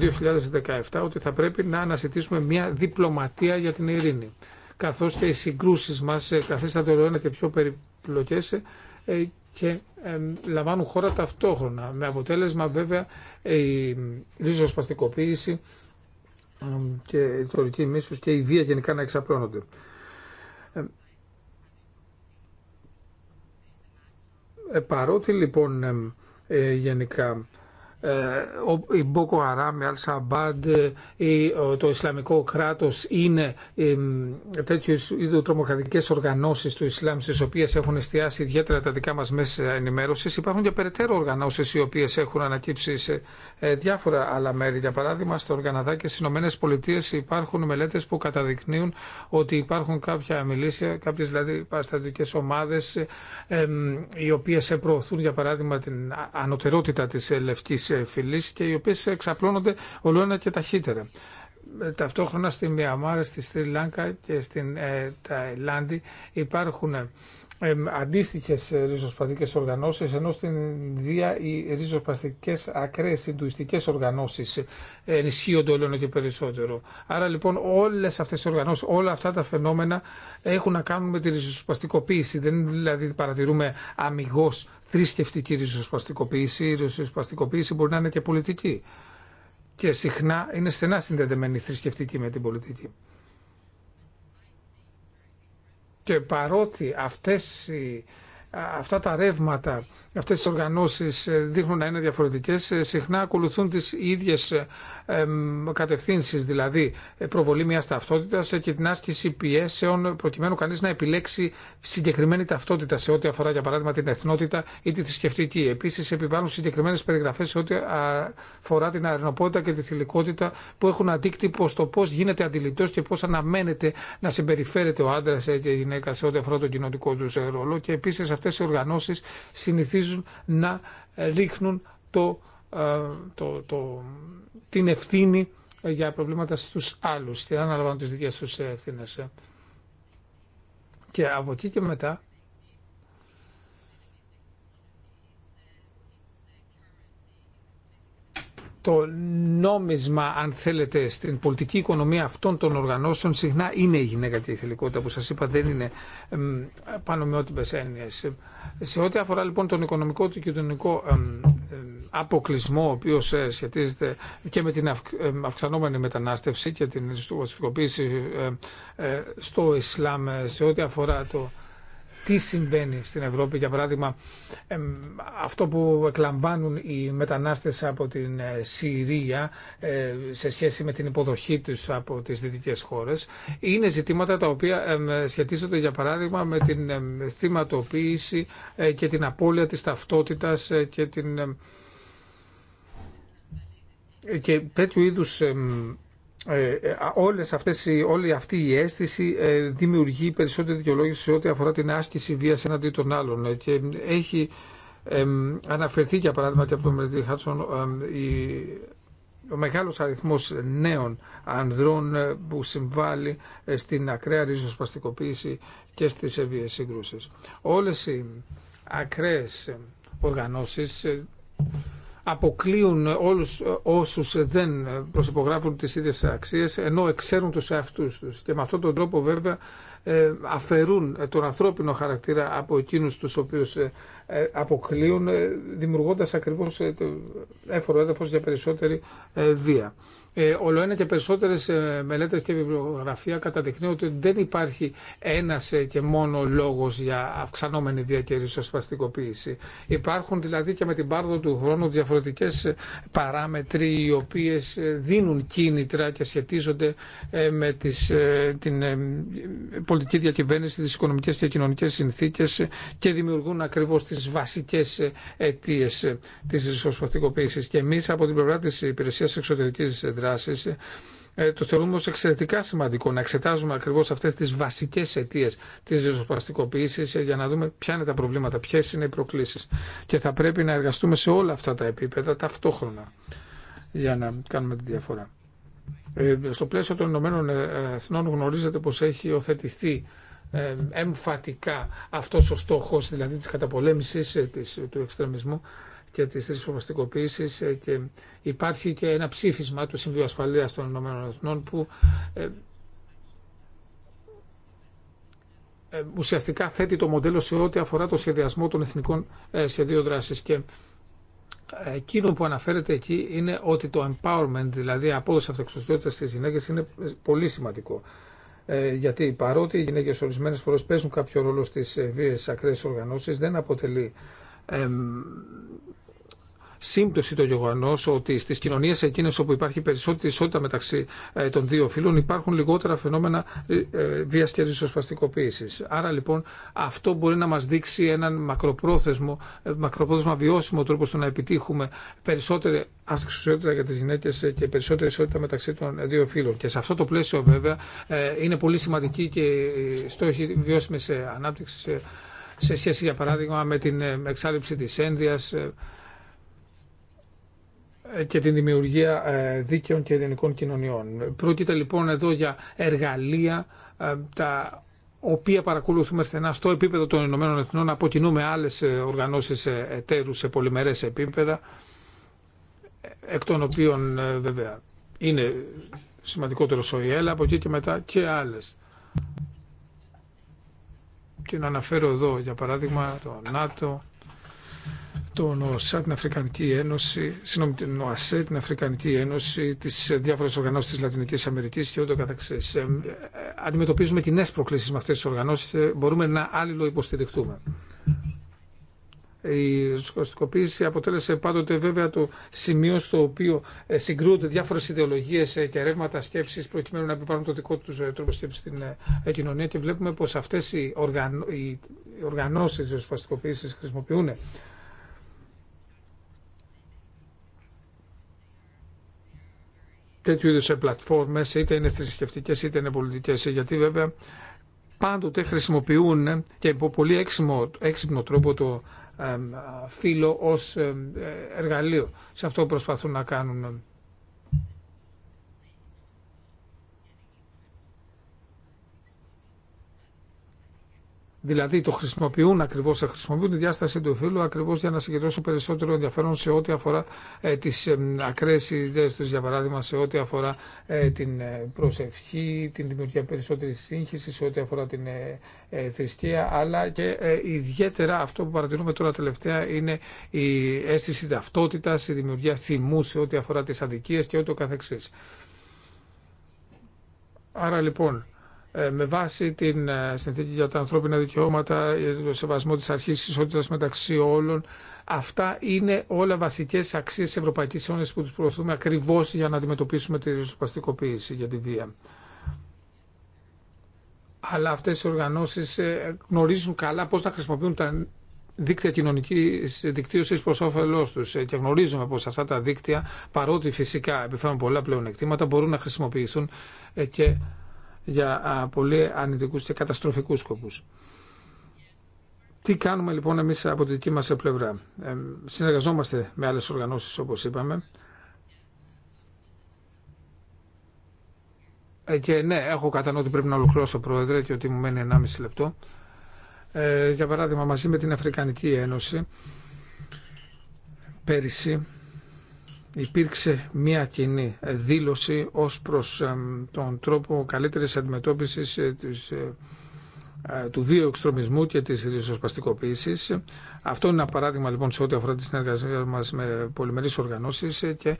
2017 ότι θα πρέπει να αναζητήσουμε μια διπλωματία για την ειρήνη καθώς και οι συγκρούσεις μας ε, καθίστανται όλο και πιο περιπλοκές και λαμβάνουν χώρα ταυτόχρονα με αποτέλεσμα βέβαια η ριζοσπαστικοποίηση και η θεωρητική μίσους και η βία γενικά να εξαπλώνονται. Ε, παρότι λοιπόν ε, γενικά ε, η Μπόκο Αράμ, η Αλσαμπάντ ε, το Ισλαμικό κράτος είναι τέτοιου είδου τρομοκρατικές οργανώσεις του Ισλάμ στις οποίες έχουν εστιάσει ιδιαίτερα τα δικά μας μέσα ενημέρωσης. Υπάρχουν και περαιτέρω οργανώσεις οι οποίες έχουν ανακύψει σε ε, διάφορα άλλα μέρη. Για παράδειγμα, στον Καναδά και στι Ηνωμένε Πολιτείε υπάρχουν μελέτε που καταδεικνύουν ότι υπάρχουν κάποια μιλήσια, κάποιε δηλαδή παραστατικέ ομάδε, οι οποίε προωθούν, για παράδειγμα, την ανωτερότητα τη λευκή φυλή και οι οποίε εξαπλώνονται ολοένα και ταχύτερα ε, ταυτόχρονα στη Μιαμάρα, στη Στρι Λάνκα και στην ε, Ταϊλάνδη υπάρχουν Αντίστοιχε ριζοσπαστικέ οργανώσει, οργανώσεις, ενώ στην Ινδία οι ριζοσπαστικές ακραίες συντουιστικές οργανώσεις ε, ενισχύονται όλο και περισσότερο. Άρα λοιπόν όλε αυτέ οι οργανώσει, όλα αυτά τα φαινόμενα έχουν να κάνουν με τη ριζοσπαστικοποίηση. Δεν δηλαδή παρατηρούμε αμυγό θρησκευτική ριζοσπαστικοποίηση. Η ριζοσπαστικοποίηση μπορεί να είναι και πολιτική. Και συχνά είναι στενά συνδεδεμένη η θρησκευτική με την πολιτική. Και παρότι αυτές, αυτά τα ρεύματα αυτές τις οργανώσεις ε, δείχνουν να είναι διαφορετικές, ε, συχνά ακολουθούν τις ίδιες κατευθύνσεις, δηλαδή ε, προβολή μιας ταυτότητας και την άσκηση πιέσεων προκειμένου κανείς να επιλέξει συγκεκριμένη ταυτότητα σε ό,τι αφορά για παράδειγμα την εθνότητα ή τη θρησκευτική. Επίσης επιβάλλουν συγκεκριμένες περιγραφές σε ό,τι αφορά την αρνοπότητα και τη θηλυκότητα που έχουν αντίκτυπο στο πώς γίνεται αντιληπτός και πώς αναμένεται να συμπεριφέρεται ο άντρας και η γυναίκα σε ό,τι αφορά του ρόλο και επίσης αυτές οι οργανώσεις συνηθίζουν να ε, ρίχνουν το, ε, το, το, την ευθύνη για προβλήματα στους άλλους και αναλαμβάνουν τις δικές τους ευθύνες. Ε. Και από εκεί και μετά το νόμισμα, αν θέλετε, στην πολιτική οικονομία αυτών των οργανώσεων συχνά είναι η γυναίκα και η θελικότητα που σας είπα δεν είναι πάνω με ό,τι έννοιες. Σε ό,τι αφορά λοιπόν τον οικονομικό και κοινωνικό αποκλεισμό ο οποίος ε, σχετίζεται και με την αυξανόμενη μετανάστευση και την ε, ε, στο Ισλάμ ε, σε ό,τι αφορά το τι συμβαίνει στην Ευρώπη. Για παράδειγμα, αυτό που εκλαμβάνουν οι μετανάστες από την ε, Συρία ε, σε σχέση με την υποδοχή τους από τις δυτικές χώρες είναι ζητήματα τα οποία σχετίζονται για παράδειγμα με την θυματοποίηση ε, και την απώλεια της ταυτότητας και την και τέτοιου είδους ε, ε, όλες αυτές, όλη αυτή η αίσθηση ε, δημιουργεί περισσότερη δικαιολόγηση σε ό,τι αφορά την άσκηση βίας έναντι των άλλων και έχει αναφερθεί για παράδειγμα και από τον Μερτή Χάτσον ο μεγάλος αριθμός νέων ανδρών που συμβάλλει στην ακραία ριζοσπαστικοποίηση και στις ευβίες σύγκρουσες. Όλες οι ακραίες οργανώσεις αποκλείουν όλους όσους δεν προσυπογράφουν τις ίδιες αξίες ενώ εξέρουν τους αυτούς τους και με αυτόν τον τρόπο βέβαια ε, αφαιρούν τον ανθρώπινο χαρακτήρα από εκείνους τους οποίους ε, ε, αποκλείουν δημιουργώντας ακριβώς έφορο έδαφος για περισσότερη βία ε, όλο ένα και περισσότερες ε, μελέτε και βιβλιογραφία καταδεικνύουν ότι δεν υπάρχει ένας ε, και μόνο λόγο για αυξανόμενη διακαιρισσοσπαστικοποίηση. Υπάρχουν δηλαδή και με την πάρδο του χρόνου διαφορετικές ε, παράμετροι οι οποίες δίνουν κίνητρα και σχετίζονται με τις, την πολιτική διακυβέρνηση, τι οικονομικέ και κοινωνικές συνθήκες και δημιουργούν ακριβώς τις βασικές αιτίες τη ρισοσπαστικοποίηση. Και εμεί από την πλευρά της εξωτερική Εξωτερικής ε, το θεωρούμε ως εξαιρετικά σημαντικό να εξετάζουμε ακριβώς αυτές τις βασικές αιτίες της ριζοσπαστικοποίησης ε, για να δούμε ποια είναι τα προβλήματα, ποιες είναι οι προκλήσεις. Και θα πρέπει να εργαστούμε σε όλα αυτά τα επίπεδα ταυτόχρονα για να κάνουμε τη διαφορά. Ε, στο πλαίσιο των Ηνωμένων Εθνών γνωρίζετε πως έχει οθετηθεί εμφατικά αυτός ο στόχος δηλαδή της καταπολέμησης του εξτρεμισμού και τις ριζοσπαστικοποίησης ε, και υπάρχει και ένα ψήφισμα του Συμβουλίου Ασφαλείας των Ηνωμένων Εθνών που ε, ε, ουσιαστικά θέτει το μοντέλο σε ό,τι αφορά το σχεδιασμό των εθνικών σχεδίων δράσης και Εκείνο που αναφέρεται εκεί είναι ότι το empowerment, δηλαδή η απόδοση αυτοεξουσιότητας στις γυναίκες είναι πολύ σημαντικό. γιατί παρότι οι γυναίκες ορισμένες φορές παίζουν κάποιο ρόλο στις βίες ακραίες οργανώσεις, δεν αποτελεί σύμπτωση το γεγονό ότι στι κοινωνίε εκείνε όπου υπάρχει περισσότερη ισότητα μεταξύ ε, των δύο φύλων υπάρχουν λιγότερα φαινόμενα ε, ε, βία και ριζοσπαστικοποίηση. Άρα λοιπόν αυτό μπορεί να μα δείξει έναν μακροπρόθεσμο, μακροπρόθεσμα βιώσιμο τρόπο στο να επιτύχουμε περισσότερη αυξησιότητα για τι γυναίκε και περισσότερη ισότητα μεταξύ των δύο φύλων. Και σε αυτό το πλαίσιο βέβαια είναι πολύ σημαντική και η στόχη βιώσιμη ανάπτυξη σε σχέση για παράδειγμα με την εξάλληψη της ένδυας ε, και την δημιουργία ε, δίκαιων και ειρηνικών κοινωνιών. Πρόκειται λοιπόν εδώ για εργαλεία ε, τα οποία παρακολουθούμε στενά στο επίπεδο των Ηνωμένων Εθνών, αποκινούμε άλλες οργανώσεις εταίρους σε πολυμερές επίπεδα, εκ των οποίων βέβαια είναι σημαντικότερο ο ΙΕΛ, από εκεί και μετά και άλλες. Και να αναφέρω εδώ, για παράδειγμα, το ΝΑΤΟ, τον ΟΣΑ, την Αφρικανική Ένωση, συγγνώμη, την ΟΑΣΕ, την Αφρικανική Ένωση, τι διάφορε οργανώσει τη Λατινική Αμερική και ούτω καθεξή. Ε, αντιμετωπίζουμε κοινέ προκλήσει με αυτέ τι οργανώσει, ε, μπορούμε να άλληλο υποστηριχτούμε. Η ριζοσπαστικοποίηση αποτέλεσε πάντοτε βέβαια το σημείο στο οποίο ε, συγκρούονται διάφορε ιδεολογίε και ρεύματα σκέψη προκειμένου να επιβάλλουν το δικό του τρόπο σκέψη στην κοινωνία και βλέπουμε πω αυτέ οι, οργαν... οι οργανώσει ριζοσπαστικοποίηση χρησιμοποιούν τέτοιου είδου πλατφόρμε, είτε είναι θρησκευτικέ είτε είναι πολιτικέ. Γιατί βέβαια πάντοτε χρησιμοποιούν και υπό πολύ έξυπνο, τρόπο το φύλλο ως ε, εργαλείο. Σε αυτό προσπαθούν να κάνουν Δηλαδή το χρησιμοποιούν ακριβώ, χρησιμοποιούν τη διάσταση του φύλου ακριβώ για να συγκεντρώσουν περισσότερο ενδιαφέρον σε ό,τι αφορά ε, τι ε, ακραίε ιδέε του, για παράδειγμα, σε ό,τι αφορά ε, την ε, προσευχή, την δημιουργία περισσότερη σύγχυση, σε ό,τι αφορά την ε, θρησκεία, αλλά και ιδιαίτερα αυτό που παρατηρούμε τώρα τελευταία είναι η αίσθηση ταυτότητα, η δημιουργία θυμού σε ό,τι αφορά τι αδικίε και ό,τι καθεξή. Άρα λοιπόν, ε, με βάση την ε, συνθήκη για τα ανθρώπινα δικαιώματα, ε, το σεβασμό της αρχής ισότητας μεταξύ όλων, αυτά είναι όλα βασικές αξίες της Ευρωπαϊκής Ένωσης που τους προωθούμε ακριβώς για να αντιμετωπίσουμε τη ριζοσπαστικοποίηση για τη βία. Αλλά αυτές οι οργανώσεις γνωρίζουν καλά πώς να χρησιμοποιούν τα δίκτυα κοινωνική δικτύωση προ όφελό του. Και γνωρίζουμε πω αυτά τα δίκτυα, παρότι φυσικά επιφέρουν πολλά πλέον μπορούν να χρησιμοποιηθούν και για πολύ αρνητικούς και καταστροφικούς σκοπούς. Τι κάνουμε λοιπόν εμείς από τη δική μας πλευρά. Ε, συνεργαζόμαστε με άλλες οργανώσεις όπως είπαμε. Ε, και ναι, έχω κατά ότι πρέπει να ολοκληρώσω πρόεδρε και ότι μου μένει 1,5 λεπτό. Ε, για παράδειγμα, μαζί με την Αφρικανική Ένωση πέρυσι υπήρξε μια κοινή δήλωση ως προς τον τρόπο καλύτερης αντιμετώπισης ε, ε, ε, του βίου και της ριζοσπαστικοποίησης. Αυτό είναι ένα παράδειγμα λοιπόν σε ό,τι αφορά τη συνεργασία μας με πολυμερείς οργανώσεις και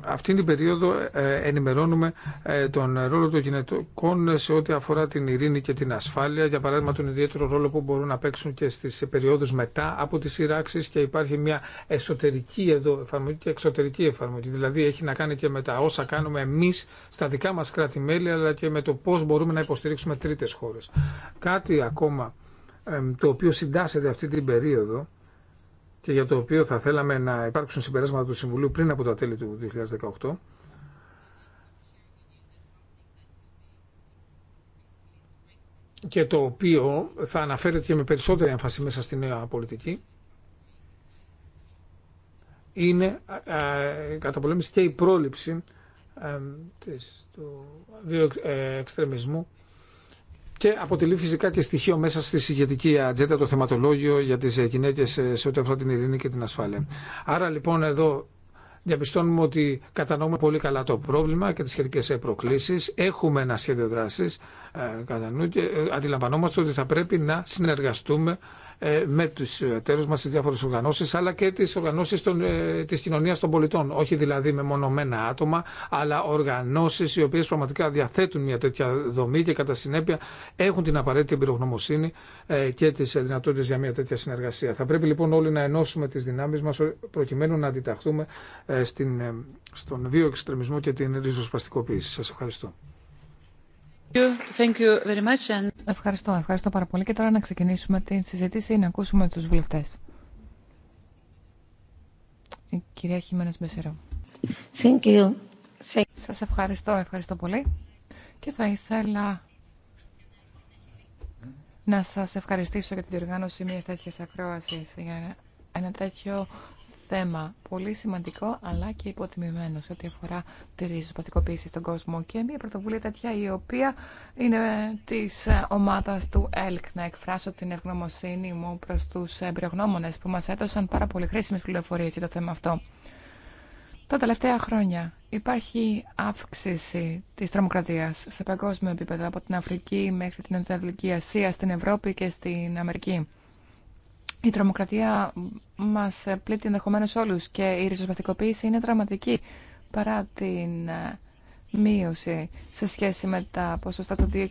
αυτή την περίοδο ε, ενημερώνουμε ε, τον ρόλο των γυναικών σε ό,τι αφορά την ειρήνη και την ασφάλεια. Για παράδειγμα, τον ιδιαίτερο ρόλο που μπορούν να παίξουν και στι περιόδου μετά από τι σειράξει και υπάρχει μια εσωτερική εδώ εφαρμογή και εξωτερική εφαρμογή. Δηλαδή, έχει να κάνει και με τα όσα κάνουμε εμεί στα δικά μα κράτη-μέλη, αλλά και με το πώ μπορούμε να υποστηρίξουμε τρίτε χώρε. Κάτι ακόμα το οποίο συντάσσεται αυτή την περίοδο και για το οποίο θα θέλαμε να υπάρξουν συμπεράσματα του Συμβουλίου πριν από τα τέλη του 2018. και το οποίο θα αναφέρεται και με περισσότερη έμφαση μέσα στη νέα πολιτική είναι η ε, ε, καταπολέμηση και η πρόληψη ε, του βιοεξτρεμισμού και αποτελεί φυσικά και στοιχείο μέσα στη συγκεκριτική ατζέντα το θεματολόγιο για τις ε, γυναίκε ε, σε ό,τι αφορά την ειρήνη και την ασφάλεια. Άρα λοιπόν εδώ διαπιστώνουμε ότι κατανοούμε πολύ καλά το πρόβλημα και τις σχετικέ ε, προκλήσεις. Έχουμε ένα σχέδιο δράσης κατά νου και αντιλαμβανόμαστε ότι θα πρέπει να συνεργαστούμε ε, με τους εταίρους μας, τις διάφορες οργανώσεις, αλλά και τις οργανώσεις των, ε, της κοινωνίας των πολιτών. Όχι δηλαδή με μονομένα άτομα, αλλά οργανώσεις οι οποίες πραγματικά διαθέτουν μια τέτοια δομή και κατά συνέπεια έχουν την απαραίτητη εμπειρογνωμοσύνη ε, και τις δυνατότητες για μια τέτοια συνεργασία. Θα πρέπει λοιπόν όλοι να ενώσουμε τις δυνάμεις μας προκειμένου να αντιταχθούμε στην, στον βιοεξτρεμισμό και την ριζοσπαστικοποίηση. Σας ευχαριστώ. Ευχαριστώ, ευχαριστώ πάρα πολύ. Και τώρα να ξεκινήσουμε την συζήτηση να ακούσουμε του βουλευτε Η κυρία χιμενε Μπεσερό. ευχαριστώ, ευχαριστώ πολύ. Και θα ήθελα να σας ευχαριστήσω για την διοργάνωση μια τέτοια ακρόαση για ένα τέτοιο θέμα πολύ σημαντικό αλλά και υποτιμημένο σε ό,τι αφορά τη ριζοσπαθικοποίηση στον κόσμο και μια πρωτοβουλία τέτοια η οποία είναι της ε, ομάδας του ΕΛΚ. Να εκφράσω την ευγνωμοσύνη μου προς τους εμπειρογνώμονες που μας έδωσαν πάρα πολύ χρήσιμε πληροφορίε για το θέμα αυτό. Τα τελευταία χρόνια υπάρχει αύξηση της τρομοκρατίας σε παγκόσμιο επίπεδο από την Αφρική μέχρι την Ανατολική Ασία, στην Ευρώπη και στην Αμερική. Η τρομοκρατία μας πλήττει ενδεχομένως όλους και η ριζοσπαστικοποίηση είναι δραματική παρά την ε, μείωση σε σχέση με τα ποσοστά του 2016.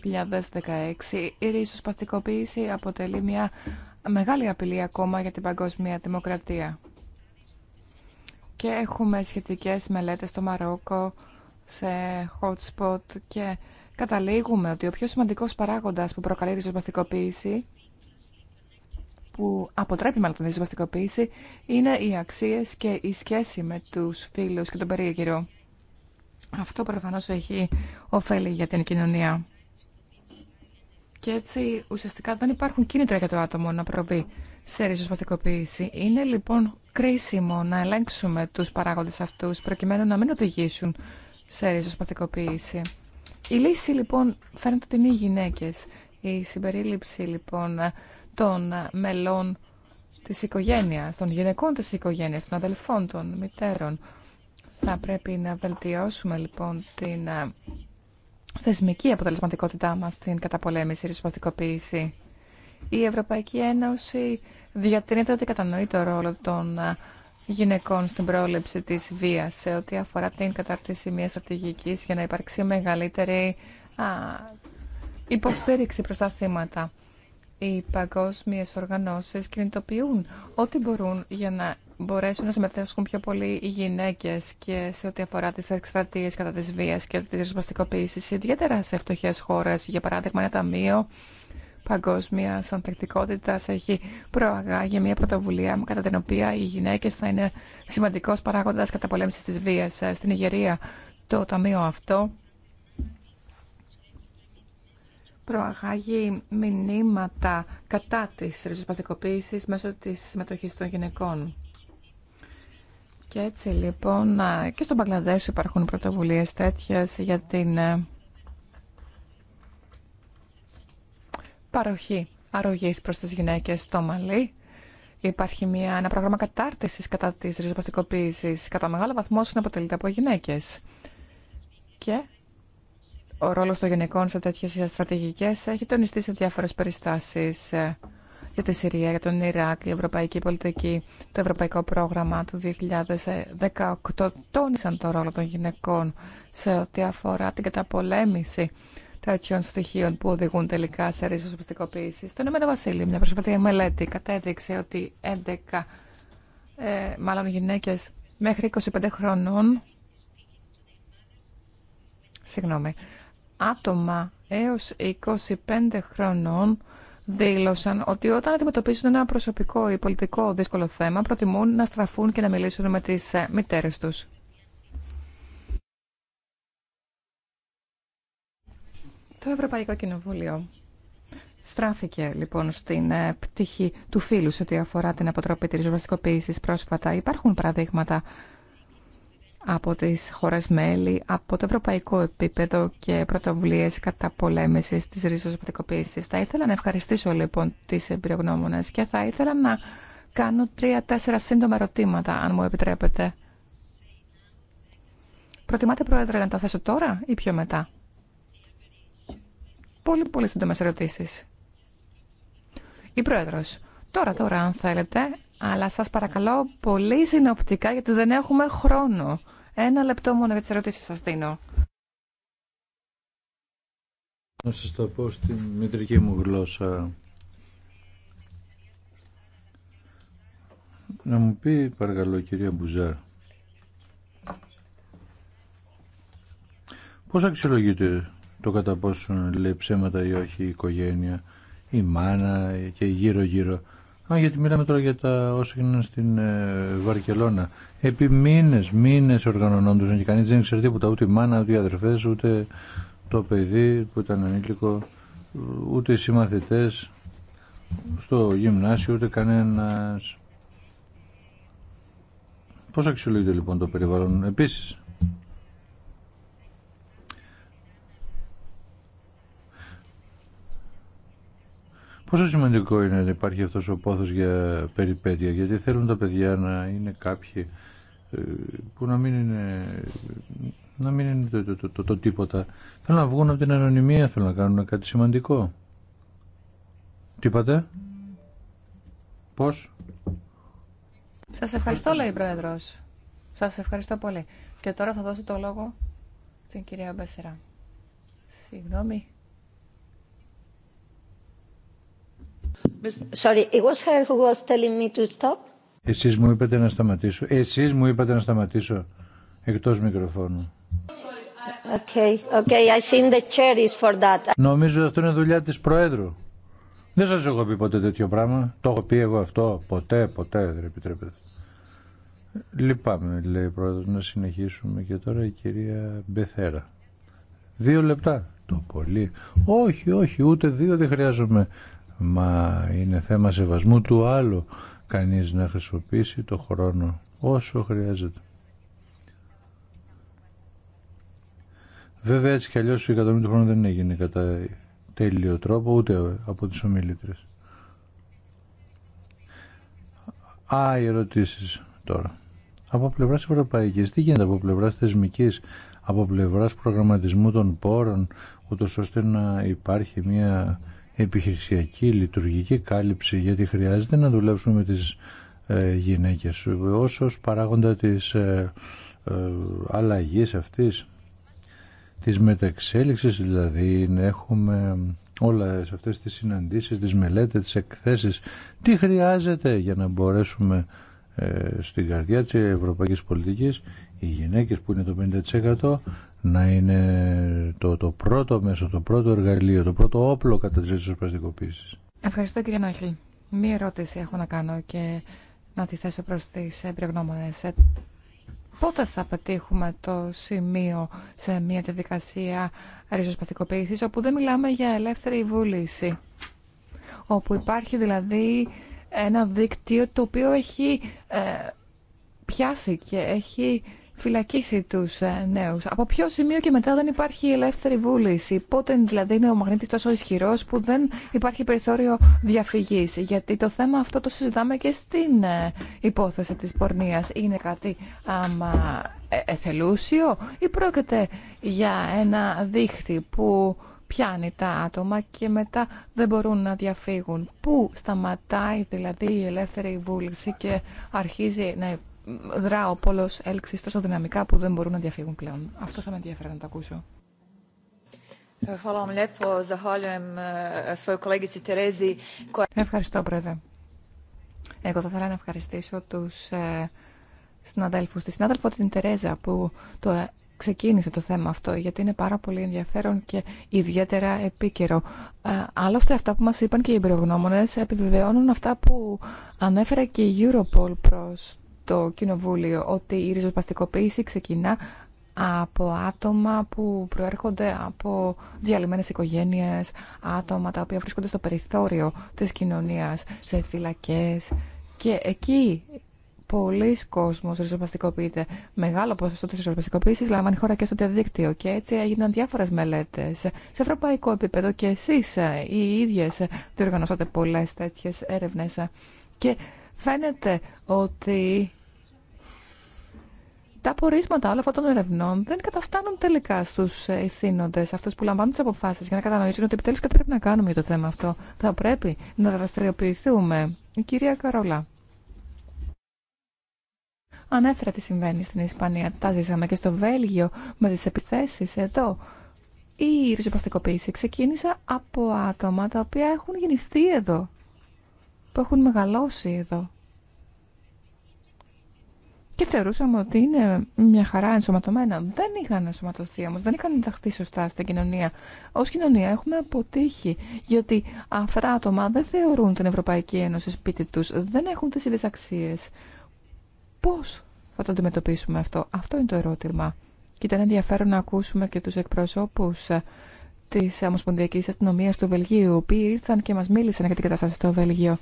Η ριζοσπαστικοποίηση αποτελεί μια μεγάλη απειλή ακόμα για την παγκόσμια δημοκρατία. Και έχουμε σχετικές μελέτες στο Μαρόκο, σε hot spot και καταλήγουμε ότι ο πιο σημαντικός παράγοντας που προκαλεί ριζοσπαστικοποίηση που αποτρέπει μάλλον την ριζοσπαστικοποίηση είναι οι αξίες και η σχέση με τους φίλους και τον περίγυρο. Αυτό προφανώ έχει ωφέλη για την κοινωνία. Και έτσι ουσιαστικά δεν υπάρχουν κίνητρα για το άτομο να προβεί σε ριζοσπαστικοποίηση. Είναι λοιπόν κρίσιμο να ελέγξουμε τους παράγοντες αυτούς προκειμένου να μην οδηγήσουν σε ριζοσπαστικοποίηση. Η λύση λοιπόν φαίνεται ότι είναι οι γυναίκες. Η συμπερίληψη λοιπόν των μελών της οικογένειας, των γυναικών της οικογένειας, των αδελφών, των μητέρων. Θα πρέπει να βελτιώσουμε λοιπόν την ε, θεσμική αποτελεσματικότητά μας στην καταπολέμηση ρησπαστικοποίηση. Η Ευρωπαϊκή Ένωση διατηρείται ότι κατανοεί το ρόλο των ε, γυναικών στην πρόληψη της βίας σε ό,τι αφορά την κατάρτιση μιας στρατηγικής για να υπάρξει μεγαλύτερη υποστήριξη προς τα θύματα οι παγκόσμιες οργανώσεις κινητοποιούν ό,τι μπορούν για να μπορέσουν να συμμετέχουν πιο πολύ οι γυναίκες και σε ό,τι αφορά τις εκστρατείες κατά της βίας και της ρεσπαστικοποίησης, ιδιαίτερα σε φτωχέ χώρες. Για παράδειγμα, ένα ταμείο παγκόσμια ανθεκτικότητα έχει προαγάγει μια πρωτοβουλία κατά την οποία οι γυναίκε θα είναι σημαντικό παράγοντα καταπολέμηση τη βία στην Ιγερία. Το ταμείο αυτό προαγάγει μηνύματα κατά της ριζοσπαθικοποίησης μέσω της συμμετοχής των γυναικών. Και έτσι λοιπόν και στον Παγκλαδές υπάρχουν πρωτοβουλίες τέτοιες για την ε, παροχή αρρωγής προς τις γυναίκες στο Μαλί. Υπάρχει μια, ένα πρόγραμμα κατάρτισης κατά της ριζοσπαστικοποίησης κατά μεγάλο βαθμό συναποτελείται από γυναίκες. Και ο ρόλο των γυναικών σε τέτοιε στρατηγικέ έχει τονιστεί σε διάφορε περιστάσει για τη Συρία, για τον Ιράκ, η ευρωπαϊκή πολιτική, το ευρωπαϊκό πρόγραμμα του 2018 τόνισαν το ρόλο των γυναικών σε ό,τι αφορά την καταπολέμηση τέτοιων στοιχείων που οδηγούν τελικά σε ρίζοσπαστικοποίηση. Το Ηνωμένο Βασίλειο, μια προσπαθή μελέτη κατέδειξε ότι 11 ε, μάλλον γυναίκες μέχρι 25 χρονών συγγνώμη, άτομα έως 25 χρονών δήλωσαν ότι όταν αντιμετωπίζουν ένα προσωπικό ή πολιτικό δύσκολο θέμα προτιμούν να στραφούν και να μιλήσουν με τις ε, μητέρες τους. Το Ευρωπαϊκό Κοινοβούλιο στράφηκε λοιπόν στην ε, πτυχή του φίλου σε ό,τι αφορά την αποτροπή της ριζοβαστικοποίησης πρόσφατα. Υπάρχουν παραδείγματα από τις χώρες μέλη, από το ευρωπαϊκό επίπεδο και πρωτοβουλίες κατά πολέμησης της ρίζοσπαθικοποίησης. Θα ήθελα να ευχαριστήσω λοιπόν τις εμπειρογνώμονες και θα ήθελα να κάνω τρία-τέσσερα σύντομα ερωτήματα, αν μου επιτρέπετε. Προτιμάτε, Πρόεδρε, να τα θέσω τώρα ή πιο μετά. Πολύ, πολύ σύντομες ερωτήσεις. Η Πρόεδρος, τώρα, τώρα, αν θέλετε, αλλά σας παρακαλώ πολύ συνοπτικά γιατί δεν έχουμε χρόνο. Ένα λεπτό μόνο για τι ερωτήσει σα δίνω. Να σας τα πω στη μητρική μου γλώσσα. Να μου πει παρακαλώ κυρία Μπουζάρ. Πώς αξιολογείται το κατά πόσον λέει ψέματα ή όχι η οικογένεια, η μάνα και γύρω γύρω. Α, γιατί μιλάμε τώρα για τα όσα έγιναν στην ε, Βαρκελώνα. Επί μήνε μήνες οργανωνόντουσαν και κανείς δεν ξέρει τίποτα, ούτε η μάνα, ούτε οι αδερφές, ούτε το παιδί που ήταν ανήλικο, ούτε οι συμμαθητές στο γυμνάσιο, ούτε κανένα. Πώς αξιολογείται λοιπόν το περιβάλλον Επίση. Πόσο σημαντικό είναι να υπάρχει αυτός ο πόθος για περιπέτεια, γιατί θέλουν τα παιδιά να είναι κάποιοι που να μην είναι, να μην είναι το, το, το, το, τίποτα. Θέλουν να βγουν από την ανωνυμία, θέλουν να κάνουν κάτι σημαντικό. Τι είπατε? Πώς? Σας ευχαριστώ, λέει η Πρόεδρος. Σας ευχαριστώ πολύ. Και τώρα θα δώσω το λόγο στην κυρία Μπέσερα. Συγγνώμη. Sorry, it was her who was telling me to stop. Εσείς μου είπατε να σταματήσω. Εσείς μου είπατε να σταματήσω εκτός μικροφώνου. Okay, okay, I the for that. Νομίζω ότι αυτό είναι δουλειά της Προέδρου. Δεν σα έχω πει ποτέ τέτοιο πράγμα. Το έχω πει εγώ αυτό. Ποτέ, ποτέ δεν επιτρέπεται. Λυπάμαι, λέει η Πρόεδρο, να συνεχίσουμε και τώρα η κυρία Μπεθέρα. Δύο λεπτά. Το πολύ. Όχι, όχι, ούτε δύο δεν χρειάζομαι. Μα είναι θέμα σεβασμού του άλλου κανείς να χρησιμοποιήσει το χρόνο όσο χρειάζεται. Βέβαια έτσι κι αλλιώς η κατανομή του χρόνου δεν έγινε κατά τέλειο τρόπο ούτε από τις ομιλήτρες. Α, οι ερωτήσεις τώρα. Από πλευράς ευρωπαϊκής, τι γίνεται από πλευράς θεσμικής, από πλευράς προγραμματισμού των πόρων, ούτως ώστε να υπάρχει μια επιχειρησιακή, λειτουργική κάλυψη, γιατί χρειάζεται να δουλέψουμε τι τις ε, γυναίκες παράγοντα της ε, ε, αλλαγής αυτής της μεταξέλιξης δηλαδή έχουμε όλα αυτέ αυτές τις συναντήσεις, τις μελέτες, τις εκθέσεις τι χρειάζεται για να μπορέσουμε στην καρδιά της ευρωπαϊκής πολιτικής οι γυναίκες που είναι το 50% να είναι το, το πρώτο μέσο, το πρώτο εργαλείο, το πρώτο όπλο κατά τη ριζοσπαστικοποίηση. Ευχαριστώ κύριε Νόχιλ. Μία ερώτηση έχω να κάνω και να τη θέσω προ τι εμπειρογνώμονε. Ε, πότε θα πετύχουμε το σημείο σε μια διαδικασία ριζοσπαστικοποίηση όπου δεν μιλάμε για ελεύθερη βούληση. Όπου υπάρχει δηλαδή ένα δίκτυο το οποίο έχει ε, πιάσει και έχει φυλακίσει τους ε, νέου. Από ποιο σημείο και μετά δεν υπάρχει ελεύθερη βούληση. Πότε δηλαδή είναι ο μαγνήτης τόσο ισχυρό που δεν υπάρχει περιθώριο διαφυγής. Γιατί το θέμα αυτό το συζητάμε και στην ε, υπόθεση της πορνείας. Είναι κάτι άμα ε, εθελούσιο ή πρόκειται για ένα δίχτυ που πιάνει τα άτομα και μετά δεν μπορούν να διαφύγουν. Πού σταματάει δηλαδή η ελεύθερη βούληση και αρχίζει να υπαρχει δρά ο πόλο έλξη τόσο δυναμικά που δεν μπορούν να διαφύγουν πλέον. Αυτό θα με ενδιαφέρει να το ακούσω. Ε, Ευχαριστώ, Πρόεδρε. Εγώ θα ήθελα να ευχαριστήσω τους ε, συναδέλφου, Τη συνάδελφο την Τερέζα που το ε, ξεκίνησε το θέμα αυτό γιατί είναι πάρα πολύ ενδιαφέρον και ιδιαίτερα επίκαιρο. Άλλωστε αυτά που μα είπαν και οι εμπειρογνώμονες επιβεβαιώνουν αυτά που ανέφερε και η Europol προ το Κοινοβούλιο ότι η ριζοσπαστικοποίηση ξεκινά από άτομα που προέρχονται από διαλυμένες οικογένειες, άτομα τα οποία βρίσκονται στο περιθώριο της κοινωνίας, σε φυλακές και εκεί πολλοί κόσμος ριζοσπαστικοποιείται. Μεγάλο ποσοστό της ριζοσπαστικοποίησης λαμβάνει χώρα και στο διαδίκτυο και έτσι έγιναν διάφορες μελέτες σε ευρωπαϊκό επίπεδο και εσείς ε, οι ίδιες ε, διοργανώσατε πολλές τέτοιες έρευνες και φαίνεται ότι τα πορίσματα όλων αυτών των ερευνών δεν καταφτάνουν τελικά στου ε, ηθήνοντε, αυτού που λαμβάνουν τι αποφάσει, για να κατανοήσουν ότι επιτέλου κάτι πρέπει να κάνουμε για το θέμα αυτό. Θα πρέπει να δραστηριοποιηθούμε. Η κυρία Καρολά. Ανέφερα τι συμβαίνει στην Ισπανία. Τα ζήσαμε και στο Βέλγιο με τι επιθέσει εδώ. Η ριζοπαστικοποίηση ξεκίνησε από άτομα τα οποία έχουν γεννηθεί εδώ, που έχουν μεγαλώσει εδώ. Και θεωρούσαμε ότι είναι μια χαρά ενσωματωμένα. Δεν είχαν ενσωματωθεί όμω, δεν είχαν ενταχθεί σωστά στην κοινωνία. Ω κοινωνία έχουμε αποτύχει, γιατί αυτά τα άτομα δεν θεωρούν την Ευρωπαϊκή Ένωση σπίτι του, δεν έχουν τι ίδιε αξίε. Πώ θα το αντιμετωπίσουμε αυτό, αυτό είναι το ερώτημα. Και ήταν ενδιαφέρον να ακούσουμε και του εκπροσώπου ε, τη Ομοσπονδιακή Αστυνομία του Βελγίου, οι οποίοι ήρθαν και μα μίλησαν για την κατάσταση στο Βέλγιο.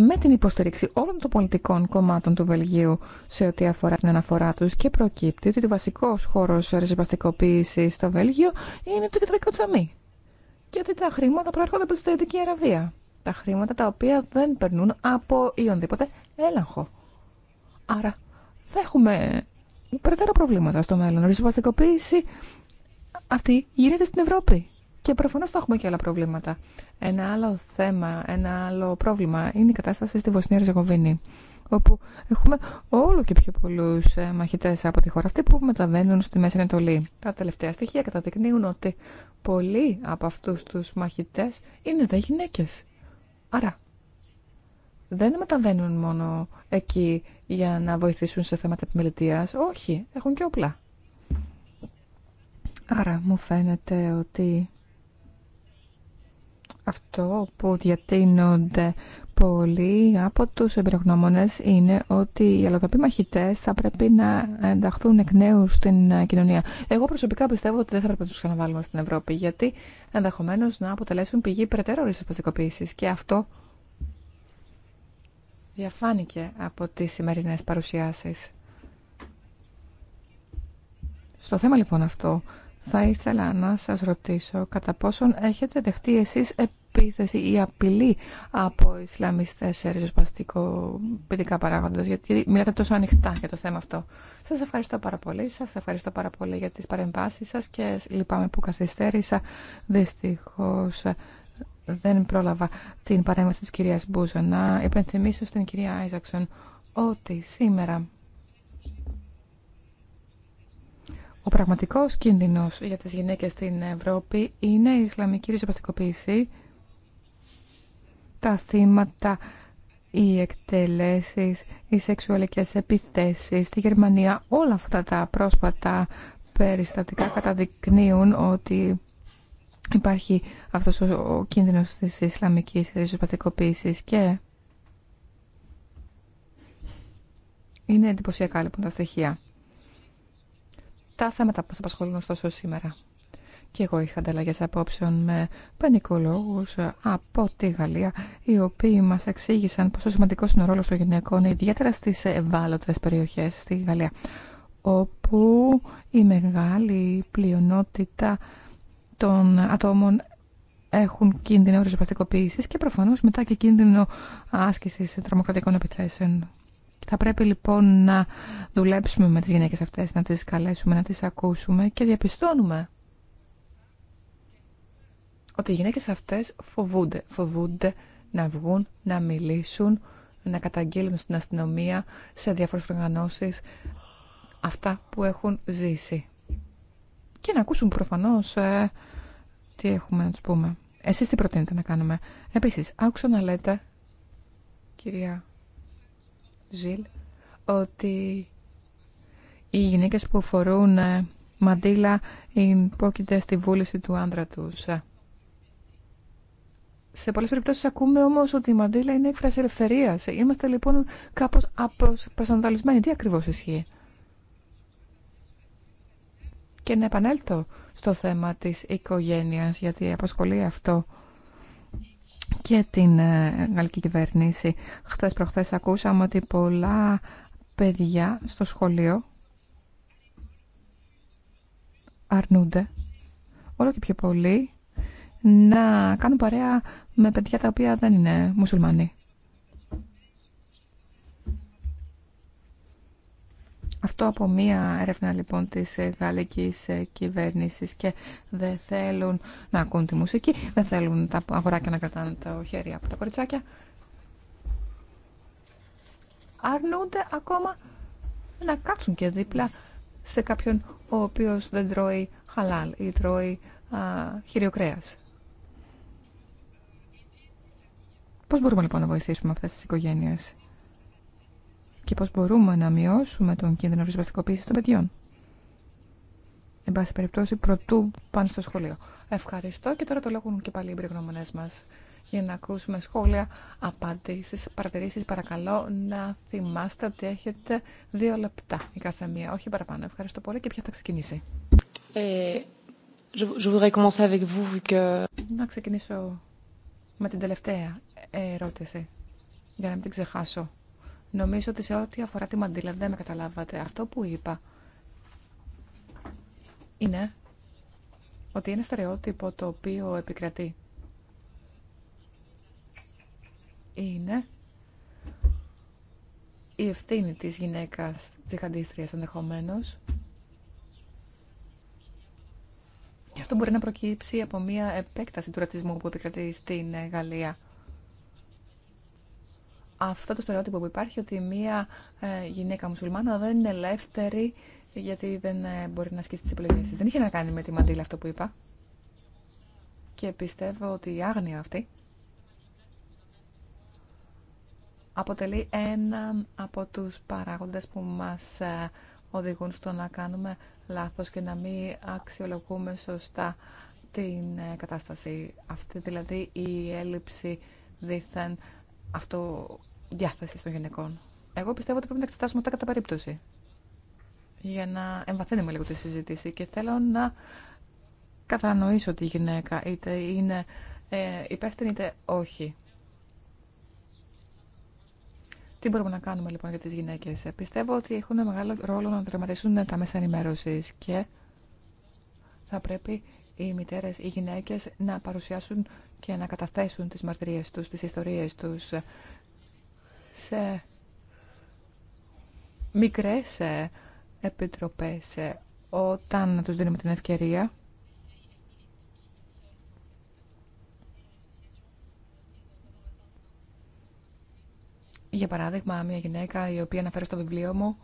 με την υποστήριξη όλων των πολιτικών κομμάτων του Βελγίου σε ό,τι αφορά την αναφορά τους και προκύπτει ότι ο βασικός χώρος ρεζιπαστικοποίησης στο Βέλγιο είναι το κεντρικό τσαμί. Γιατί τα χρήματα προέρχονται από τη Σαουδική Αραβία. Τα χρήματα τα οποία δεν περνούν από ιονδήποτε έλεγχο. Άρα θα έχουμε περαιτέρω προβλήματα στο μέλλον. Η ριζοσπαστικοποίηση αυτή γίνεται στην Ευρώπη. Και προφανώ θα έχουμε και άλλα προβλήματα. Ένα άλλο θέμα, ένα άλλο πρόβλημα είναι η κατάσταση στη Βοσνία Ριζεγοβίνη. Όπου έχουμε όλο και πιο πολλού ε, μαχητέ από τη χώρα αυτή που μεταβαίνουν στη Μέση Ανατολή. Τα τελευταία στοιχεία καταδεικνύουν ότι πολλοί από αυτού του μαχητέ είναι τα γυναίκε. Άρα δεν μεταβαίνουν μόνο εκεί για να βοηθήσουν σε θέματα επιμελητίας. Όχι, έχουν και όπλα. Άρα μου φαίνεται ότι αυτό που διατείνονται πολλοί από τους εμπειρογνώμονες είναι ότι οι αλλοδοποί μαχητές θα πρέπει να ενταχθούν εκ νέου στην κοινωνία. Εγώ προσωπικά πιστεύω ότι δεν θα πρέπει να τους ξαναβάλουμε στην Ευρώπη γιατί ενδεχομένως να αποτελέσουν πηγή περαιτέρω ριζοσπαστικοποίησης και αυτό διαφάνηκε από τις σημερινές παρουσιάσεις. Στο θέμα λοιπόν αυτό θα ήθελα να σας ρωτήσω κατά πόσον έχετε δεχτεί εσείς επίθεση ή απειλή από Ισλαμιστές σε ριζοσπαστικό παιδικά παράγοντα, γιατί μιλάτε τόσο ανοιχτά για το θέμα αυτό. Σα ευχαριστώ πάρα πολύ, σα ευχαριστώ πάρα πολύ για τι παρεμβάσει σα και λυπάμαι που καθυστέρησα. Δυστυχώ ε, δεν πρόλαβα την παρέμβαση τη κυρία Μπούζο. Να υπενθυμίσω στην κυρία Άιζαξον ότι σήμερα Ο πραγματικός κίνδυνος για τις γυναίκες στην Ευρώπη είναι η Ισλαμική ριζοπαστικοποίηση τα θύματα, οι εκτελέσεις, οι σεξουαλικές επιθέσεις στη Γερμανία. Όλα αυτά τα πρόσφατα περιστατικά καταδεικνύουν ότι υπάρχει αυτός ο κίνδυνος της Ισλαμικής ριζοσπαθικοποίησης και είναι εντυπωσιακά λοιπόν τα στοιχεία. Τα θέματα που μας απασχολούν ωστόσο σήμερα. Και εγώ είχα ανταλλαγές απόψεων με πανικολόγους από τη Γαλλία, οι οποίοι μας εξήγησαν πόσο σημαντικό είναι ο ρόλος των γυναικών, ιδιαίτερα στις ευάλωτες περιοχές στη Γαλλία, όπου η μεγάλη πλειονότητα των ατόμων έχουν κίνδυνο ριζοπαστικοποίησης και προφανώς μετά και κίνδυνο άσκησης τρομοκρατικών επιθέσεων. Θα πρέπει λοιπόν να δουλέψουμε με τις γυναίκες αυτές, να τις καλέσουμε, να τις ακούσουμε και διαπιστώνουμε ότι οι γυναίκες αυτές φοβούνται. Φοβούνται να βγουν, να μιλήσουν, να καταγγείλουν στην αστυνομία, σε διάφορες οργανώσεις, αυτά που έχουν ζήσει. Και να ακούσουν προφανώς ε, τι έχουμε να τους πούμε. Εσείς τι προτείνετε να κάνουμε. Επίσης, άκουσα να λέτε, κυρία Ζιλ, ότι οι γυναίκες που φορούν ε, μαντήλα υπόκειται στη βούληση του άντρα τους. Σε πολλές περιπτώσεις ακούμε όμως ότι η μαντήλα είναι έκφραση ελευθερία. Είμαστε λοιπόν κάπως προσανατολισμένοι. Τι ακριβώ ισχύει. Και να επανέλθω στο θέμα της οικογένειας, γιατί απασχολεί αυτό και την ε, γαλλική κυβέρνηση. Χθες προχθές ακούσαμε ότι πολλά παιδιά στο σχολείο αρνούνται όλο και πιο πολύ να κάνουν παρέα με παιδιά τα οποία δεν είναι μουσουλμανοί. Αυτό από μία έρευνα λοιπόν της ε, γαλλικής ε, κυβέρνησης και δεν θέλουν να ακούν τη μουσική, δεν θέλουν τα αγοράκια να κρατάνε τα χέρια από τα κοριτσάκια. Αρνούνται ακόμα να κάτσουν και δίπλα σε κάποιον ο οποίος δεν τρώει χαλάλ ή τρώει α, Πώ μπορούμε λοιπόν να βοηθήσουμε αυτέ τι οικογένειε. και πώ μπορούμε να μειώσουμε τον κίνδυνο ριζοσπαστικοποίησης των παιδιών. Εν πάση περιπτώσει, προτού πάνε στο σχολείο. Ευχαριστώ και τώρα το λέγουν και πάλι οι εμπειρογνώμονε μα για να ακούσουμε σχόλια, απαντήσει, παρατηρήσει. Παρακαλώ να θυμάστε ότι έχετε δύο λεπτά η κάθε μία, όχι παραπάνω. Ευχαριστώ πολύ και πια θα ξεκινήσει. Ε, je, je avec vous, que... Να ξεκινήσω με την τελευταία ερώτηση, για να μην την ξεχάσω. Νομίζω ότι σε ό,τι αφορά τη μαντήλα δεν με καταλάβατε. Αυτό που είπα είναι ότι είναι στερεότυπο το οποίο επικρατεί. Είναι η ευθύνη της γυναίκας τζιχαντίστριας ενδεχομένω. Και αυτό μπορεί να προκύψει από μια επέκταση του ρατσισμού που επικρατεί στην Γαλλία αυτό το στερεότυπο που υπάρχει ότι μία ε, γυναίκα μουσουλμάνα δεν είναι ελεύθερη γιατί δεν ε, μπορεί να ασκήσει τις επιλογές της. Δεν είχε να κάνει με τη μαντήλα αυτό που είπα. Και πιστεύω ότι η άγνοια αυτή αποτελεί έναν από τους παράγοντες που μας ε, οδηγούν στο να κάνουμε λάθος και να μην αξιολογούμε σωστά την κατάσταση αυτή, δηλαδή η έλλειψη δίθεν αυτό διάθεση των γυναικών. Εγώ πιστεύω ότι πρέπει να εξετάσουμε αυτά κατά περίπτωση για να εμβαθύνουμε λίγο τη συζήτηση και θέλω να κατανοήσω ότι η γυναίκα είτε είναι ε, υπεύθυνη είτε όχι. Τι μπορούμε να κάνουμε λοιπόν για τις γυναίκες. Ε, πιστεύω ότι έχουν μεγάλο ρόλο να δραματίσουν τα μέσα ενημέρωση και θα πρέπει οι μητέρε οι γυναίκες να παρουσιάσουν και να καταθέσουν τις μαρτυρίες τους, τις ιστορίες τους σε μικρές ε, επιτροπές ε, όταν τους δίνουμε την ευκαιρία. Για παράδειγμα, μια γυναίκα η οποία αναφέρω στο βιβλίο μου,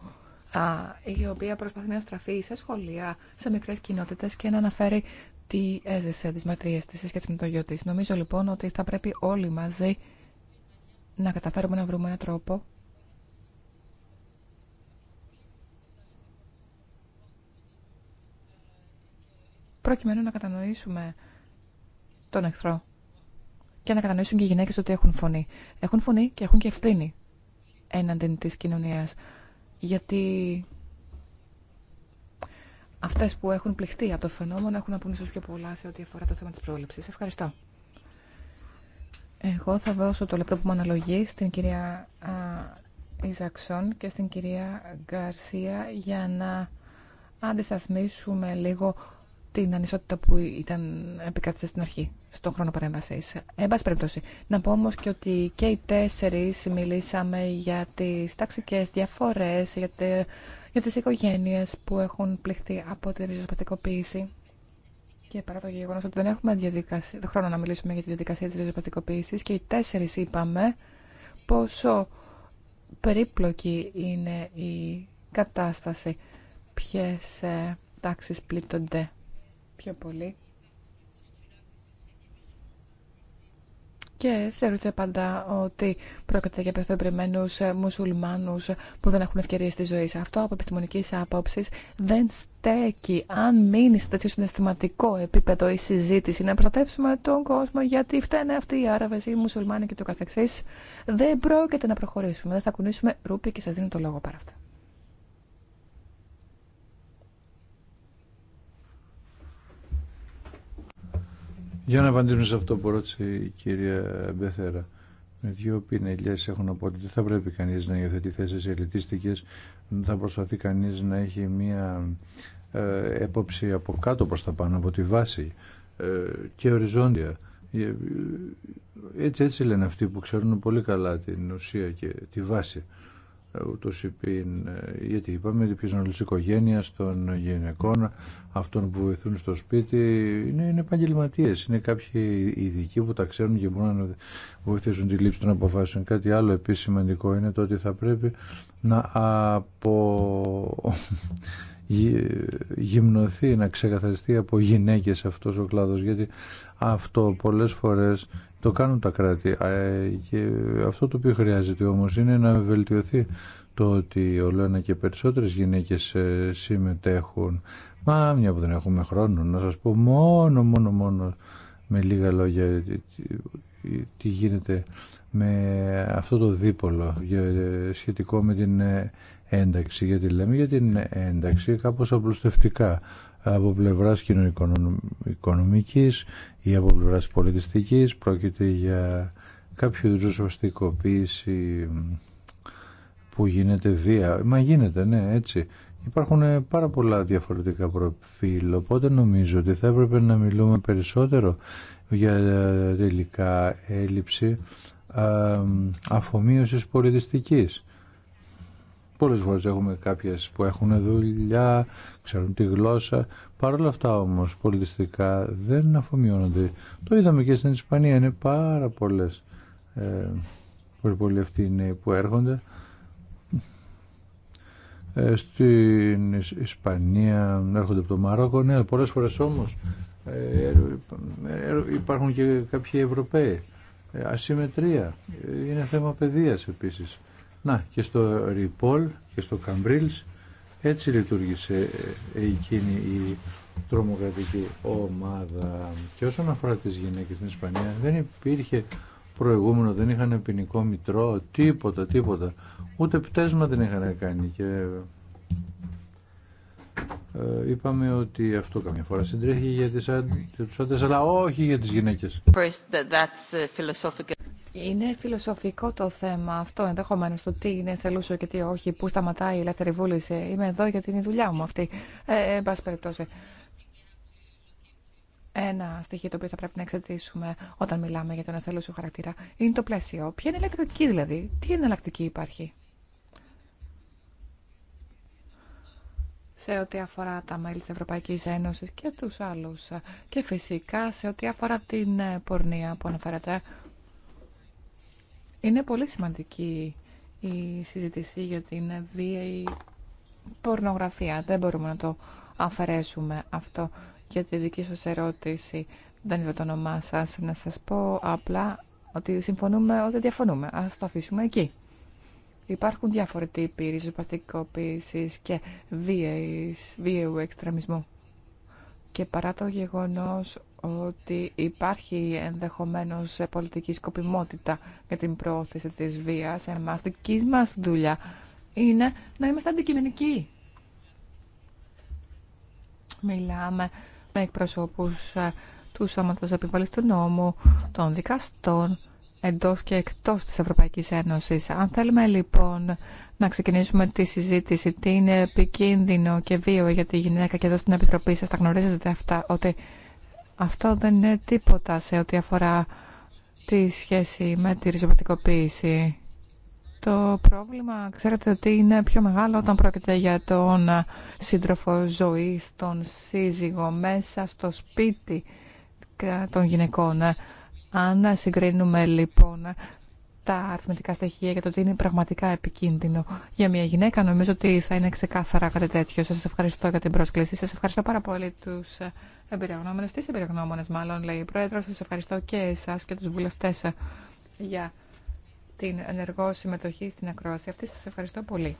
η οποία προσπαθεί να στραφεί σε σχολεία, σε μικρές κοινότητες και να αναφέρει τι έζησε, τις μαρτυρίες της σε σχέση με το γιο της. Νομίζω λοιπόν ότι θα πρέπει όλοι μαζί να καταφέρουμε να βρούμε έναν τρόπο προκειμένου να κατανοήσουμε τον εχθρό και να κατανοήσουν και οι γυναίκες ότι έχουν φωνή. Έχουν φωνή και έχουν και ευθύνη έναντι της κοινωνίας. Γιατί αυτές που έχουν πληχτεί από το φαινόμενο έχουν να πούν πιο πολλά σε ό,τι αφορά το θέμα της πρόληψης. Ευχαριστώ. Εγώ θα δώσω το λεπτό που μου αναλογεί στην κυρία Ιζαξόν και στην κυρία Γκαρσία για να αντισταθμίσουμε λίγο την ανισότητα που ήταν επικράτησε στην αρχή, στον χρόνο παρέμβαση. Εν πάση περιπτώσει, να πω όμω και ότι και οι τέσσερι μιλήσαμε για τι ταξικέ διαφορέ, για για τις οικογένειες που έχουν πληχθεί από τη ριζοσπαστικοποίηση. Και παρά το γεγονός ότι δεν έχουμε διαδικασία, χρόνο να μιλήσουμε για τη διαδικασία της ριζοσπαστικοποίηση και οι τέσσερις είπαμε πόσο περίπλοκη είναι η κατάσταση, ποιε τάξει πλήττονται πιο πολύ. και θεωρείται πάντα ότι πρόκειται για πεθοεμπρεμένου ε, μουσουλμάνους ε, που δεν έχουν ευκαιρίε στη ζωή. Αυτό από επιστημονική άποψη δεν στέκει. Αν μείνει σε τέτοιο συναισθηματικό επίπεδο η συζήτηση να προστατεύσουμε τον κόσμο γιατί φταίνε αυτοί οι ή οι μουσουλμάνοι και το καθεξής, δεν πρόκειται να προχωρήσουμε. Δεν θα κουνήσουμε ρούπι και σα δίνω το λόγο παρά αυτά. Για να απαντήσω σε αυτό που ρώτησε η κυρία Μπεθέρα. Με δύο πινελιέ έχουν να πω ότι δεν θα πρέπει κανεί να υιοθετεί θέσει ελιτίστικε. Θα προσπαθεί κανεί να έχει μία ε, έποψη από κάτω προ τα πάνω, από τη βάση ε, και οριζόντια. Ε, ε, έτσι, έτσι λένε αυτοί που ξέρουν πολύ καλά την ουσία και τη βάση. Ε, ούτως είπε, ε, γιατί είπαμε ποιες είναι όλες οικογένειας των γυναικών, αυτών που βοηθούν στο σπίτι, είναι, είναι επαγγελματίε. είναι κάποιοι ειδικοί που τα ξέρουν και μπορούν να βοηθήσουν τη λήψη των αποφάσεων. Κάτι άλλο επίσημα σημαντικό είναι το ότι θα πρέπει να απο γυμνωθεί να ξεκαθαριστεί από γυναίκες αυτός ο κλάδος γιατί αυτό πολλές φορές το κάνουν τα κράτη ε, και αυτό το οποίο χρειάζεται όμως είναι να βελτιωθεί το ότι όλο ένα και περισσότερες γυναίκες ε, συμμετέχουν μα μια που δεν έχουμε χρόνο να σας πω μόνο μόνο μόνο με λίγα λόγια ε, τι γίνεται με αυτό το δίπολο σχετικό με την ένταξη, γιατί λέμε για την ένταξη κάπως απλουστευτικά από πλευράς κοινωνικονομικής ή από πλευράς πολιτιστικής πρόκειται για κάποιο σωστικοποίηση που γίνεται βία. Μα γίνεται, ναι, έτσι. Υπάρχουν πάρα πολλά διαφορετικά προφίλ, οπότε νομίζω ότι θα έπρεπε να μιλούμε περισσότερο για τελικά έλλειψη αφομοίωσης πολιτιστικής Πολλές φορές έχουμε κάποιες που έχουν δουλειά, ξέρουν τη γλώσσα. Παρ' όλα αυτά όμως πολιτιστικά δεν αφομοιώνονται. Το είδαμε και στην Ισπανία, είναι πάρα πολλές. Ε, πολλοί αυτοί νέοι που έρχονται. Ε, στην Ισπανία έρχονται από το Μαρόκο, ναι, πολλές φορές όμως ε, ε, ε, υπάρχουν και κάποιοι Ευρωπαίοι. Ε, ασυμμετρία, είναι θέμα παιδείας επίσης. Να, και στο Ριπόλ και στο Καμπρίλς έτσι λειτουργήσε ε, εκείνη η τρομοκρατική ομάδα. Και όσον αφορά τις γυναίκες στην Ισπανία δεν υπήρχε προηγούμενο, δεν είχαν ποινικό μητρό, τίποτα, τίποτα. Ούτε πτέσμα δεν είχαν κάνει και ε, είπαμε ότι αυτό καμιά φορά συντρέχει για, τις, τους αλλά όχι για τις γυναίκες. Ε, είναι φιλοσοφικό το θέμα αυτό, ενδεχομένω το τι είναι θελούσιο και τι όχι, πού σταματάει η ελεύθερη βούληση. Είμαι εδώ γιατί είναι η δουλειά μου αυτή. Ε, εν πάση περιπτώσει. Ένα στοιχείο το οποίο θα πρέπει να εξετήσουμε όταν μιλάμε για τον εθελούσιο χαρακτήρα είναι το πλαίσιο. Ποια είναι η δηλαδή, τι εναλλακτική υπάρχει. σε ό,τι αφορά τα μέλη της Ευρωπαϊκής Ένωσης και τους άλλους. Και φυσικά σε ό,τι αφορά την ε, πορνεία που αναφέρατε, είναι πολύ σημαντική η συζήτηση για την βίαιη πορνογραφία. Δεν μπορούμε να το αφαιρέσουμε αυτό για τη δική σας ερώτηση. Δεν είδα το όνομά σας να σας πω απλά ότι συμφωνούμε ότι διαφωνούμε. Ας το αφήσουμε εκεί. Υπάρχουν διάφορες τύποι ριζοπαστικοποίησης και βίαιης, βίαιου εξτρεμισμού. Και παρά το γεγονός ότι υπάρχει ενδεχομένως πολιτική σκοπιμότητα για την πρόθεση της βίας. Εμάς δική μας δουλειά είναι να είμαστε αντικειμενικοί. Μιλάμε με εκπροσώπους ε, του Σώματος Επιβολής του Νόμου, των δικαστών, εντός και εκτός της Ευρωπαϊκής Ένωσης. Αν θέλουμε λοιπόν να ξεκινήσουμε τη συζήτηση τι είναι επικίνδυνο και βίο για τη γυναίκα και εδώ στην Επιτροπή σας τα γνωρίζετε αυτά ότι αυτό δεν είναι τίποτα σε ό,τι αφορά τη σχέση με τη ριζοπαθικοποίηση. Το πρόβλημα, ξέρετε ότι είναι πιο μεγάλο όταν πρόκειται για τον σύντροφο ζωής, τον σύζυγο μέσα στο σπίτι των γυναικών. Αν συγκρίνουμε λοιπόν τα αριθμητικά στοιχεία για το ότι είναι πραγματικά επικίνδυνο για μια γυναίκα. Νομίζω ότι θα είναι ξεκάθαρα κάτι τέτοιο. Σας ευχαριστώ για την πρόσκληση. Σας ευχαριστώ πάρα πολύ του εμπειρογνώμονε. τι εμπειρογνώμονε, μάλλον, λέει η Πρόεδρο. Σας ευχαριστώ και εσά και του βουλευτέ για την ενεργό συμμετοχή στην ακρόαση αυτή. Σα ευχαριστώ πολύ.